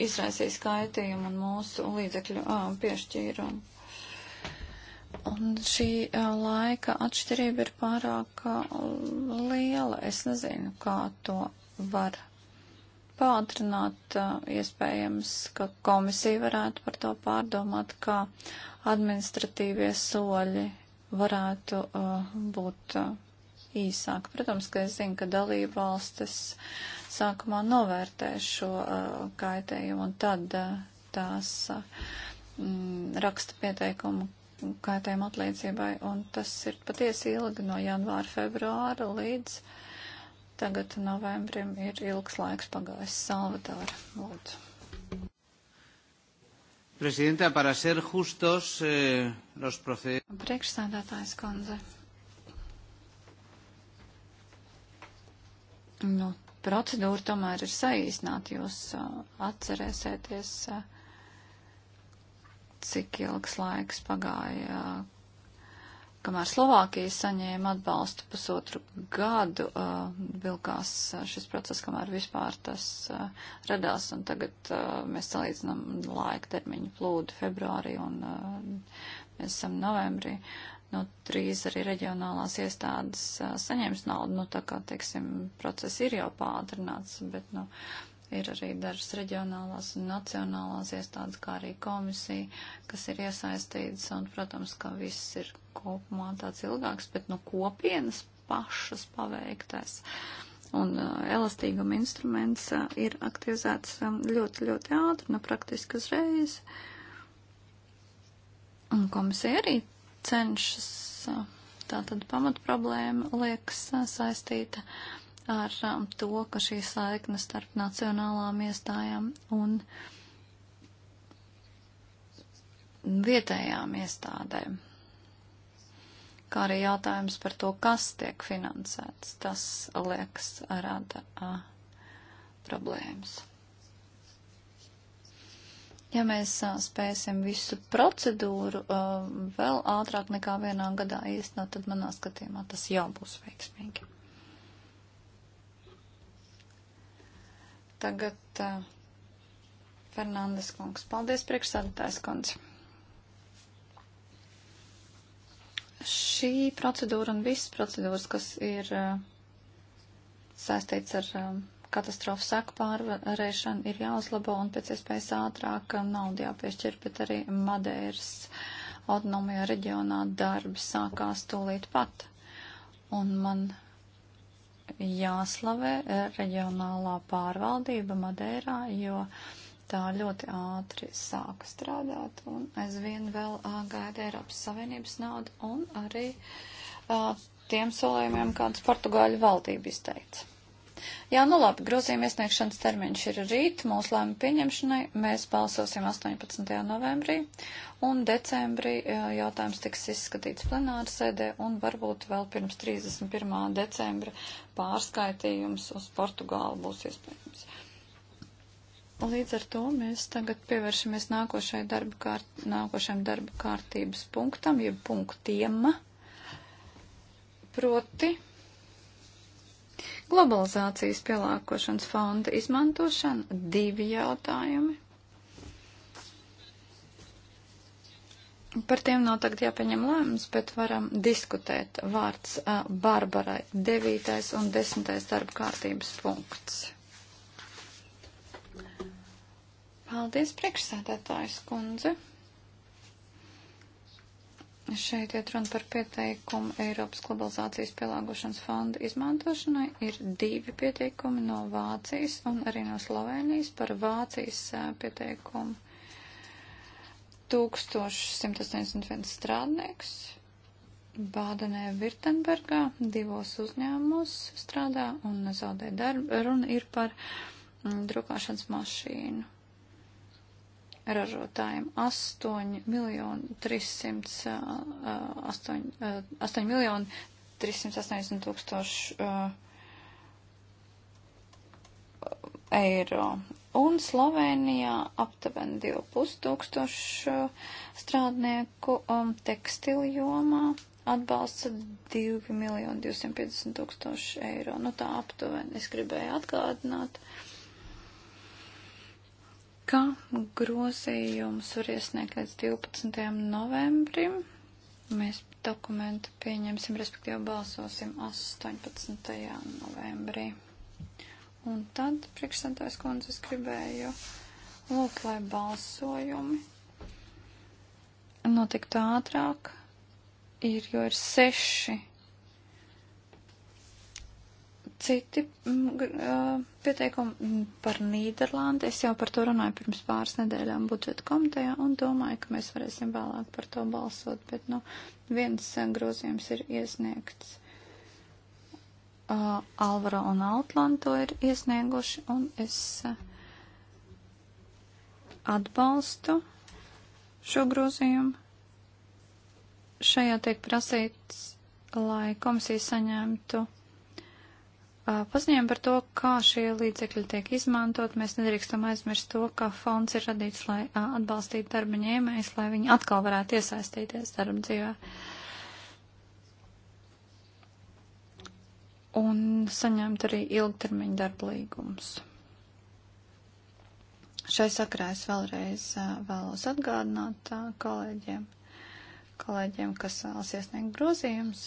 izraisīja skaitījumu un mūsu līdzekļu piešķīrumu. Un šī laika atšķirība ir pārāk liela. Es nezinu, kā to var pātrināt, iespējams, ka komisija varētu par to pārdomāt, kā administratīvie soļi varētu uh, būt uh, īsāk. Protams, ka es zinu, ka dalība valstis sākumā novērtē šo uh, kaitējumu un tad uh, tās uh, raksta pieteikumu kaitējuma atlīdzībai, un tas ir patiesi ilgi no janvāra, februāra līdz tagad novembrim ir ilgs laiks pagājis. Salvatāra, lūdzu. Presidenta, para ser justos, eh, los procedimientos. Priekšsēdētājs kundze. Nu, procedūra tomēr ir saīsnāta. Jūs uh, atcerēsieties, uh, cik ilgs laiks pagāja, kamēr Slovākija saņēma atbalstu pusotru gadu, uh, vilkās šis process, kamēr vispār tas uh, radās, un tagad uh, mēs salīdzinām laika termiņu plūdu februārī, un uh, mēs esam novembrī. Nu, trīs arī reģionālās iestādes uh, saņēmis naudu, nu, tā kā, teiksim, process ir jau pātrināts, bet, nu, Ir arī dažas reģionālās un nacionālās iestādes, kā arī komisija, kas ir iesaistītas, un, protams, ka viss ir kopumā tāds ilgāks, bet no kopienas pašas paveiktais. Un uh, elastīguma instruments uh, ir aktivizēts um, ļoti, ļoti ātri, nu praktiski uzreiz. Un komisija arī cenšas, uh, tā tad pamatproblēma liekas uh, saistīta ar um, to, ka šī saikne starp nacionālām iestājām un vietējām iestādēm, kā arī jautājums par to, kas tiek finansēts, tas liekas rada uh, problēmas. Ja mēs a, spēsim visu procedūru a, vēl ātrāk nekā vienā gadā īstenot, tad manā skatījumā tas jau būs veiksmīgi. Tagad uh, Fernandes kungs. Paldies, priekšsādātājs kundze. Šī procedūra un visas procedūras, kas ir uh, saistīts ar uh, katastrofu saku pārvarēšanu, ir jāuzlabo un pēc iespējas ātrāk uh, naudu jāpiešķir, bet arī Madeiras autonomijā reģionā darbi sākās tūlīt pat. Un man jāslavē reģionālā pārvaldība Madeirā, jo tā ļoti ātri sāka strādāt un aizvien vēl uh, gaida Eiropas Savienības naudu un arī uh, tiem solījumiem, kādas Portugāļu valdība izteica. Jā, nu labi, grozījuma iesniegšanas termiņš ir rīt mūsu lēma pieņemšanai. Mēs balsosim 18. novembrī, un decembrī jautājums tiks izskatīts plenāra sēdē, un varbūt vēl pirms 31. decembra pārskaitījums uz Portugālu būs iespējams. Līdz ar to mēs tagad pievēršamies nākošai darba kārt, nākošajam darba kārtības punktam, jeb punktiem. Proti Globalizācijas pielāgošanas fonda izmantošana - divi jautājumi. Par tiem nav tagad jāpieņem lēmums, bet varam diskutēt. Vārds uh, Barbarai - devītais un desmitais darba kārtības punkts. Paldies, priekšsēdētājs kundze. Šeit iet runa par pieteikumu Eiropas globalizācijas pielāgošanas fonda izmantošanai. Ir divi pieteikumi no Vācijas un arī no Slovenijas par Vācijas pieteikumu. 1181 strādnieks Bādenē Virtenbergā divos uzņēmumos strādā un zaudē darbu. Runa ir par mm, drukāšanas mašīnu ražotājiem 8 miljonu 300, 8, 8 miljonu 380 tūkstošu eiro. Un Slovenijā aptuveni 2,5 tūkstošu strādnieku um, tekstiljomā atbalsta 2 miljonu 250 tūkstošu eiro. Nu tā aptuveni es gribēju atgādināt. Uh, ka grozījums var iesniegt līdz 12. novembrim. Mēs dokumentu pieņemsim, respektīvi balsosim 18. novembrī. Un tad priekšsēdājas kundzes gribēju lūgt, lai balsojumi notiktu ātrāk, ir, jo ir seši citi mm, pieteikumi mm, par Nīderlandi. Es jau par to runāju pirms pāris nedēļām budžeta komitejā un domāju, ka mēs varēsim vēlāk par to balsot, bet nu, viens grozījums ir iesniegts. Uh, Alvaro un Altland to ir iesnieguši un es uh, atbalstu šo grozījumu. Šajā tiek prasīts, lai komisija saņemtu paziņojumu par to, kā šie līdzekļi tiek izmantot. Mēs nedrīkstam aizmirst to, ka fonds ir radīts, lai atbalstītu darba ņēmējs, lai viņi atkal varētu iesaistīties darba dzīvē. Un saņemt arī ilgtermiņa darba līgumus. Šai sakarā es vēlreiz vēlos atgādināt kolēģiem, kolēģiem, kas vēlas iesniegt grozījumus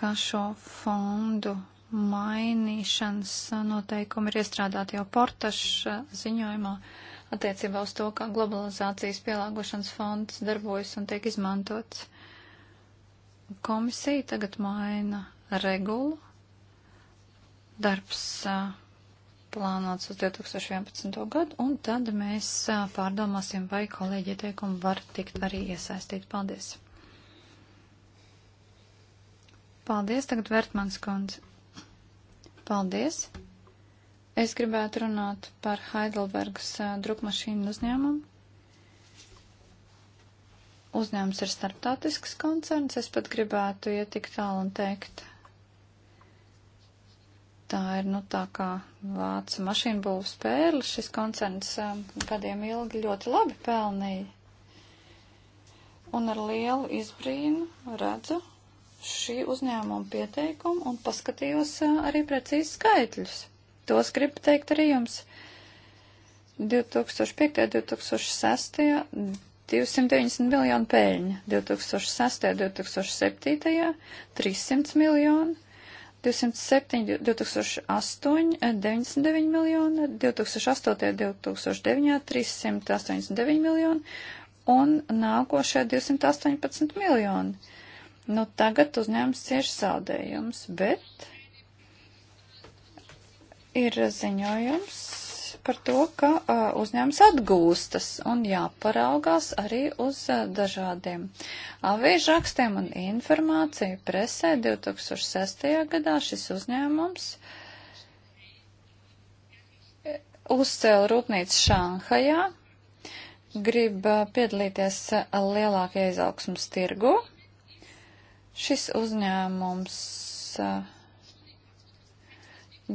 ka šo fondu mainīšanas noteikumi ir iestrādāti jau portaša ziņojumā attiecībā uz to, kā globalizācijas pielāgošanas fonds darbojas un tiek izmantots. Komisija tagad maina regulu. Darbs plānots uz 2011. gadu, un tad mēs pārdomāsim, vai kolēģi ieteikumi var tikt arī iesaistīt. Paldies! Paldies, tagad Vertmans kundze. Paldies. Es gribētu runāt par Heidelbergas drukmašīnu uzņēmumu uzņēmums ir starptautisks koncerns, es pat gribētu iet tik tālu un teikt. Tā ir, nu, tā kā vācu mašīnu būvs pērli, šis koncerns gadiem ilgi ļoti labi pelnīja. Un ar lielu izbrīnu redzu, šī uzņēmuma pieteikumu un paskatījos arī precīzi skaitļus. Tos gribu teikt arī jums. 2005. 2006. 290 miljonu pēļņa, 2006. 2007. 300 miljonu, 207, 2008, 99 miljoni, 2008, 2009, 389 miljoni un nākošajā 218 miljoni. Nu, tagad uzņēmums cieši saldējums, bet ir ziņojums par to, ka uh, uzņēmums atgūstas un jāparaugās arī uz uh, dažādiem avīžrakstiem un informāciju presē. 2006. gadā šis uzņēmums uzcēla rūpnīcu Šanhajā, grib uh, piedalīties lielākajā izaugsmas tirgu Šis uzņēmums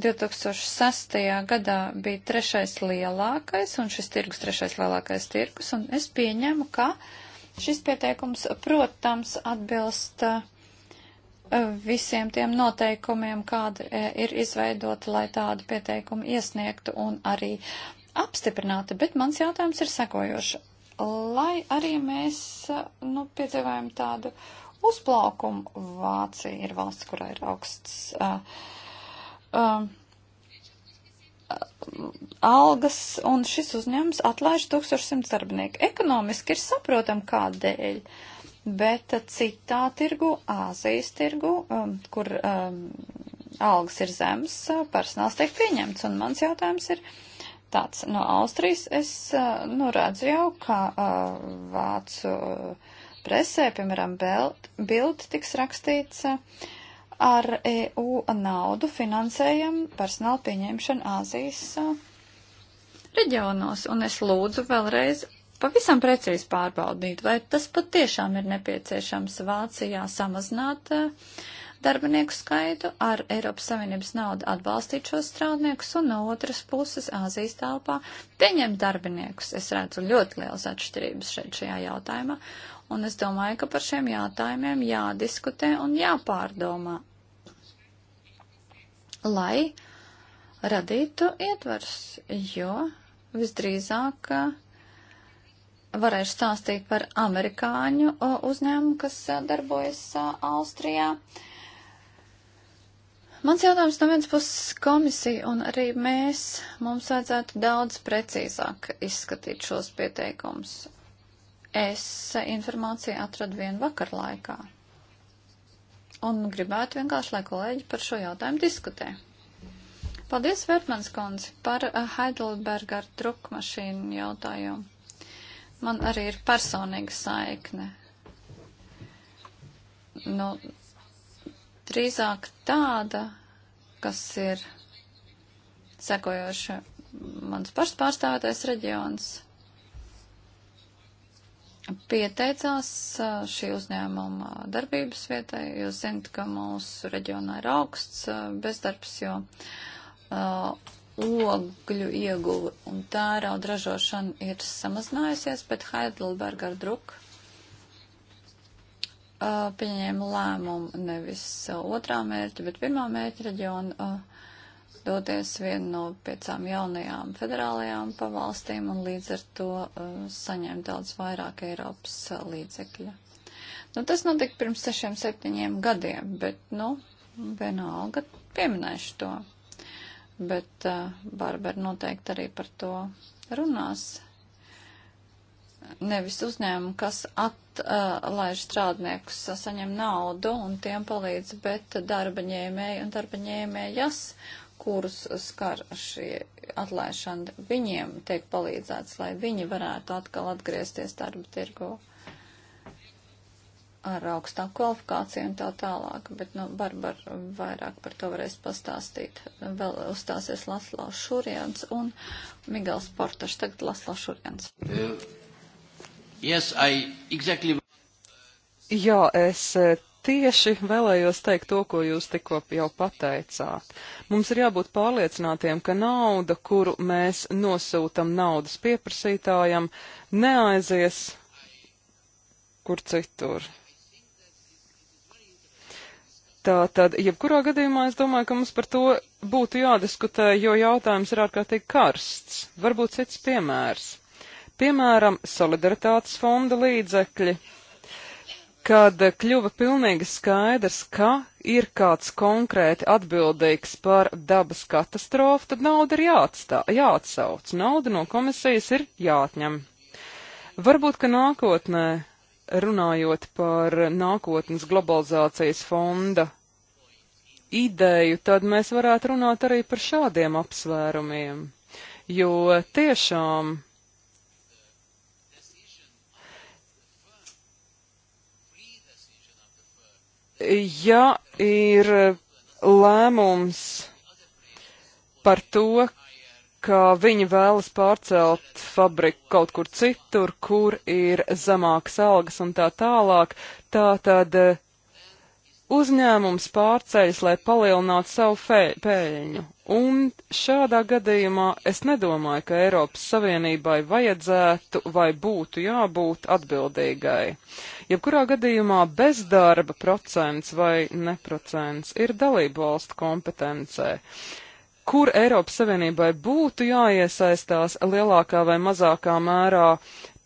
2006. Eh, gadā bija trešais lielākais, un šis tirgus trešais lielākais tirgus, un es pieņemu, ka šis pieteikums, protams, atbilst eh, visiem tiem noteikumiem, kādi eh, ir izveidoti, lai tādu pieteikumu iesniegtu un arī apstiprinātu. Bet mans jautājums ir sekojoši. Lai arī mēs, nu, piedzīvājam tādu uh, uzplaukumu. Vācija ir valsts, kurā ir augsts. Uh, uh, algas, un šis uzņēmums atlaiž 1100 darbinieku. Ekonomiski ir saprotam, kādēļ, bet citā tirgu, Āzijas tirgu, um, kur um, algas ir zemes, personāls tiek pieņemts, un mans jautājums ir tāds. No Austrijas es uh, nu redzu jau, ka uh, vācu. Uh, presē, piemēram, Bild tiks rakstīts uh, ar EU naudu finansējam personāla pieņemšanu Āzijas uh, reģionos. Un es lūdzu vēlreiz pavisam precīzi pārbaudīt, vai tas patiešām ir nepieciešams Vācijā samazināt uh, darbinieku skaitu, ar Eiropas Savienības naudu atbalstīt šos strādniekus un no otras puses Āzijas telpā pieņemt darbiniekus. Es redzu ļoti liels atšķirības šeit šajā jautājumā. Un es domāju, ka par šiem jātājumiem jādiskutē un jāpārdomā, lai radītu ietvers, jo visdrīzāk uh, varēšu stāstīt par amerikāņu uh, uzņēmumu, kas uh, darbojas Austrijā. Mans jautājums no vienas puses komisija un arī mēs, mums vajadzētu daudz precīzāk izskatīt šos pieteikumus. Es informāciju atradu vienu vakar laikā. Un gribētu vienkārši, lai kolēģi par šo jautājumu diskutē. Paldies, Vērtmans kundze, par eh, Heidelberga ar drukmašīnu jautājumu. Man arī ir personīga saikne. Nu, drīzāk tāda, kas ir sekojoša mans pašs pārstāvētais reģions pieteicās šī uzņēmuma darbības vietai. Jūs zinat, ka mūsu reģionā ir augsts bezdarbs, jo uh, ogļu ieguvi un tērauda ražošana ir samazinājusies, bet Heidelberger druk uh, pieņēma lēmumu nevis otrā mērķa, bet pirmā mērķa reģiona. Uh, doties viena no piecām jaunajām federālajām pavalstīm un līdz ar to uh, saņem daudz vairāk Eiropas uh, līdzekļa. Nu, tas notika pirms sešiem, septiņiem gadiem, bet, nu, vienalga pieminēšu to. Bet uh, Barbara noteikti arī par to runās. Nevis uzņēmumu, kas atlaiž uh, strādniekus, saņem naudu un tiem palīdz, bet darba ņēmēji un darba ņēmējas kurus skar šie atlaišana, viņiem tiek palīdzēts, lai viņi varētu atkal atgriezties darba tirgu ar augstāku kvalifikāciju un tā tālāk, bet, nu, Barbar vairāk par to varēs pastāstīt. Vēl uzstāsies Laslo Šurjans un Migels Portašs. Tagad Laslo Šurjans. Uh, yes, I exactly... Jā, es tieši vēlējos teikt to, ko jūs tikko jau pateicāt. Mums ir jābūt pārliecinātiem, ka nauda, kuru mēs nosūtam naudas pieprasītājam, neaizies kur citur. Tātad, jebkurā gadījumā es domāju, ka mums par to būtu jādiskutē, jo jautājums ir ārkārtīgi karsts. Varbūt cits piemērs. Piemēram, solidaritātes fonda līdzekļi kad kļuva pilnīgi skaidrs, ka ir kāds konkrēti atbildīgs par dabas katastrofu, tad nauda ir jāatstā, jāatsauc. Nauda no komisijas ir jāatņem. Varbūt, ka nākotnē, runājot par nākotnes globalizācijas fonda ideju, tad mēs varētu runāt arī par šādiem apsvērumiem. Jo tiešām ja ir lēmums par to, ka viņi vēlas pārcelt fabriku kaut kur citur, kur ir zemākas algas un tā tālāk, tā tad eh, uzņēmums pārceļas, lai palielinātu savu pēļņu. Un šādā gadījumā es nedomāju, ka Eiropas Savienībai vajadzētu vai būtu jābūt atbildīgai. Jebkurā gadījumā bezdarba procents vai neprocents ir dalību valstu kompetencē. Kur Eiropas Savienībai būtu jāiesaistās lielākā vai mazākā mērā,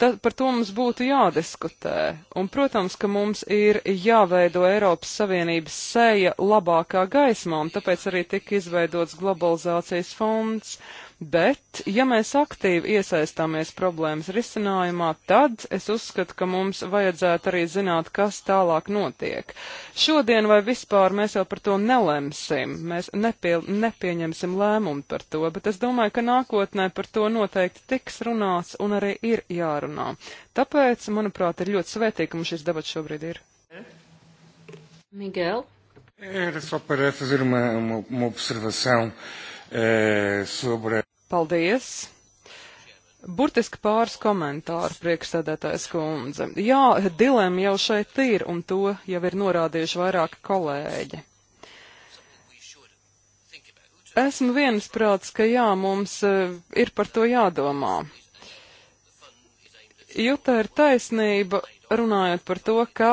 tad par to mums būtu jādiskutē. Un, protams, ka mums ir jāveido Eiropas Savienības seja labākā gaismā, un tāpēc arī tika izveidots globalizācijas fonds. Uh, bet, ja mēs aktīvi iesaistāmies problēmas risinājumā, tad es uzskatu, ka mums vajadzētu arī zināt, kas tālāk notiek. Šodien vai vispār mēs jau par to nelemsim, mēs nepie, nepieņemsim lēmumu par to, bet es domāju, ka nākotnē par to noteikti tiks runāts un arī ir jārunā. Tāpēc, manuprāt, ir ļoti svētīgi, ka mums šis debats šobrīd ir. Miguel? Era só para fazer uma, uma, uma observação uh, sobre. Paldies! Burtiski pāris komentāru priekšsēdētājs kundze. Jā, dilema jau šeit ir, un to jau ir norādījuši vairāki kolēģi. Esmu viensprāts, ka jā, mums e, ir par to jādomā. Jutā ir taisnība runājot par to, ka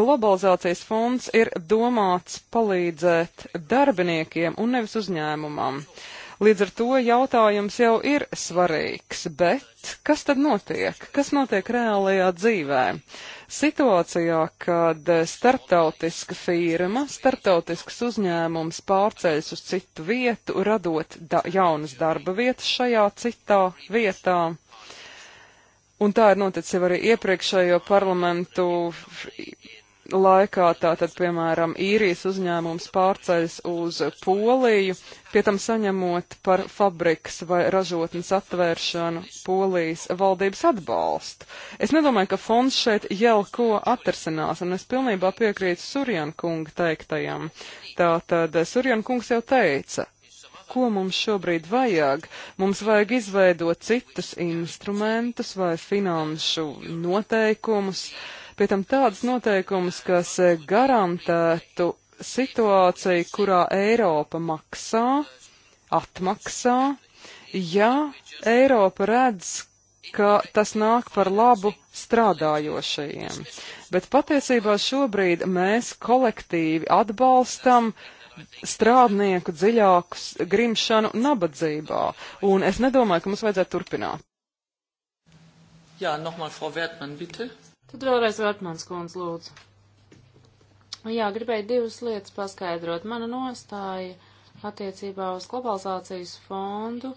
globalizācijas fonds ir domāts palīdzēt darbiniekiem un nevis uzņēmumam. Uh, Līdz ar to jautājums jau ir svarīgs, bet kas tad notiek? Kas notiek reālajā dzīvē? Situācijā, kad starptautiska firma, starptautisks uzņēmums pārceļas uz citu vietu, radot da jaunas darba vietas šajā citā vietā, un tā ir noticis jau arī iepriekšējo parlamentu laikā, tātad, piemēram, īrijas uzņēmums pārceļas uz Poliju, pie tam saņemot par fabrikas vai ražotnes atvēršanu Polijas valdības atbalstu. Es nedomāju, ka fonds šeit jau ko atrasinās, un es pilnībā piekrītu Surjan kunga teiktajam. Tātad, Surjan kungs jau teica, ko mums šobrīd vajag. Mums vajag izveidot citus instrumentus vai finanšu noteikumus. Uh, pie tam tādas noteikumus, kas e, garantētu situāciju, kurā Eiropa maksā, atmaksā, ja Eiropa redz, ka tas nāk par labu strādājošajiem. Bet patiesībā šobrīd mēs kolektīvi atbalstam strādnieku dziļāku grimšanu nabadzībā, un es nedomāju, ka mums vajadzētu turpināt. Jā, nochmal, Frau Wertmann, bitte. Tad vēlreiz Vartmans kundz lūdzu. Jā, gribēju divas lietas paskaidrot. Mana nostāja attiecībā uz globalizācijas fondu.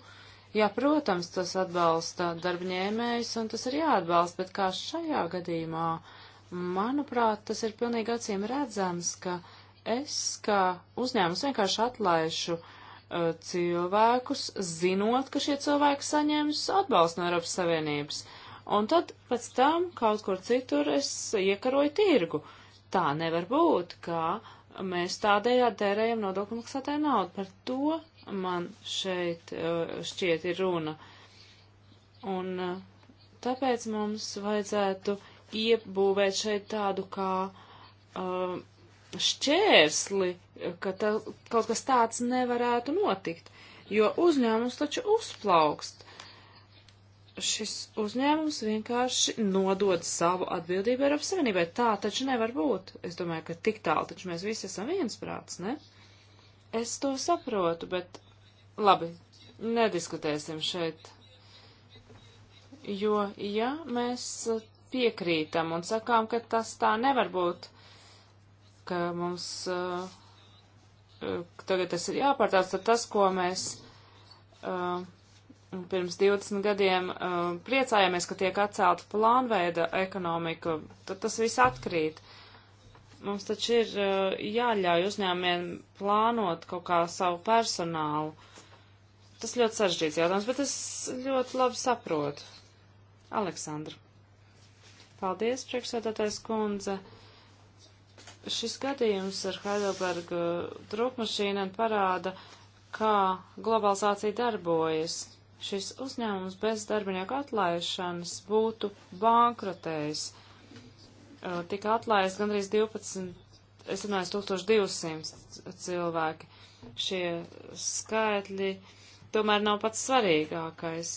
Jā, protams, tas atbalsta darbņēmējus un tas ir jāatbalsta, bet kā šajā gadījumā, manuprāt, tas ir pilnīgi acīm redzams, ka es kā uzņēmums vienkārši atlaišu uh, cilvēkus, zinot, ka šie cilvēki saņems atbalstu no Eiropas Savienības. Uh, un tad pēc tam kaut kur citur es iekaroju tirgu. Tā nevar būt, ka mēs tādējādi tērējam nodokļu maksātāju naudu. Par to man šeit eh, šķiet ir runa. Un eh, tāpēc mums vajadzētu iebūvēt šeit tādu kā uh, šķērsli, ka tā, kaut kas tāds nevarētu notikt, jo uzņēmums taču uzplaukst šis uzņēmums vienkārši nodod savu atbildību Eiropas Savienībai. Tā taču nevar būt. Es domāju, ka tik tālu taču mēs visi esam viensprāts, ne? Es to saprotu, bet labi, nediskutēsim šeit. Jo, ja mēs piekrītam un sakām, ka tas tā nevar būt, ka mums uh, tagad tas ir jāpārtās, tad tas, ko mēs. Uh, pirms 20 gadiem uh, priecājāmies, ka tiek atcelta plānveida ekonomika, tad tas viss atkrīt. Mums taču ir uh, jāļauj uzņēmumiem plānot kaut kā savu personālu. Tas ļoti sarežģīts jautājums, bet es ļoti labi saprotu. Aleksandra. Paldies, priekšsēdētājs kundze. Šis gadījums ar Heidelberga trūkmašīnu parāda, kā globalizācija darbojas šis uzņēmums bez darbinieku atlaišanas būtu bankrotējis. Tika atlaists gandrīz 12, es runāju, 1200 cilvēki. Šie skaitļi tomēr nav pats svarīgākais.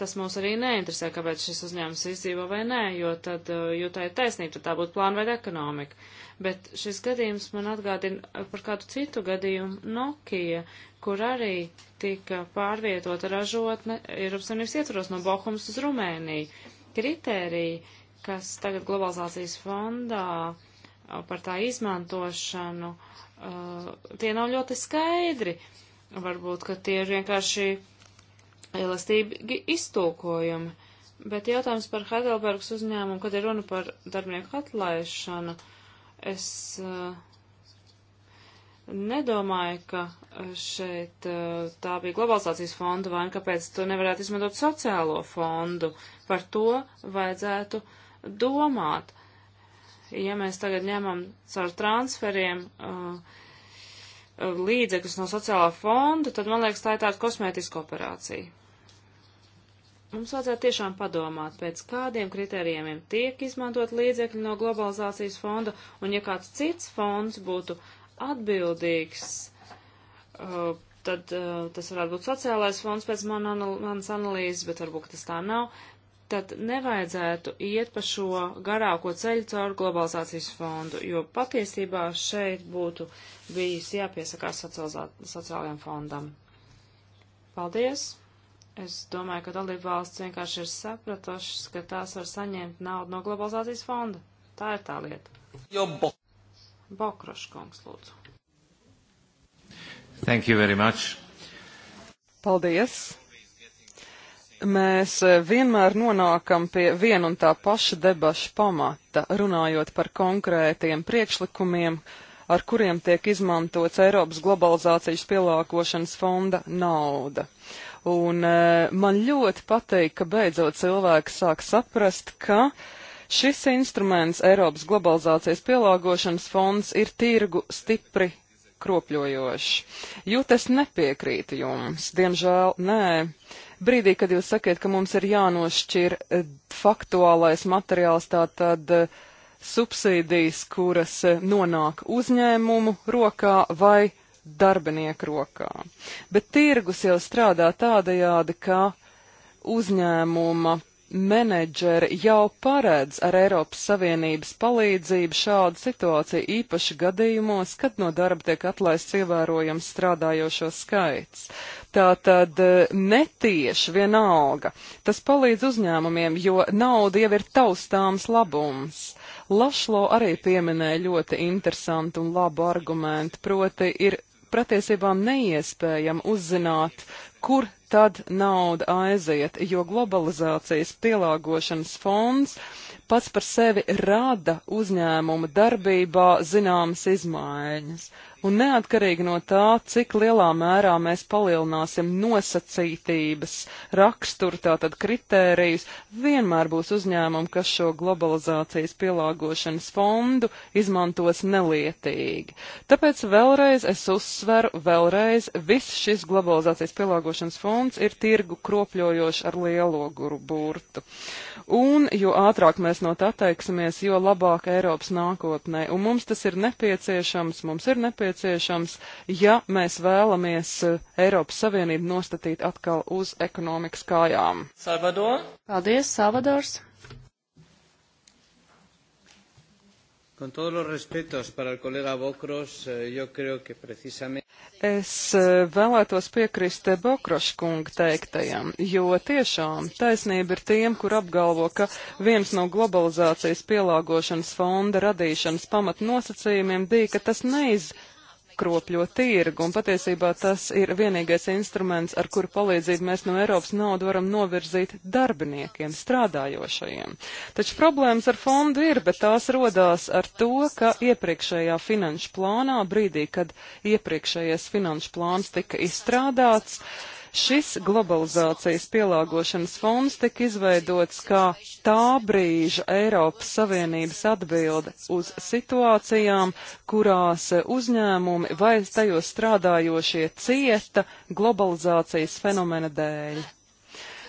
Tas mūs arī neinteresē, kāpēc šis uzņēmums izdzīvo vai nē, jo tad jūtai taisnība, tad tā būtu plāna vai ekonomika. Uh, bet šis gadījums man atgādina par kādu citu gadījumu Nokia, kur arī tika pārvietota ražotne Eiropas Savienības ietvaros no Bohumas uz Rumēniju. Kritēriji, kas tagad globalizācijas fondā uh, par tā izmantošanu, uh, tie nav ļoti skaidri. Varbūt, ka tie ir vienkārši elastīgi iztūkojumi. Bet jautājums par Heidelbergas uzņēmumu, kad ir runa par darbinieku atlaišanu, uh, Es eh, nedomāju, ka šeit eh, tā bija globalizācijas fonda vaina, kāpēc to nevarētu izmantot sociālo fondu. Par to vajadzētu domāt. Ja mēs tagad ņemam caur transferiem uh, līdzekļus no sociālā fonda, tad man liekas, tā ir tāda kosmētiska operācija. Mums vajadzētu tiešām padomāt, pēc kādiem kritērijiem tiek izmantot līdzekļi no globalizācijas fonda, un ja kāds cits fonds būtu atbildīgs, uh, tad uh, tas varētu būt sociālais fonds pēc man anal manas analīzes, bet varbūt tas tā nav, tad nevajadzētu iet pa šo garāko ceļu caur globalizācijas fondu, jo patiesībā šeit būtu bijis jāpiesakās sociālajiem fondam. Paldies! Es domāju, ka dalība valsts vienkārši ir sapratušas, ka tās var saņemt naudu no globalizācijas fonda. Tā ir tā lieta. Jo bo. Bokroškungs, lūdzu. Thank you very much. Paldies. Mēs eh, vienmēr nonākam pie vien un tā paša debaša pamata, runājot par konkrētiem priekšlikumiem, ar kuriem tiek izmantots Eiropas globalizācijas pielāgošanas fonda nauda. Uh, Un eh, man ļoti patīk, ka beidzot cilvēki sāk saprast, ka šis instruments, Eiropas globalizācijas pielāgošanas fonds, ir tirgu stipri kropļojoši. Jūt es nepiekrītu jums, diemžēl nē. Brīdī, kad jūs sakiet, ka mums ir jānošķir eh, faktuālais materiāls, tā tad eh, subsīdijas, kuras nonāk uzņēmumu rokā vai darbinieku rokā. Bet tirgus jau strādā tādajādi, ka uzņēmuma menedžeri jau paredz ar Eiropas Savienības palīdzību šādu situāciju īpaši gadījumos, kad no darba tiek atlaists ievērojams strādājošo skaits. Tātad e, netieši vienalga. Tas palīdz uzņēmumiem, jo nauda jau ir taustāms labums. Lašlo arī pieminēja ļoti interesantu un labu argumentu, proti ir patiesībām neiespējami uzzināt, kur tad nauda aiziet, jo globalizācijas pielāgošanas fonds pats par sevi rada uzņēmuma darbībā zināmas izmaiņas. Un neatkarīgi no tā, cik lielā mērā mēs palielināsim nosacītības raksturu, tātad kritērijus, vienmēr būs uzņēmumi, kas šo globalizācijas pielāgošanas fondu izmantos nelietīgi. Tāpēc vēlreiz es uzsveru, vēlreiz viss šis globalizācijas pielāgošanas fonds ir tirgu kropļojošs ar lielo guru burtu. Un jo ātrāk mēs no tā atteiksimies, jo labāk Eiropas nākotnē. Un mums tas ir nepieciešams, mums ir nepieciešams nepieciešams, ja mēs vēlamies eh, Eiropas Savienību nostatīt atkal uz ekonomikas kājām. Salvador. Paldies, Salvadors. Con todos los respetos para el colega Bokros, eh, yo creo que precisamente. Es eh, vēlētos piekrist Bokroškunga teiktajam, jo tiešām taisnība ir tiem, kur apgalvo, ka viens no globalizācijas pielāgošanas fonda radīšanas pamatnosacījumiem bija, ka tas neiz sakropļo tirgu, un patiesībā tas ir vienīgais instruments, ar kuru palīdzību mēs no Eiropas naudu varam novirzīt darbiniekiem, strādājošajiem. Taču problēmas ar fondu ir, bet tās rodās ar to, ka iepriekšējā finanšu plānā, brīdī, kad iepriekšējais finanšu plāns tika izstrādāts, uh, Šis globalizācijas pielāgošanas fonds tika izveidots kā tā brīža Eiropas Savienības atbilde uz situācijām, kurās uzņēmumi vai tajos strādājošie cieta globalizācijas fenomena dēļ.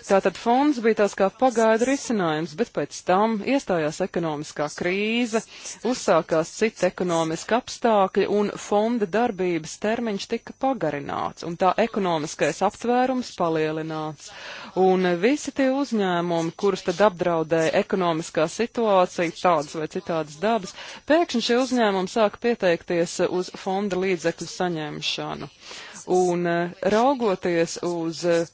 Tātad fonds bija tās kā pagaida risinājums, bet pēc tam iestājās ekonomiskā krīze, uzsākās citi ekonomiski apstākļi un fonda darbības termiņš tika pagarināts un tā ekonomiskais aptvērums palielināts. Un visi tie uzņēmumi, kurus tad apdraudēja ekonomiskā situācija, tādas vai citādas dabas, pēkšņi šie uzņēmumi sāka pieteikties uz fonda līdzekļu saņemšanu. Un eh, raugoties uz eh,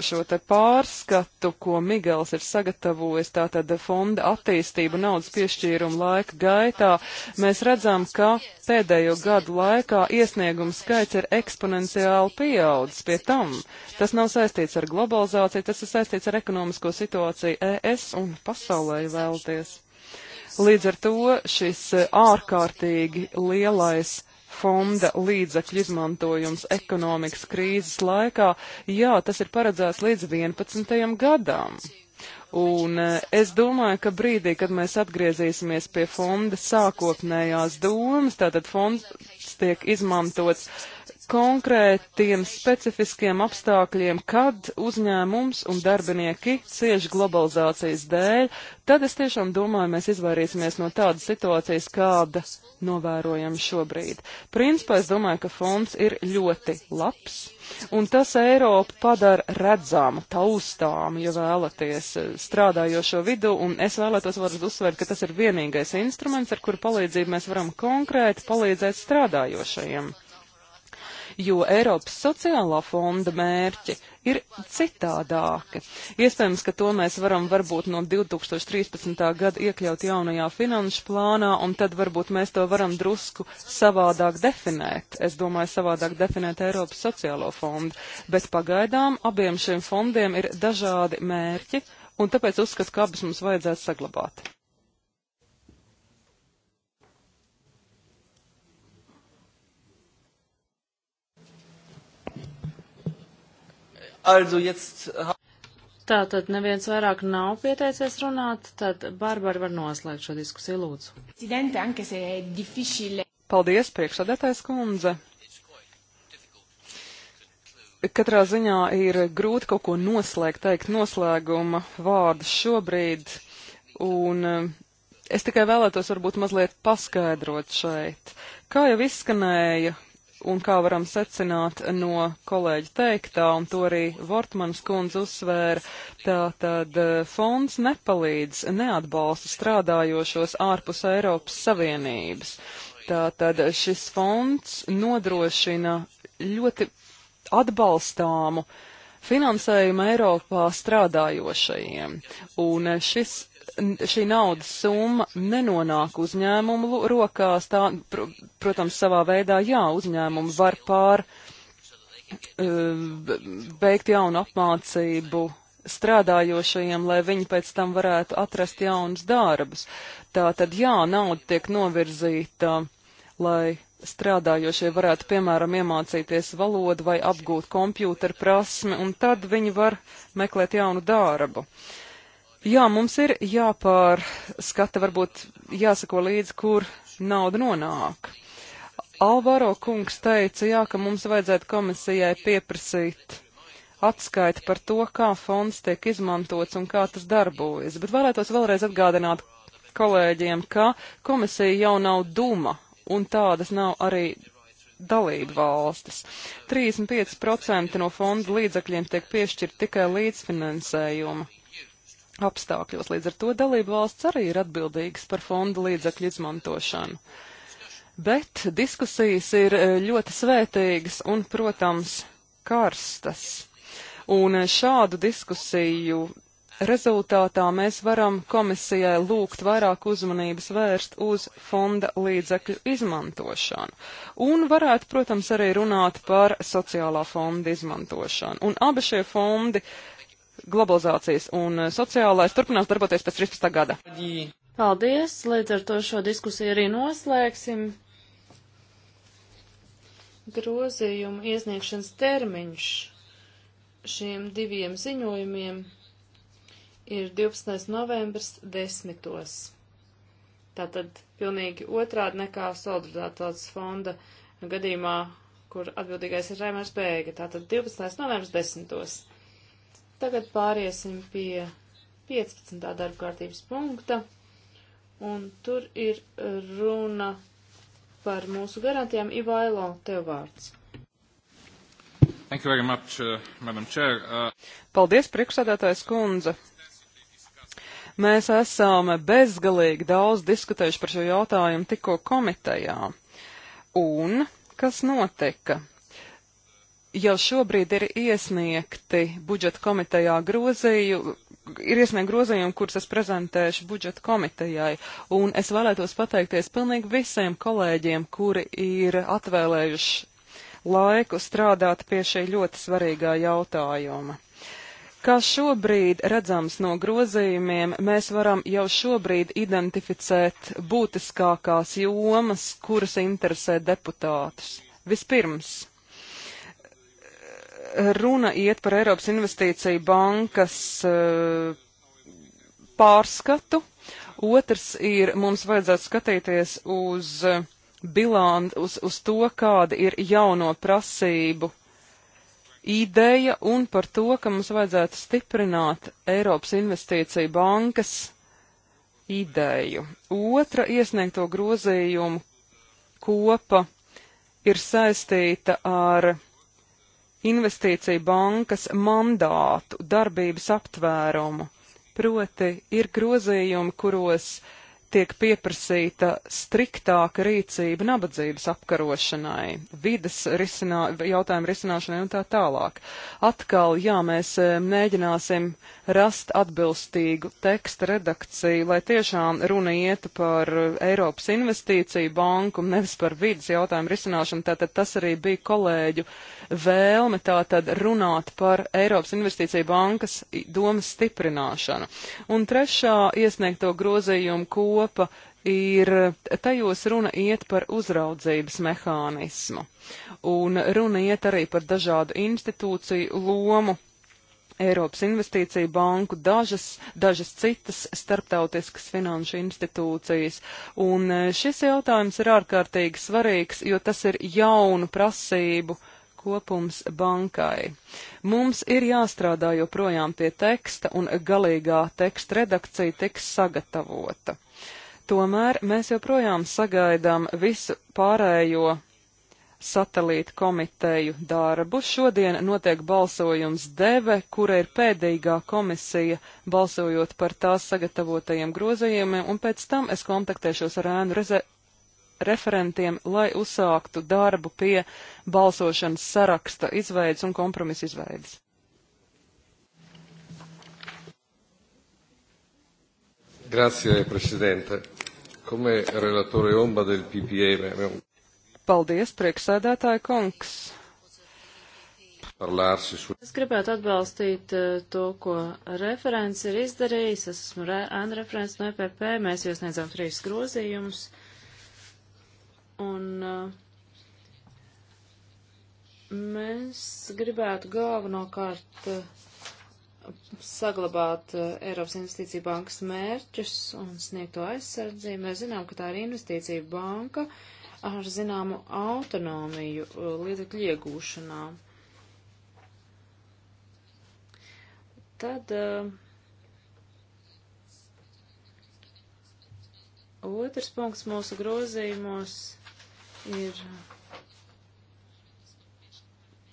šo te pārskatu, ko Migels ir sagatavojis, tātad fonda attīstību naudas piešķīrumu laika gaitā, mēs redzam, ka pēdējo gadu laikā iesniegumu skaits ir eksponenciāli pieaudzis pie tam. Tas nav saistīts ar globalizāciju, tas ir saistīts ar ekonomisko situāciju ES un pasaulē vēlties. Līdz ar to šis ārkārtīgi lielais fonda līdzekļu izmantojums ekonomikas krīzes laikā, jā, tas ir paredzēts līdz 11. gadam. Un e, es domāju, ka brīdī, kad mēs atgriezīsimies pie fonda sākotnējās domas, tātad fonds tiek izmantots konkrētiem specifiskiem apstākļiem, kad uzņēmums un darbinieki cieši globalizācijas dēļ, tad es tiešām domāju, mēs izvairīsimies no tādas situācijas, kāda novērojam šobrīd. Principā es domāju, ka fonds ir ļoti labs, un tas Eiropu padara redzamu, taustāmu, ja vēlaties, strādājošo vidu, un es vēlētos varat uzsvērt, ka tas ir vienīgais instruments, ar kuru palīdzību mēs varam konkrēti palīdzēt strādājošajiem jo Eiropas sociālā fonda mērķi ir citādāki. Iespējams, ka to mēs varam varbūt no 2013. gada iekļaut jaunajā finanšu plānā, un tad varbūt mēs to varam drusku savādāk definēt. Es domāju, savādāk definēt Eiropas sociālo fondu, bet pagaidām abiem šiem fondiem ir dažādi mērķi, un tāpēc uzskatu, ka abas mums vajadzētu saglabāt. Also jetzt. Äh, Tā tad neviens vairāk nav pieteicies runāt, tad Barbara var noslēgt šo diskusiju, lūdzu. Paldies, priekšsādētājs kundze. Katrā ziņā ir grūti kaut ko noslēgt, teikt noslēguma vārdu šobrīd, un eh, es tikai vēlētos varbūt mazliet paskaidrot šeit. Kā jau izskanēja, un kā varam secināt no kolēģa teiktā, un to arī Vortmanas kundze uzsvēra, tā tad e, fonds nepalīdz, neatbalsta strādājošos ārpus Eiropas Savienības. Tātad šis fonds nodrošina ļoti atbalstāmu finansējumu Eiropā strādājošajiem, un šis šī naudas summa nenonāk uzņēmumu rokās. Tā, pr protams, savā veidā jā, uzņēmumu var pār uh, veikt jaunu apmācību strādājošajiem, lai viņi pēc tam varētu atrast jaunus darbus. Tā tad jā, nauda tiek novirzīta, lai strādājošie varētu, piemēram, iemācīties valodu vai apgūt kompjūter prasmi, un tad viņi var meklēt jaunu darbu. Uh, Jā, mums ir jāpārskata, varbūt jāsako līdzi, kur nauda nonāk. Alvaro kungs teica, jā, ka mums vajadzētu komisijai pieprasīt atskaiti par to, kā fonds tiek izmantots un kā tas darbojas, bet vēlētos vēlreiz atgādināt kolēģiem, ka komisija jau nav duma un tādas nav arī dalību valstis. 35% no fonda līdzakļiem tiek piešķirt tikai līdzfinansējuma apstākļos. Līdz ar to dalību valsts arī ir atbildīgas par fonda līdzakļu izmantošanu. Bet diskusijas ir e, ļoti svētīgas un, protams, karstas. Un e, šādu diskusiju rezultātā mēs varam komisijai lūgt vairāk uzmanības vērst uz fonda līdzekļu izmantošanu. Un varētu, protams, arī runāt par sociālā fonda izmantošanu. Un abi šie fondi uh, globalizācijas un eh, sociālais turpinās darboties pēc 13. gada. Paldies, līdz ar to šo diskusiju arī noslēgsim. Grozījumu iesniegšanas termiņš šiem diviem ziņojumiem ir 12. novembris 10. Tātad pilnīgi otrādi nekā solidaritātes fonda gadījumā, kur atbildīgais ir Rēmērs Bēga. Tātad 12. novembris 10. Tagad pāriesim pie 15. darba kārtības punkta, un tur ir runa par mūsu garantijām. Ivailo, tev vārds. Thank you very much, uh, Madam Chair. Uh... Paldies, priekšsēdētājs kundze. Mēs esam bezgalīgi daudz diskutējuši par šo jautājumu tikko komitejā. Un kas notika? jau šobrīd ir iesniegti budžeta komitejā grozīju, ir iesniegt grozījumi, kurus es prezentēšu budžeta komitejai, un es vēlētos pateikties pilnīgi visiem kolēģiem, kuri ir atvēlējuši laiku strādāt pie šī ļoti svarīgā jautājuma. Kā šobrīd redzams no grozījumiem, mēs varam jau šobrīd identificēt būtiskākās jomas, kuras interesē deputātus. Vispirms runa iet par Eiropas investīciju bankas eh, pārskatu. Otrs ir, mums vajadzētu skatīties uz eh, bilanti, uz, uz to, kāda ir jauno prasību ideja un par to, ka mums vajadzētu stiprināt Eiropas investīciju bankas ideju. Otra iesniegto grozījumu kopa ir saistīta ar investīciju bankas mandātu, darbības aptvērumu. Proti ir grozījumi, kuros uh, tiek pieprasīta striktāka rīcība nabadzības apkarošanai, vides risinā, jautājumu risināšanai un tā tālāk. Atkal, jā, mēs e, mēģināsim rast atbilstīgu teksta redakciju, lai tiešām runa iet par Eiropas investīciju banku, nevis par vides jautājumu risināšanu. Tātad tas arī bija kolēģu vēlme tātad runāt par Eiropas investīciju bankas domas stiprināšanu. Un trešā iesniegto grozījumu, ko kopa ir, tajos runa iet par uzraudzības mehānismu, un runa iet arī par dažādu institūciju lomu. Eiropas investīcija banku, dažas, dažas citas starptautiskas finanšu institūcijas. Un eh, šis jautājums ir ārkārtīgi svarīgs, jo tas ir jaunu prasību uh, kopums bankai. Mums ir jāstrādā joprojām pie teksta, un galīgā teksta redakcija tiks sagatavota. Tomēr mēs joprojām sagaidām visu pārējo satelīta komiteju darbu. Šodien notiek balsojums deve, kura ir pēdīgā komisija, balsojot par tās sagatavotajiem grozījumiem, un pēc tam es kontaktēšos ar ēnu referentiem, lai uzsāktu darbu pie balsošanas saraksta izveidas un kompromisa izveidas. Grazie, Presidente. Come relatore Omba del PPM. Paldies, prieksēdētāja kungs. Es gribētu atbalstīt eh, to, ko referents ir izdarījis. Es esmu re, Anna referents no EPP. Mēs iesniedzām trīs grozījumus. Uh, Un uh, mēs gribētu galvenokārt uh, saglabāt uh, Eiropas investīcija bankas mērķus un sniegto aizsardzību. Mēs zinām, ka tā ir investīcija banka ar zināmu autonomiju līdzekļu iegūšanā. Tad uh, otrs punkts mūsu grozījumos ir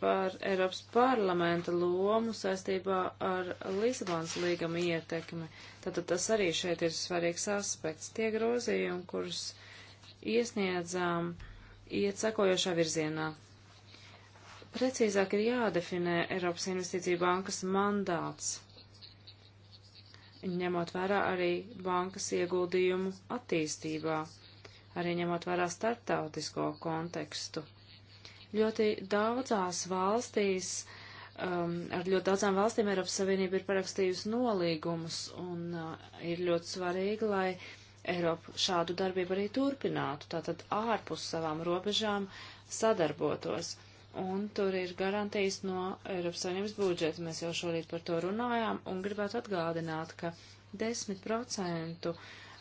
par Eiropas parlamenta lomu saistībā ar Lisabonas līgama ietekmi. Tātad tas arī šeit ir svarīgs aspekts. Tie grozījumi, kurus iesniedzām, iet sekojošā virzienā. Precīzāk ir jādefinē Eiropas investīcija bankas mandāts, ņemot vērā arī bankas ieguldījumu attīstībā arī ņemot vērā starptautisko kontekstu. Ļoti daudzās valstīs, um, ar ļoti daudzām valstīm Eiropas Savienība ir parakstījusi nolīgumus, un uh, ir ļoti svarīgi, lai Eiropa šādu darbību arī turpinātu, tātad ārpus savām robežām sadarbotos. Un tur ir garantijas no Eiropas Savienības budžeta. Mēs jau šorīt par to runājām un gribētu atgādināt, ka 10%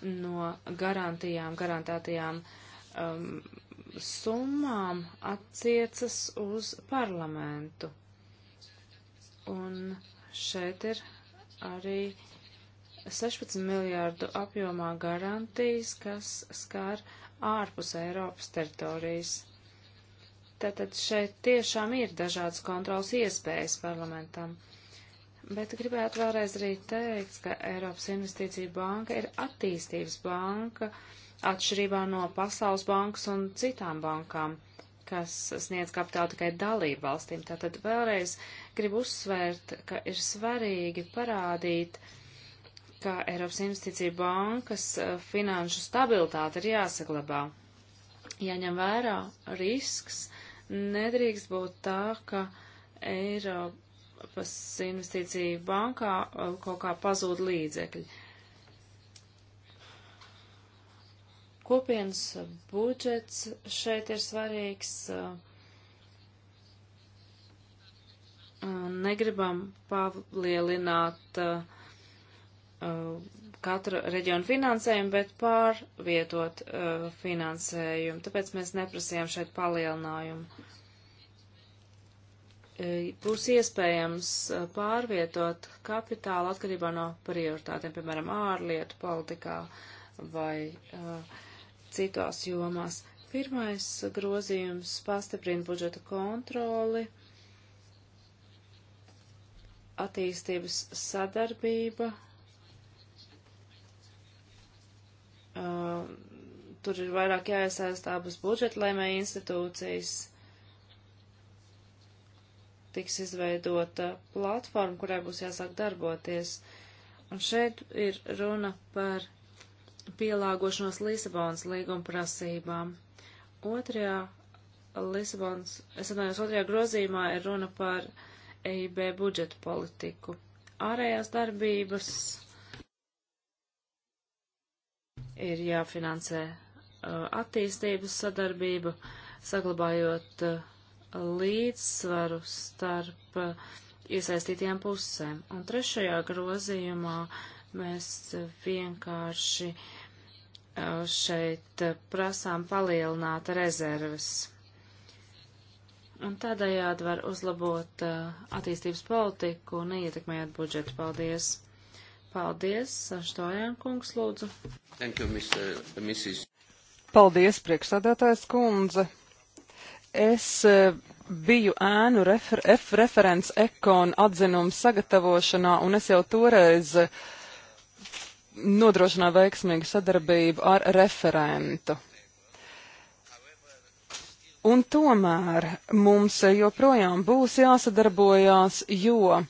no garantijām, garantētajām um, summām attiecas uz parlamentu. Un šeit ir arī 16 miljārdu apjomā garantijas, kas skar ārpus Eiropas teritorijas. Tātad šeit tiešām ir dažādas kontrols iespējas parlamentam. Uh, Bet gribētu vēlreiz arī teikt, ka Eiropas Investīcija banka ir attīstības banka, atšķirībā no Pasaules bankas un citām bankām, kas sniedz kapitālu tikai dalību valstīm. Tātad vēlreiz gribu uzsvērt, ka ir svarīgi parādīt, ka Eiropas Investīcija bankas e, finanšu stabilitāte ir jāsaglabā. Jāņem ja vērā risks, nedrīkst būt tā, ka Eiropa Eiropas investīcija bankā uh, kaut kā pazūd līdzekļi. Kopienas budžets šeit ir svarīgs. Uh, negribam palielināt uh, katru reģionu finansējumu, bet pārvietot finansējumu. Tāpēc mēs neprasījām šeit palielinājumu. E, būs iespējams e, pārvietot kapitālu atkarībā no prioritātiem, piemēram, ārlietu politikā vai uh, e, citās jomās. Pirmais grozījums pastiprina budžeta kontroli, attīstības sadarbība. Uh, tur ir vairāk jāiesaist abas budžetlēmē institūcijas tiks izveidota platforma, kurai būs jāsāk darboties. Un šeit ir runa par pielāgošanos Lisabonas līguma prasībām. Otrajā Lisabonas, es atvainojos, otrajā grozījumā ir runa par EIB budžetu politiku. Ārējās darbības ir jāfinansē uh, attīstības sadarbība, saglabājot uh, līdzsvaru starp uh, iesaistītajām pusēm. Un trešajā grozījumā mēs vienkārši uh, šeit uh, prasām palielināt rezerves. Un tādējādi var uzlabot attīstības politiku, neietekmējot budžetu. Paldies! Paldies, Štojāna kungs, lūdzu. Thank you, Mr. Mrs. Paldies, priekšsādātājs kundze. Es e, biju ēnu refer F referents ekonu atzinumu sagatavošanā, un es jau toreiz nodrošināju veiksmīgu sadarbību ar referentu. Un tomēr mums joprojām būs jāsadarbojās, jo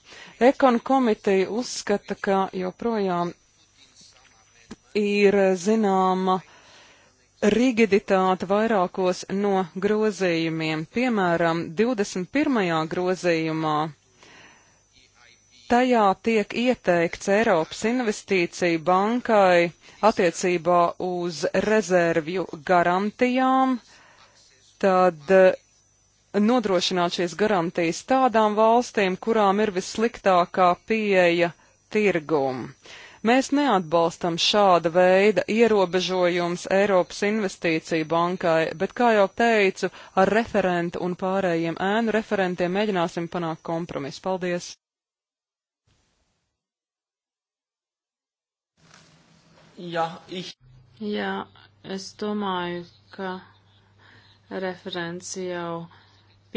ekonu komiteja uzskata, ka joprojām ir e, zināma uh, rigiditāte vairākos no grozījumiem. Piemēram, 21. grozījumā tajā tiek ieteikts Eiropas investīcija bankai attiecībā uz rezervju garantijām, tad eh, nodrošināt šīs garantijas tādām valstīm, kurām ir vissliktākā pieeja tirgumu. Mēs neatbalstam šāda veida ierobežojums Eiropas investīciju bankai, bet, kā jau teicu, ar referentu un pārējiem ēnu referentiem mēģināsim panākt kompromisu. Paldies! Jā, ich... Jā, es domāju, ka referents jau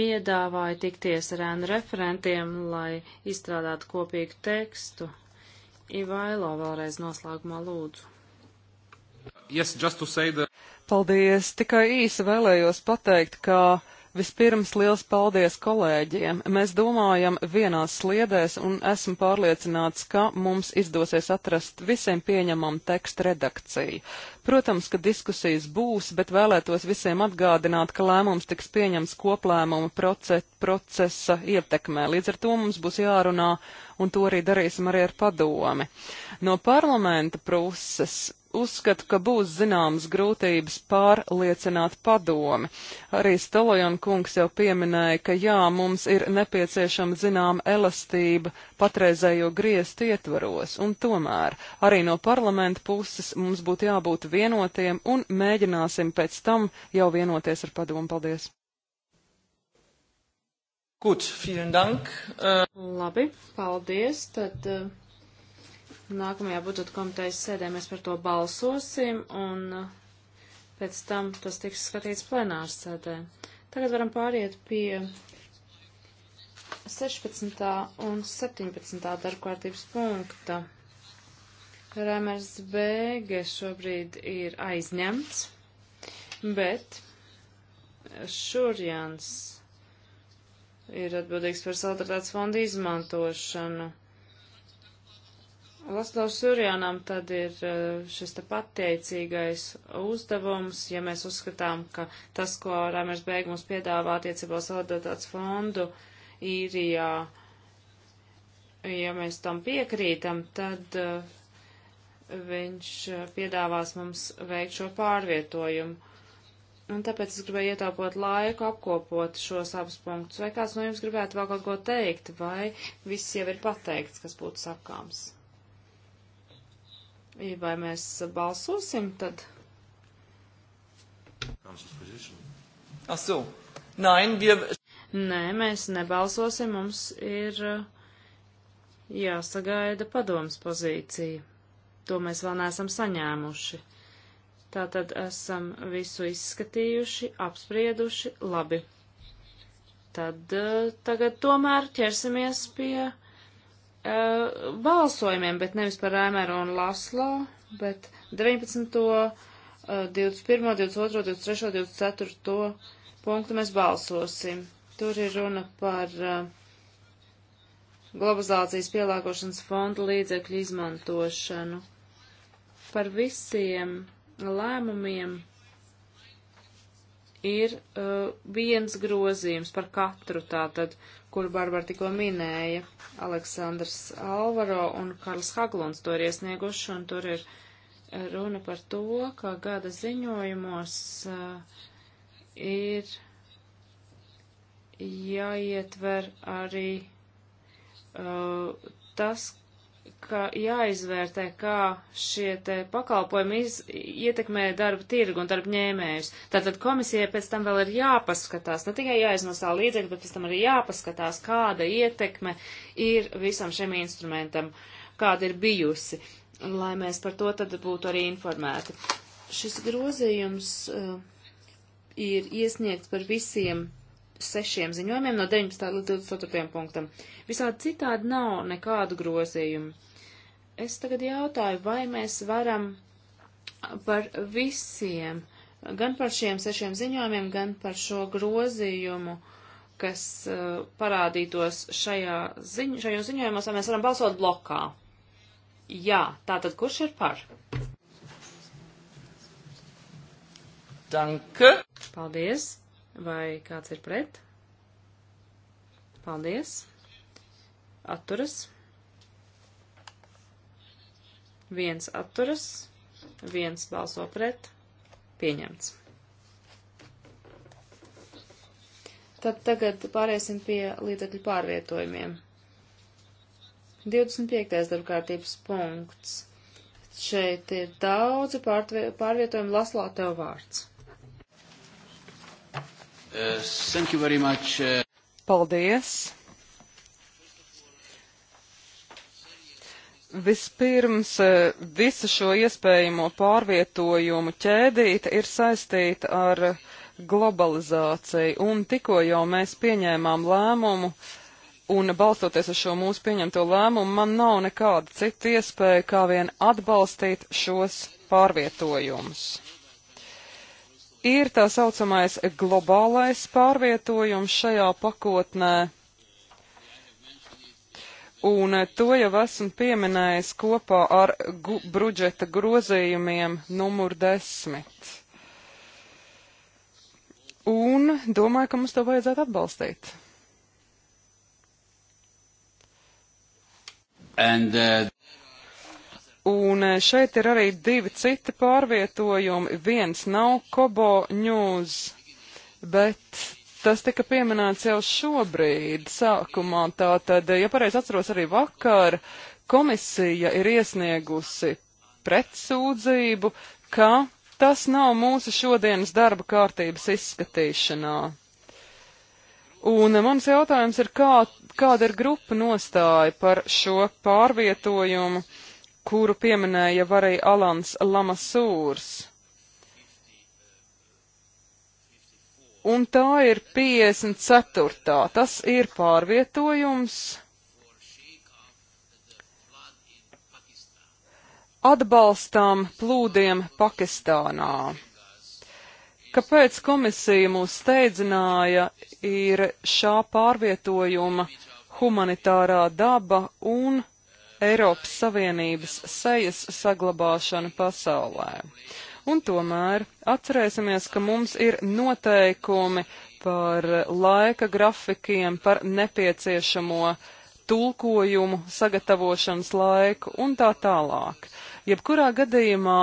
piedāvāja tikties ar ēnu referentiem, lai izstrādātu kopīgu tekstu. Ivailo vēlreiz noslēgumā lūdzu. Yes, that... Paldies! Tikai īsi vēlējos pateikt, ka Vispirms liels paldies kolēģiem. Mēs domājam vienās sliedēs un esmu pārliecināts, ka mums izdosies atrast visiem pieņemam tekstu redakciju. Protams, ka diskusijas būs, bet vēlētos visiem atgādināt, ka lēmums tiks pieņems koplēmuma proce procesa ietekmē. Līdz ar to mums būs jārunā, un to arī darīsim arī ar padomi. No parlamenta puses uzskatu, ka būs zināmas grūtības pārliecināt padomi. Arī Stolojan kungs jau pieminēja, ka jā, mums ir nepieciešama zināma elastība patreizējo griestu ietvaros, un tomēr arī no parlamenta puses mums būtu jābūt vienotiem un mēģināsim pēc tam jau vienoties ar padomu. Paldies! Gut, vielen Dank. Uh... Labi, paldies. Tad, uh Nākamajā budžeta komitejas sēdē mēs par to balsosim, un uh, pēc tam tas tiks skatīts plenārs sēdē. Tagad varam pāriet pie 16. un 17. darbkārtības punkta. Rēmers Bēge šobrīd ir aizņemts, bet Šurjans ir atbildīgs par solidaritātes fonda izmantošanu. Laslavs Surjanam tad ir eh, šis te pateicīgais uzdevums, ja mēs uzskatām, ka tas, ko Rāmers Bēg mums piedāvā attiecībā solidaritātes fondu īrijā, ja mēs tam piekrītam, tad eh, viņš eh, piedāvās mums veikt šo pārvietojumu. Un tāpēc es gribēju ietaupot laiku, apkopot šos abus punktus. Vai kāds no jums gribētu vēl kaut ko teikt, vai viss jau ir pateikts, kas būtu sakāms? Vai mēs balsosim tad? Asu. Nein, wir... Nē, mēs nebalsosim, mums ir uh, jāsagaida padomas pozīcija. To mēs vēl neesam saņēmuši. Tātad esam visu izskatījuši, apsprieduši, labi. Tad uh, tagad tomēr ķersimies pie uh, balsojumiem, bet nevis par Rēmēru un Laslo, bet 19., uh, 21., 22., 23., 24. punktu mēs balsosim. Tur ir runa par uh, globalizācijas pielāgošanas fonda līdzekļu izmantošanu. Par visiem lēmumiem ir uh, viens grozījums par katru tātad, kuru Barbara tikko minēja. Aleksandrs Alvaro un Karls Haglunds to ir iesnieguši, un tur ir runa par to, ka gada ziņojumos uh, ir jāietver arī uh, tas, ka jāizvērtē, kā šie te pakalpojumi iz, ietekmē darba tirgu un darba ņēmējus. Tātad komisijai pēc tam vēl ir jāpaskatās, ne tikai jāiznosā līdzekļi, bet pēc tam arī jāpaskatās, kāda ietekme ir visam šim instrumentam, kāda ir bijusi, lai mēs par to tad būtu arī informēti. Šis grozījums uh, ir iesniegts par visiem sešiem ziņojumiem no 19. līdz 24. punktam. Visādi citādi nav nekādu grozījumu. Es tagad jautāju, vai mēs varam par visiem, gan par šiem sešiem ziņojumiem, gan par šo grozījumu, kas uh, parādītos šajā ziņ šajos ziņojumos, vai mēs varam balsot blokā. Jā, tātad kurš ir par? Danke. Paldies. Vai kāds ir pret? Paldies. Atturas. Viens atturas, viens balso pret. Pieņemts. Tad tagad pāriesim pie līdzekļu pārvietojumiem. 25. darbkārtības punkts. Šeit ir daudzi pārvietojumi. Laslā, tev vārds. Uh, thank you very much. Uh, Paldies. Vispirms uh, visa šo iespējamo pārvietojumu ķēdīte ir saistīta ar globalizāciju, un tikko jau mēs pieņēmām lēmumu, un balstoties uz šo mūsu pieņemto lēmumu, man nav nekāda cita iespēja, kā vien atbalstīt šos pārvietojumus ir tā saucamais globālais pārvietojums šajā pakotnē. Un to jau esmu pieminējis kopā ar gu, budžeta grozījumiem numur desmit. Un domāju, ka mums to vajadzētu atbalstīt. And, uh... Un e, šeit ir arī divi citi pārvietojumi. Viens nav Kobo News, bet tas tika pieminēts jau šobrīd sākumā. Tātad, ja pareizi atceros arī vakar, komisija ir iesniegusi pretsūdzību, ka tas nav mūsu šodienas darba kārtības izskatīšanā. Un e, mans jautājums ir, kā, kāda ir grupa nostāja par šo pārvietojumu? Uh, kuru pieminēja jau arī Alans Lamasūrs. Un tā ir 54. Tas ir pārvietojums. Atbalstām plūdiem Pakistānā. Kāpēc komisija mūs steidzināja, ir šā pārvietojuma humanitārā daba un Eiropas Savienības sejas saglabāšana pasaulē. Un tomēr atcerēsimies, ka mums ir noteikumi par laika grafikiem, par nepieciešamo tulkojumu, sagatavošanas laiku un tā tālāk. Jebkurā gadījumā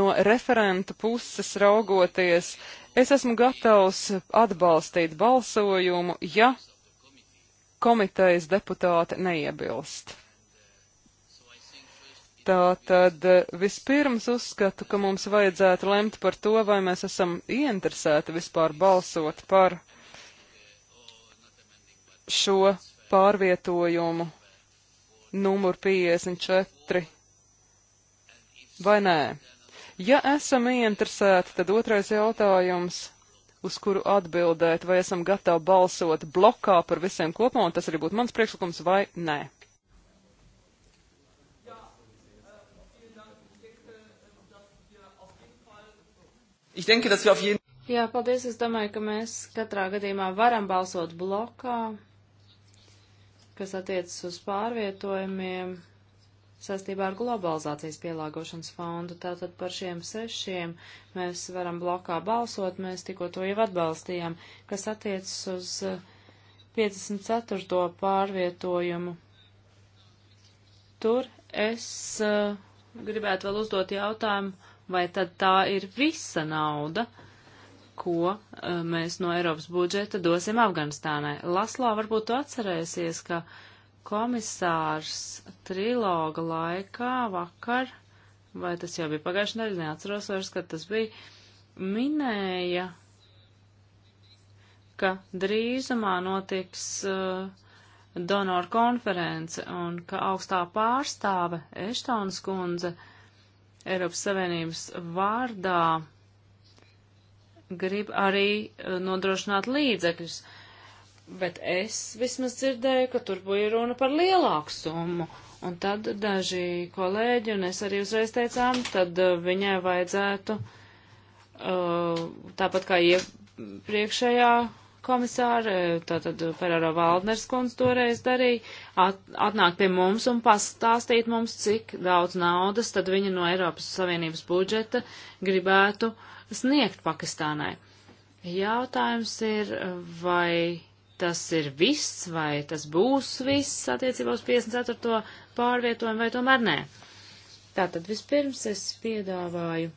no referenta puses raugoties, es esmu gatavs atbalstīt balsojumu, ja komitejas deputāti neiebilst. Tātad eh, vispirms uzskatu, ka mums vajadzētu lemt par to, vai mēs esam ieinteresēti vispār balsot par šo pārvietojumu numur 54 vai nē. Ja esam ieinteresēti, tad otrais jautājums, uz kuru atbildēt, vai esam gatavi balsot blokā par visiem kopumā, un tas arī būtu mans priekšlikums, vai nē. Ich denke, dass wir auf jeden Jā, paldies. Es domāju, ka mēs katrā gadījumā varam balsot blokā, kas attiecas uz pārvietojumiem saistībā ar globalizācijas pielāgošanas fondu. Tātad par šiem sešiem mēs varam blokā balsot, mēs tikko to jau atbalstījām, kas attiecas uz 54. Eh, pārvietojumu. Tur es uh, gribētu vēl uzdot jautājumu vai tad tā ir visa nauda, ko uh, mēs no Eiropas budžeta dosim Afganistānai. Laslā varbūt tu atcerēsies, ka komisārs triloga laikā vakar, vai tas jau bija pagājušajā nedēļā, neatceros vairs, kad tas bija, minēja, ka drīzumā notiks uh, donoru konference un ka augstā pārstāve Eštons kundze uh, Eiropas Savienības vārdā grib arī eh, nodrošināt līdzekļus. Bet es vismaz dzirdēju, ka tur bija runa par lielāku summu. Un tad daži kolēģi, un es arī uzreiz teicām, tad eh, viņai vajadzētu, eh, tāpat kā iepriekšējā komisāri, tātad Ferraro Valdners kundze toreiz darīja, at, atnāk pie mums un pastāstīt mums, cik daudz naudas tad viņa no Eiropas Savienības budžeta gribētu sniegt Pakistānai. Jautājums ir, vai tas ir viss, vai tas būs viss attiecībā uz 54. pārvietojumu, vai tomēr nē. Tātad vispirms es piedāvāju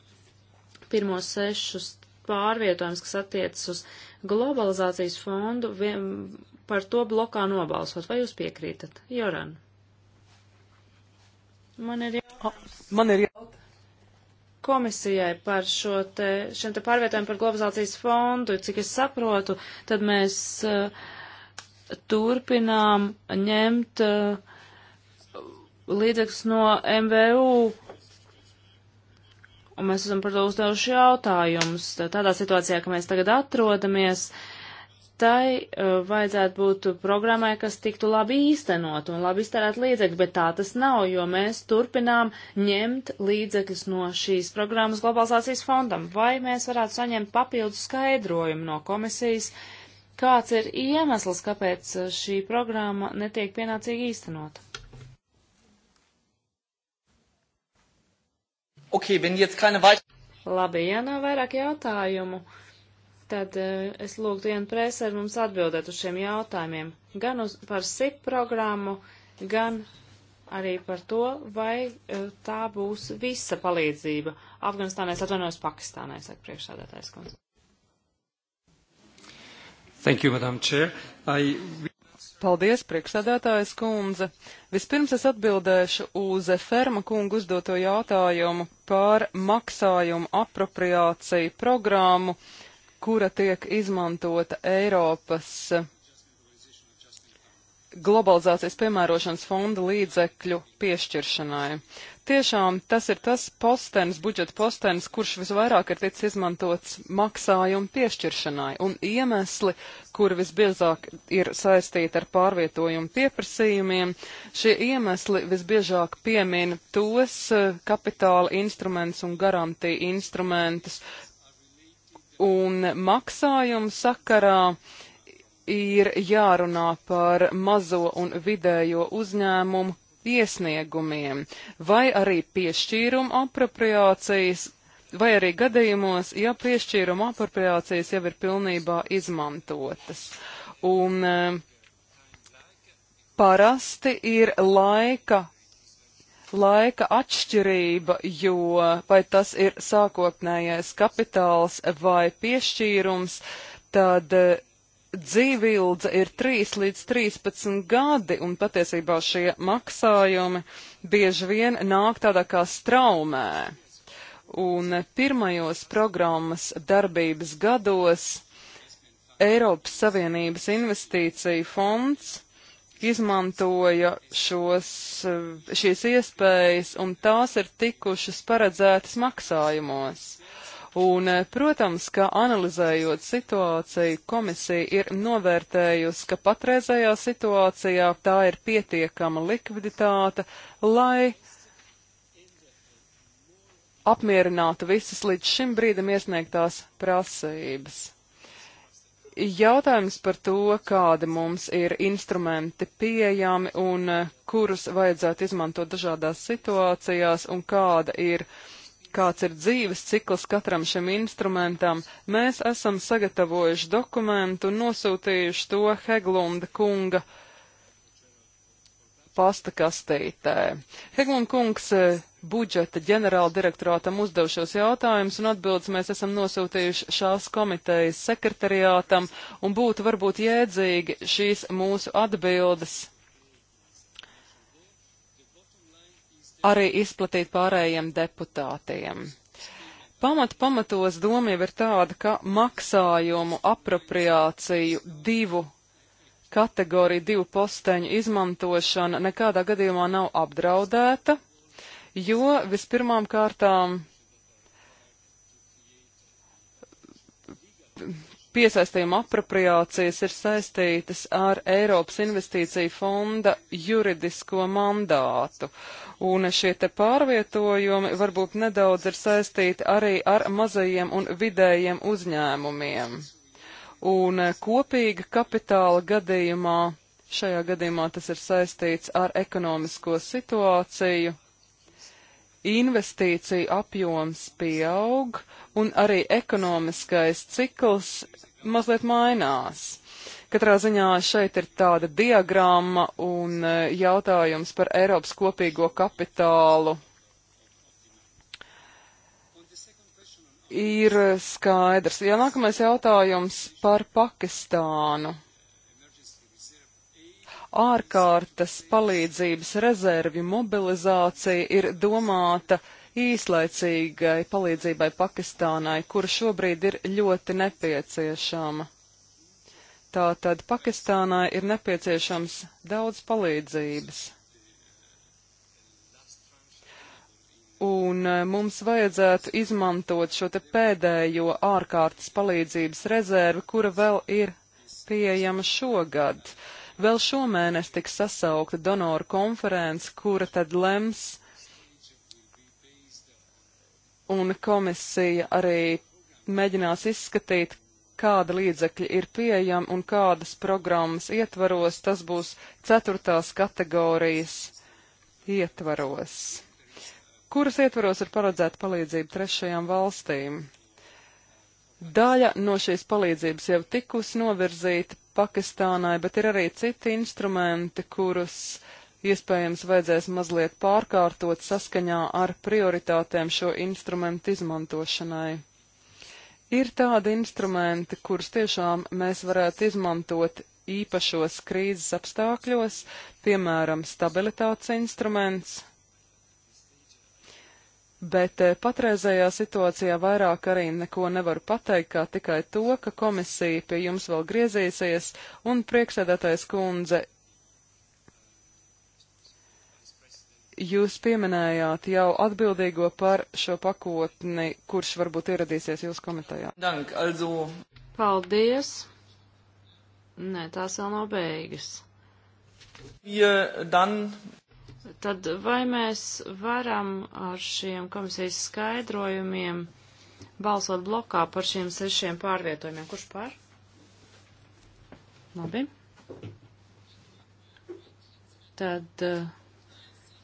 pirmos sešus pārvietojumus, kas attiecas uz globalizācijas fondu vien, par to blokā nobalsot. Vai jūs piekrītat? Joran. Man ir jautājums. Man ir jautājums. Komisijai par šo te, šiem te pārvietojumu par globalizācijas fondu, cik es saprotu, tad mēs uh, turpinām ņemt uh, līdzekļus no MVU Un mēs esam par to uzdevuši jautājumus. Tādā situācijā, ka mēs tagad atrodamies, tai uh, vajadzētu būt programmai, kas tiktu labi īstenot un labi iztērēt līdzekļi, bet tā tas nav, jo mēs turpinām ņemt līdzekļus no šīs programmas globalizācijas fondam. Vai mēs varētu saņemt papildus skaidrojumu no komisijas, kāds ir iemesls, kāpēc uh, šī programma netiek pienācīgi īstenota? Okay, wenn jetzt keine weiter... Labi, ja nav vairāk jautājumu, tad uh, es lūgtu vienu presi ar mums atbildēt uz šiem jautājumiem. Gan uz, par SIP programmu, gan arī par to, vai uh, tā būs visa palīdzība Afganistānai, atvainojos Pakistānai, saka priekšsādātājs kundze. Thank you, Madam Chair. I... Paldies, priekšsēdētājas kundze. Vispirms es atbildēšu uz Ferma kungu uzdoto jautājumu par maksājumu apropriāciju programmu, kura tiek izmantota Eiropas globalizācijas piemērošanas fonda līdzekļu piešķiršanai. Tiešām tas ir tas postenis, budžeta postenis, kurš visvairāk ir ticis izmantots maksājumu piešķiršanai, un iemesli, kuri visbiežāk ir saistīti ar pārvietojumu pieprasījumiem, šie iemesli visbiežāk piemin tos eh, kapitāla instrumentus un garantiju instrumentus, un maksājumu sakarā ir jārunā par mazo un vidējo uzņēmumu iesniegumiem, vai arī piešķīruma apropriācijas, vai arī gadījumos, ja piešķīruma apropriācijas jau ir pilnībā izmantotas. Un eh, parasti ir laika laika atšķirība, jo vai tas ir sākotnējais kapitāls vai piešķīrums, tad eh, dzīvildze ir 3 līdz 13 gadi, un patiesībā šie maksājumi bieži vien nāk tādā kā straumē. Un pirmajos programmas darbības gados Eiropas Savienības investīcija fonds izmantoja šos, šīs iespējas, un tās ir tikušas paredzētas maksājumos. Un, eh, protams, ka analizējot situāciju, komisija ir novērtējusi, ka patreizējā situācijā tā ir pietiekama likviditāte, lai apmierinātu visas līdz šim brīdim iesniegtās prasības. Jautājums par to, kādi mums ir instrumenti pieejami un eh, kurus vajadzētu izmantot dažādās situācijās un kāda ir uh, kāds ir dzīves cikls katram šim instrumentam, mēs esam sagatavojuši dokumentu un nosūtījuši to Heglunda kunga pasta kastītē. Heglund kungs eh, budžeta ģenerāla direktorātam uzdevušos jautājumus un atbildes mēs esam nosūtījuši šās komitejas sekretariātam un būtu varbūt jēdzīgi šīs mūsu atbildes arī izplatīt pārējiem deputātiem. Pamat pamatos doma jau ir tāda, ka maksājumu apropriāciju divu kategoriju, divu posteņu izmantošana nekādā gadījumā nav apdraudēta, jo vispirmām kārtām piesaistījuma apropriācijas ir saistītas ar Eiropas investīciju fonda juridisko mandātu. Un šie te pārvietojumi varbūt nedaudz ir saistīti arī ar mazajiem un vidējiem uzņēmumiem. Un eh, kopīga kapitāla gadījumā, šajā gadījumā tas ir saistīts ar ekonomisko situāciju, investīciju apjoms pieaug un arī ekonomiskais cikls mazliet mainās. Katrā ziņā šeit ir tāda diagramma un e, jautājums par Eiropas kopīgo kapitālu. Ir skaidrs. Ja nākamais jautājums par Pakistānu ārkārtas palīdzības rezervju mobilizācija ir domāta īslaicīgai palīdzībai Pakistānai, kur šobrīd ir ļoti nepieciešama. Tātad Pakistānai ir nepieciešams daudz palīdzības. Un eh, mums vajadzētu izmantot šo te pēdējo ārkārtas palīdzības rezervi, kura vēl ir pieejama šogad. Vēl šomēnes tiks sasaukta donoru konference, kura tad lems, un komisija arī mēģinās izskatīt, kāda līdzekļa ir pieejama un kādas programmas ietvaros, tas būs ceturtās kategorijas ietvaros. Kuras ietvaros ir paredzēta palīdzība trešajām valstīm? Daļa no šīs palīdzības jau tikus novirzīta Pakistānai, bet ir arī citi instrumenti, kurus iespējams vajadzēs mazliet pārkārtot saskaņā ar prioritātēm šo instrumentu izmantošanai. Ir tādi instrumenti, kurus tiešām mēs varētu izmantot īpašos krīzes apstākļos, piemēram, stabilitātes instruments, bet eh, patreizējā situācijā vairāk arī neko nevaru pateikt, kā tikai to, ka komisija pie jums vēl griezīsies, un priekšsēdētais kundze Jūs pieminējāt jau atbildīgo par šo pakotni, kurš varbūt ieradīsies jūsu komitejā. Dank, also. Paldies. Nē, tās vēl nav beigas. Ja, dan... Tad vai mēs varam ar šiem komisijas skaidrojumiem balsot blokā par šiem sešiem pārvietojumiem? Kurš par? Labi. Tad. Uh,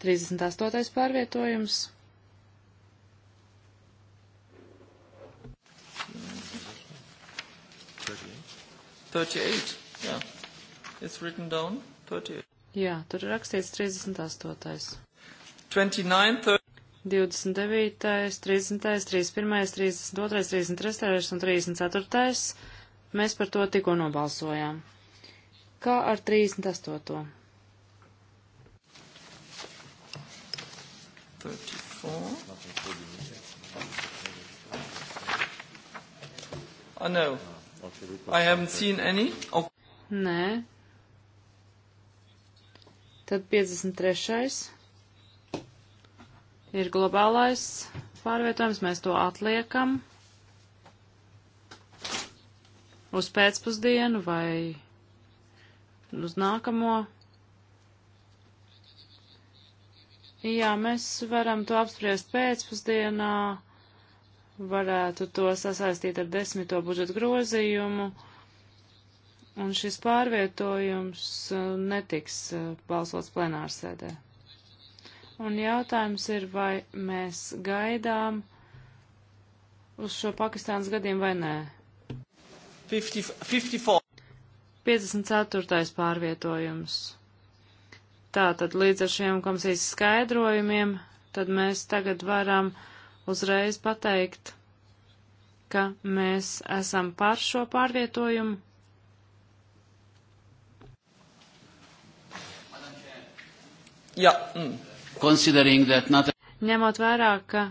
38. pārvietojums. Yeah. It's written down. 38. Jā, tur ir rakstīts 38. 29, 30. 29, 30, 31, 32, 33 un 34. Mēs par to tikko nobalsojām. Kā ar 38? 34. Oh no, I haven't seen any. Oh. Nē. Tad 53. ir globālais pārvietojums, mēs to atliekam uz pēcpusdienu vai uz nākamo Jā, mēs varam to apspriest pēcpusdienā, varētu to sasaistīt ar desmito budžeta grozījumu, un šis pārvietojums uh, netiks uh, balsots plenārsēdē. Un jautājums ir, vai mēs gaidām uz šo Pakistānas gadījumu vai nē. 50, 54. pārvietojums. Tātad līdz ar šiem komisijas skaidrojumiem, tad mēs tagad varam uzreiz pateikt, ka mēs esam par šo pārvietojumu. Jā, mm. considering that not ņemot vērā, ka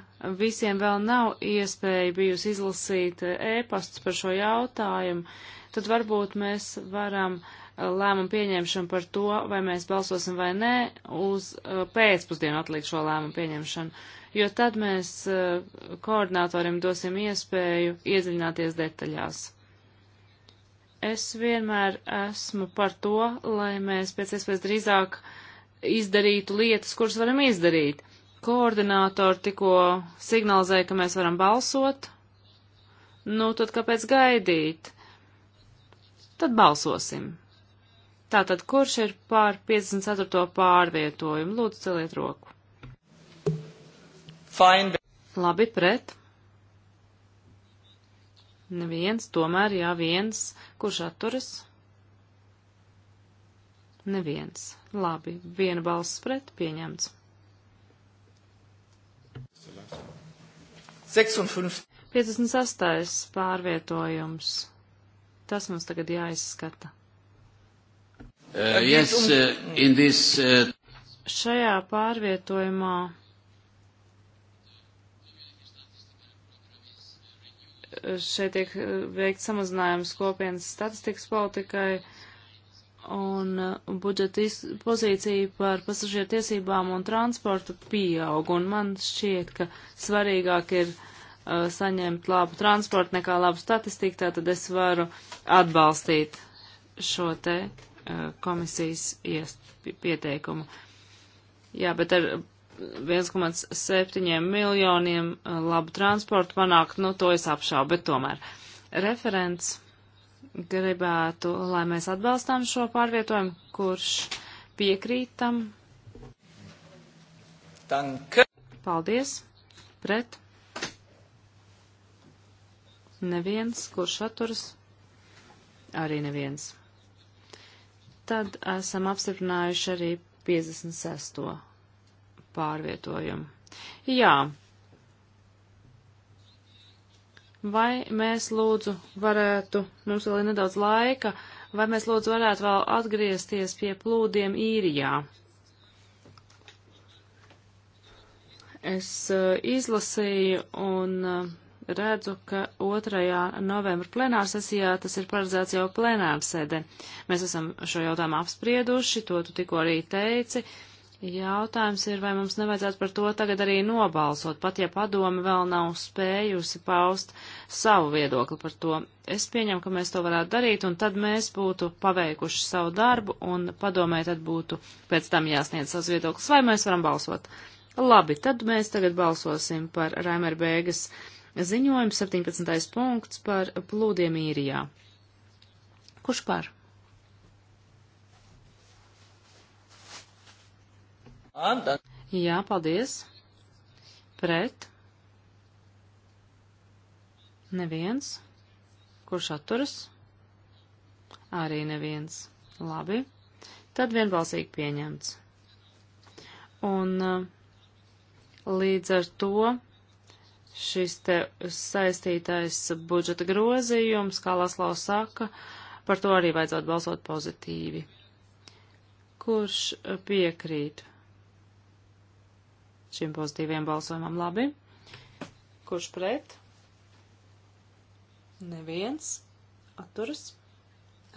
visiem vēl nav iespēja bijusi izlasīt ēpastus par šo jautājumu, tad varbūt mēs varam lēmumu pieņemšanu par to, vai mēs balsosim vai nē, uz eh, pēcpusdienu atliek šo lēmumu pieņemšanu, jo tad mēs eh, koordinatoriem dosim iespēju iedziļināties detaļās. Es vienmēr esmu par to, lai mēs pēc iespējas drīzāk izdarītu lietas, kuras varam izdarīt. Koordinātori tikko signalizēja, ka mēs varam balsot. Nu, tad kāpēc gaidīt? Tad balsosim. Tātad, kurš ir pār 54. pārvietojumu? Lūdzu, celiet roku. Fine. Labi, pret. Neviens, tomēr, jā, viens. Kurš atturas? Neviens. Labi, viena balss pret, pieņemts. 56. pārvietojums. Tas mums tagad jāizskata. Uh, yes, uh, in this. Uh... Šajā pārvietojumā. Šeit tiek uh, veikt samazinājums kopienas statistikas politikai un uh, budžeta pozīcija par pasažieru tiesībām un transportu pieaug. Un man šķiet, ka svarīgāk ir uh, saņemt labu transportu nekā labu statistiku, tātad es varu atbalstīt šo te Eh, komisijas pieteikumu. Jā, bet ar 1,7 miljoniem eh, labu transportu panākt, nu to es apšaubu, bet tomēr referents gribētu, lai mēs atbalstām šo pārvietojumu, kurš piekrītam. Tanka. Paldies. Pret. Neviens, kurš atturas. Arī neviens. Tad esam apstiprinājuši arī 56. pārvietojumu. Jā. Vai mēs lūdzu varētu, mums vēl ir nedaudz laika, vai mēs lūdzu varētu vēl atgriezties pie plūdiem īrijā? Es uh, izlasīju un uh, redzu, ka 2. novembra plenārsesijā tas ir paredzēts jau plenārsēde. Mēs esam šo jautājumu apsprieduši, to tu tikko arī teici. Jautājums ir, vai mums nevajadzētu par to tagad arī nobalsot, pat ja padome vēl nav spējusi paust savu viedokli par to. Es pieņemu, ka mēs to varētu darīt, un tad mēs būtu paveikuši savu darbu, un padomē tad būtu pēc tam jāsniedz savs viedoklis, vai mēs varam balsot. Labi, tad mēs tagad balsosim par Raimer Bēgas uh, ziņojums, 17. punkts par plūdiem īrijā. Kurš par? Jā, paldies. Pret. Neviens. Kurš atturas? Arī neviens. Labi. Tad vienbalsīgi pieņemts. Un uh, līdz ar to šis te saistītais budžeta grozījums, kā Laslaus saka, par to arī vajadzētu balsot pozitīvi. Kurš piekrīt šim pozitīviem balsojumam labi? Kurš pret? Neviens. Atturas?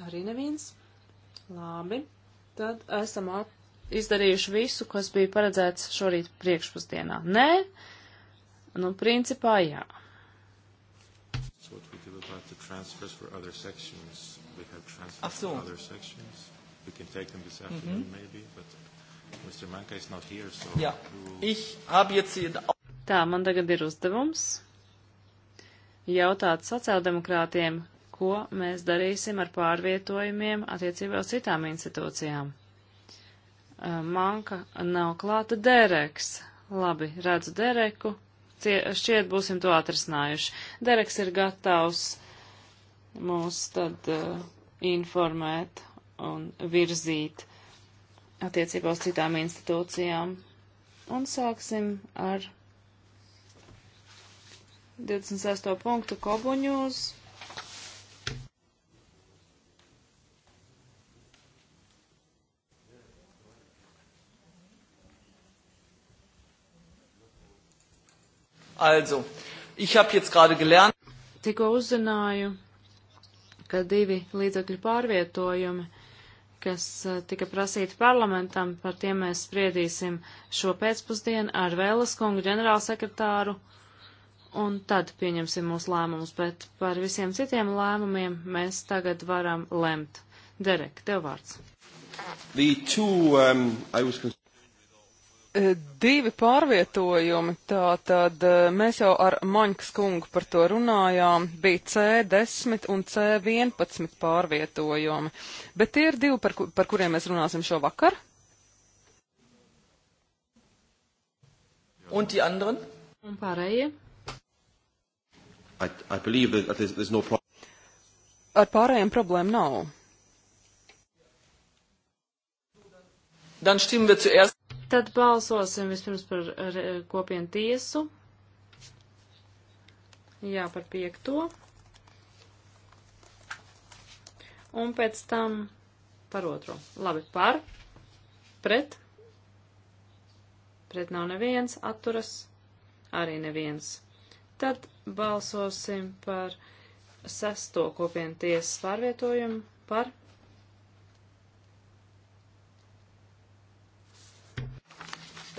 Arī neviens. Labi. Tad esam izdarījuši visu, kas bija paredzēts šorīt priekšpusdienā. Nē? Nu, principā jā. So what we do about the transfers for other sections? We have transfers ah, so. for other sections. We can take them this mhm. afternoon mm -hmm. maybe, but Mr. Manka is not here, so... Jā, will... ich habe jetzt hier... Tā, man tagad ir uzdevums jautāt sociāldemokrātiem, ko mēs darīsim ar pārvietojumiem attiecībā uz citām institūcijām. Manka nav klāta Dereks. Labi, redzu Dereku, šķiet būsim to atrisinājuši. Dereks ir gatavs mūs tad uh, informēt un virzīt attiecībā uz citām institūcijām. Un sāksim ar 26. punktu Kobuņūs. Also, ich habe jetzt gerade gelernt. Tikko uzzināju, ka divi līdzekļu pārvietojumi, kas eh, tika prasīti parlamentam, par tiem mēs spriedīsim šo pēcpusdienu ar Vēlas kungu ģenerālsekretāru, un tad pieņemsim mūsu lēmumus, bet par visiem citiem lēmumiem mēs tagad varam lemt. Derek, tev vārds. The two, um, I was... Eh, divi pārvietojumi, tā tad eh, mēs jau ar Maņkas kungu par to runājām, bija C10 un C11 pārvietojumi, bet tie ir divi, par, par kuriem mēs runāsim šovakar. Un tie andren? Un pārējie? I, I believe that there's, there's no problem. Ar pārējiem problēmu nav. Dan stimmen wir zuerst Tad balsosim vispirms par kopienu tiesu. Jā, par piekto. Un pēc tam par otro. Labi, par, pret, pret nav neviens, atturas arī neviens. Tad balsosim par sesto kopienu tiesas pārvietojumu par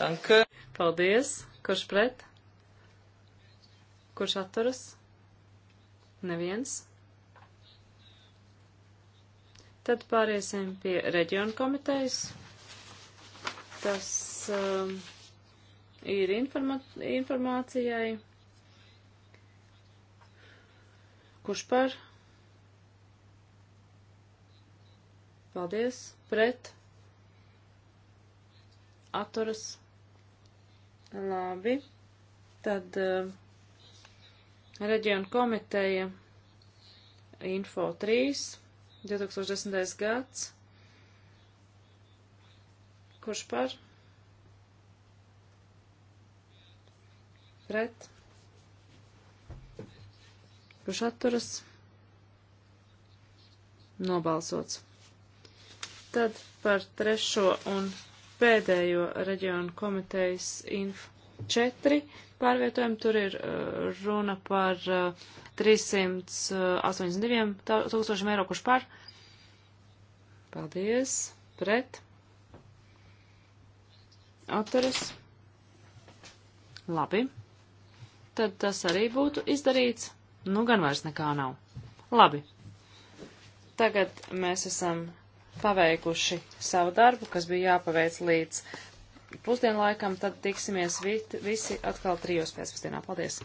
Danke. Paldies. Kurš pret? Kurš atturas? Neviens. Tad pāriesim pie reģionu komitejas. Tas um, ir informa informācijai. Kurš par? Paldies. Pret. Atturas. Labi. Tad uh, eh, reģionu komiteja info 3, 2010. gads. Kurš par? Pret? Kurš atturas? Nobalsots. Tad par trešo un pēdējo reģionu komitejas inf 4 pārvietojumu. Tur ir uh, runa par uh, 382 uh, tūkstošiem eiro, kurš par. Paldies. Pret. Atturis. Labi. Tad tas arī būtu izdarīts. Nu, gan vairs nekā nav. Labi. Tagad mēs esam paveikuši savu darbu, kas bija jāpaveic līdz pusdienlaikam, tad tiksimies visi atkal trijos pēcpusdienā. Paldies!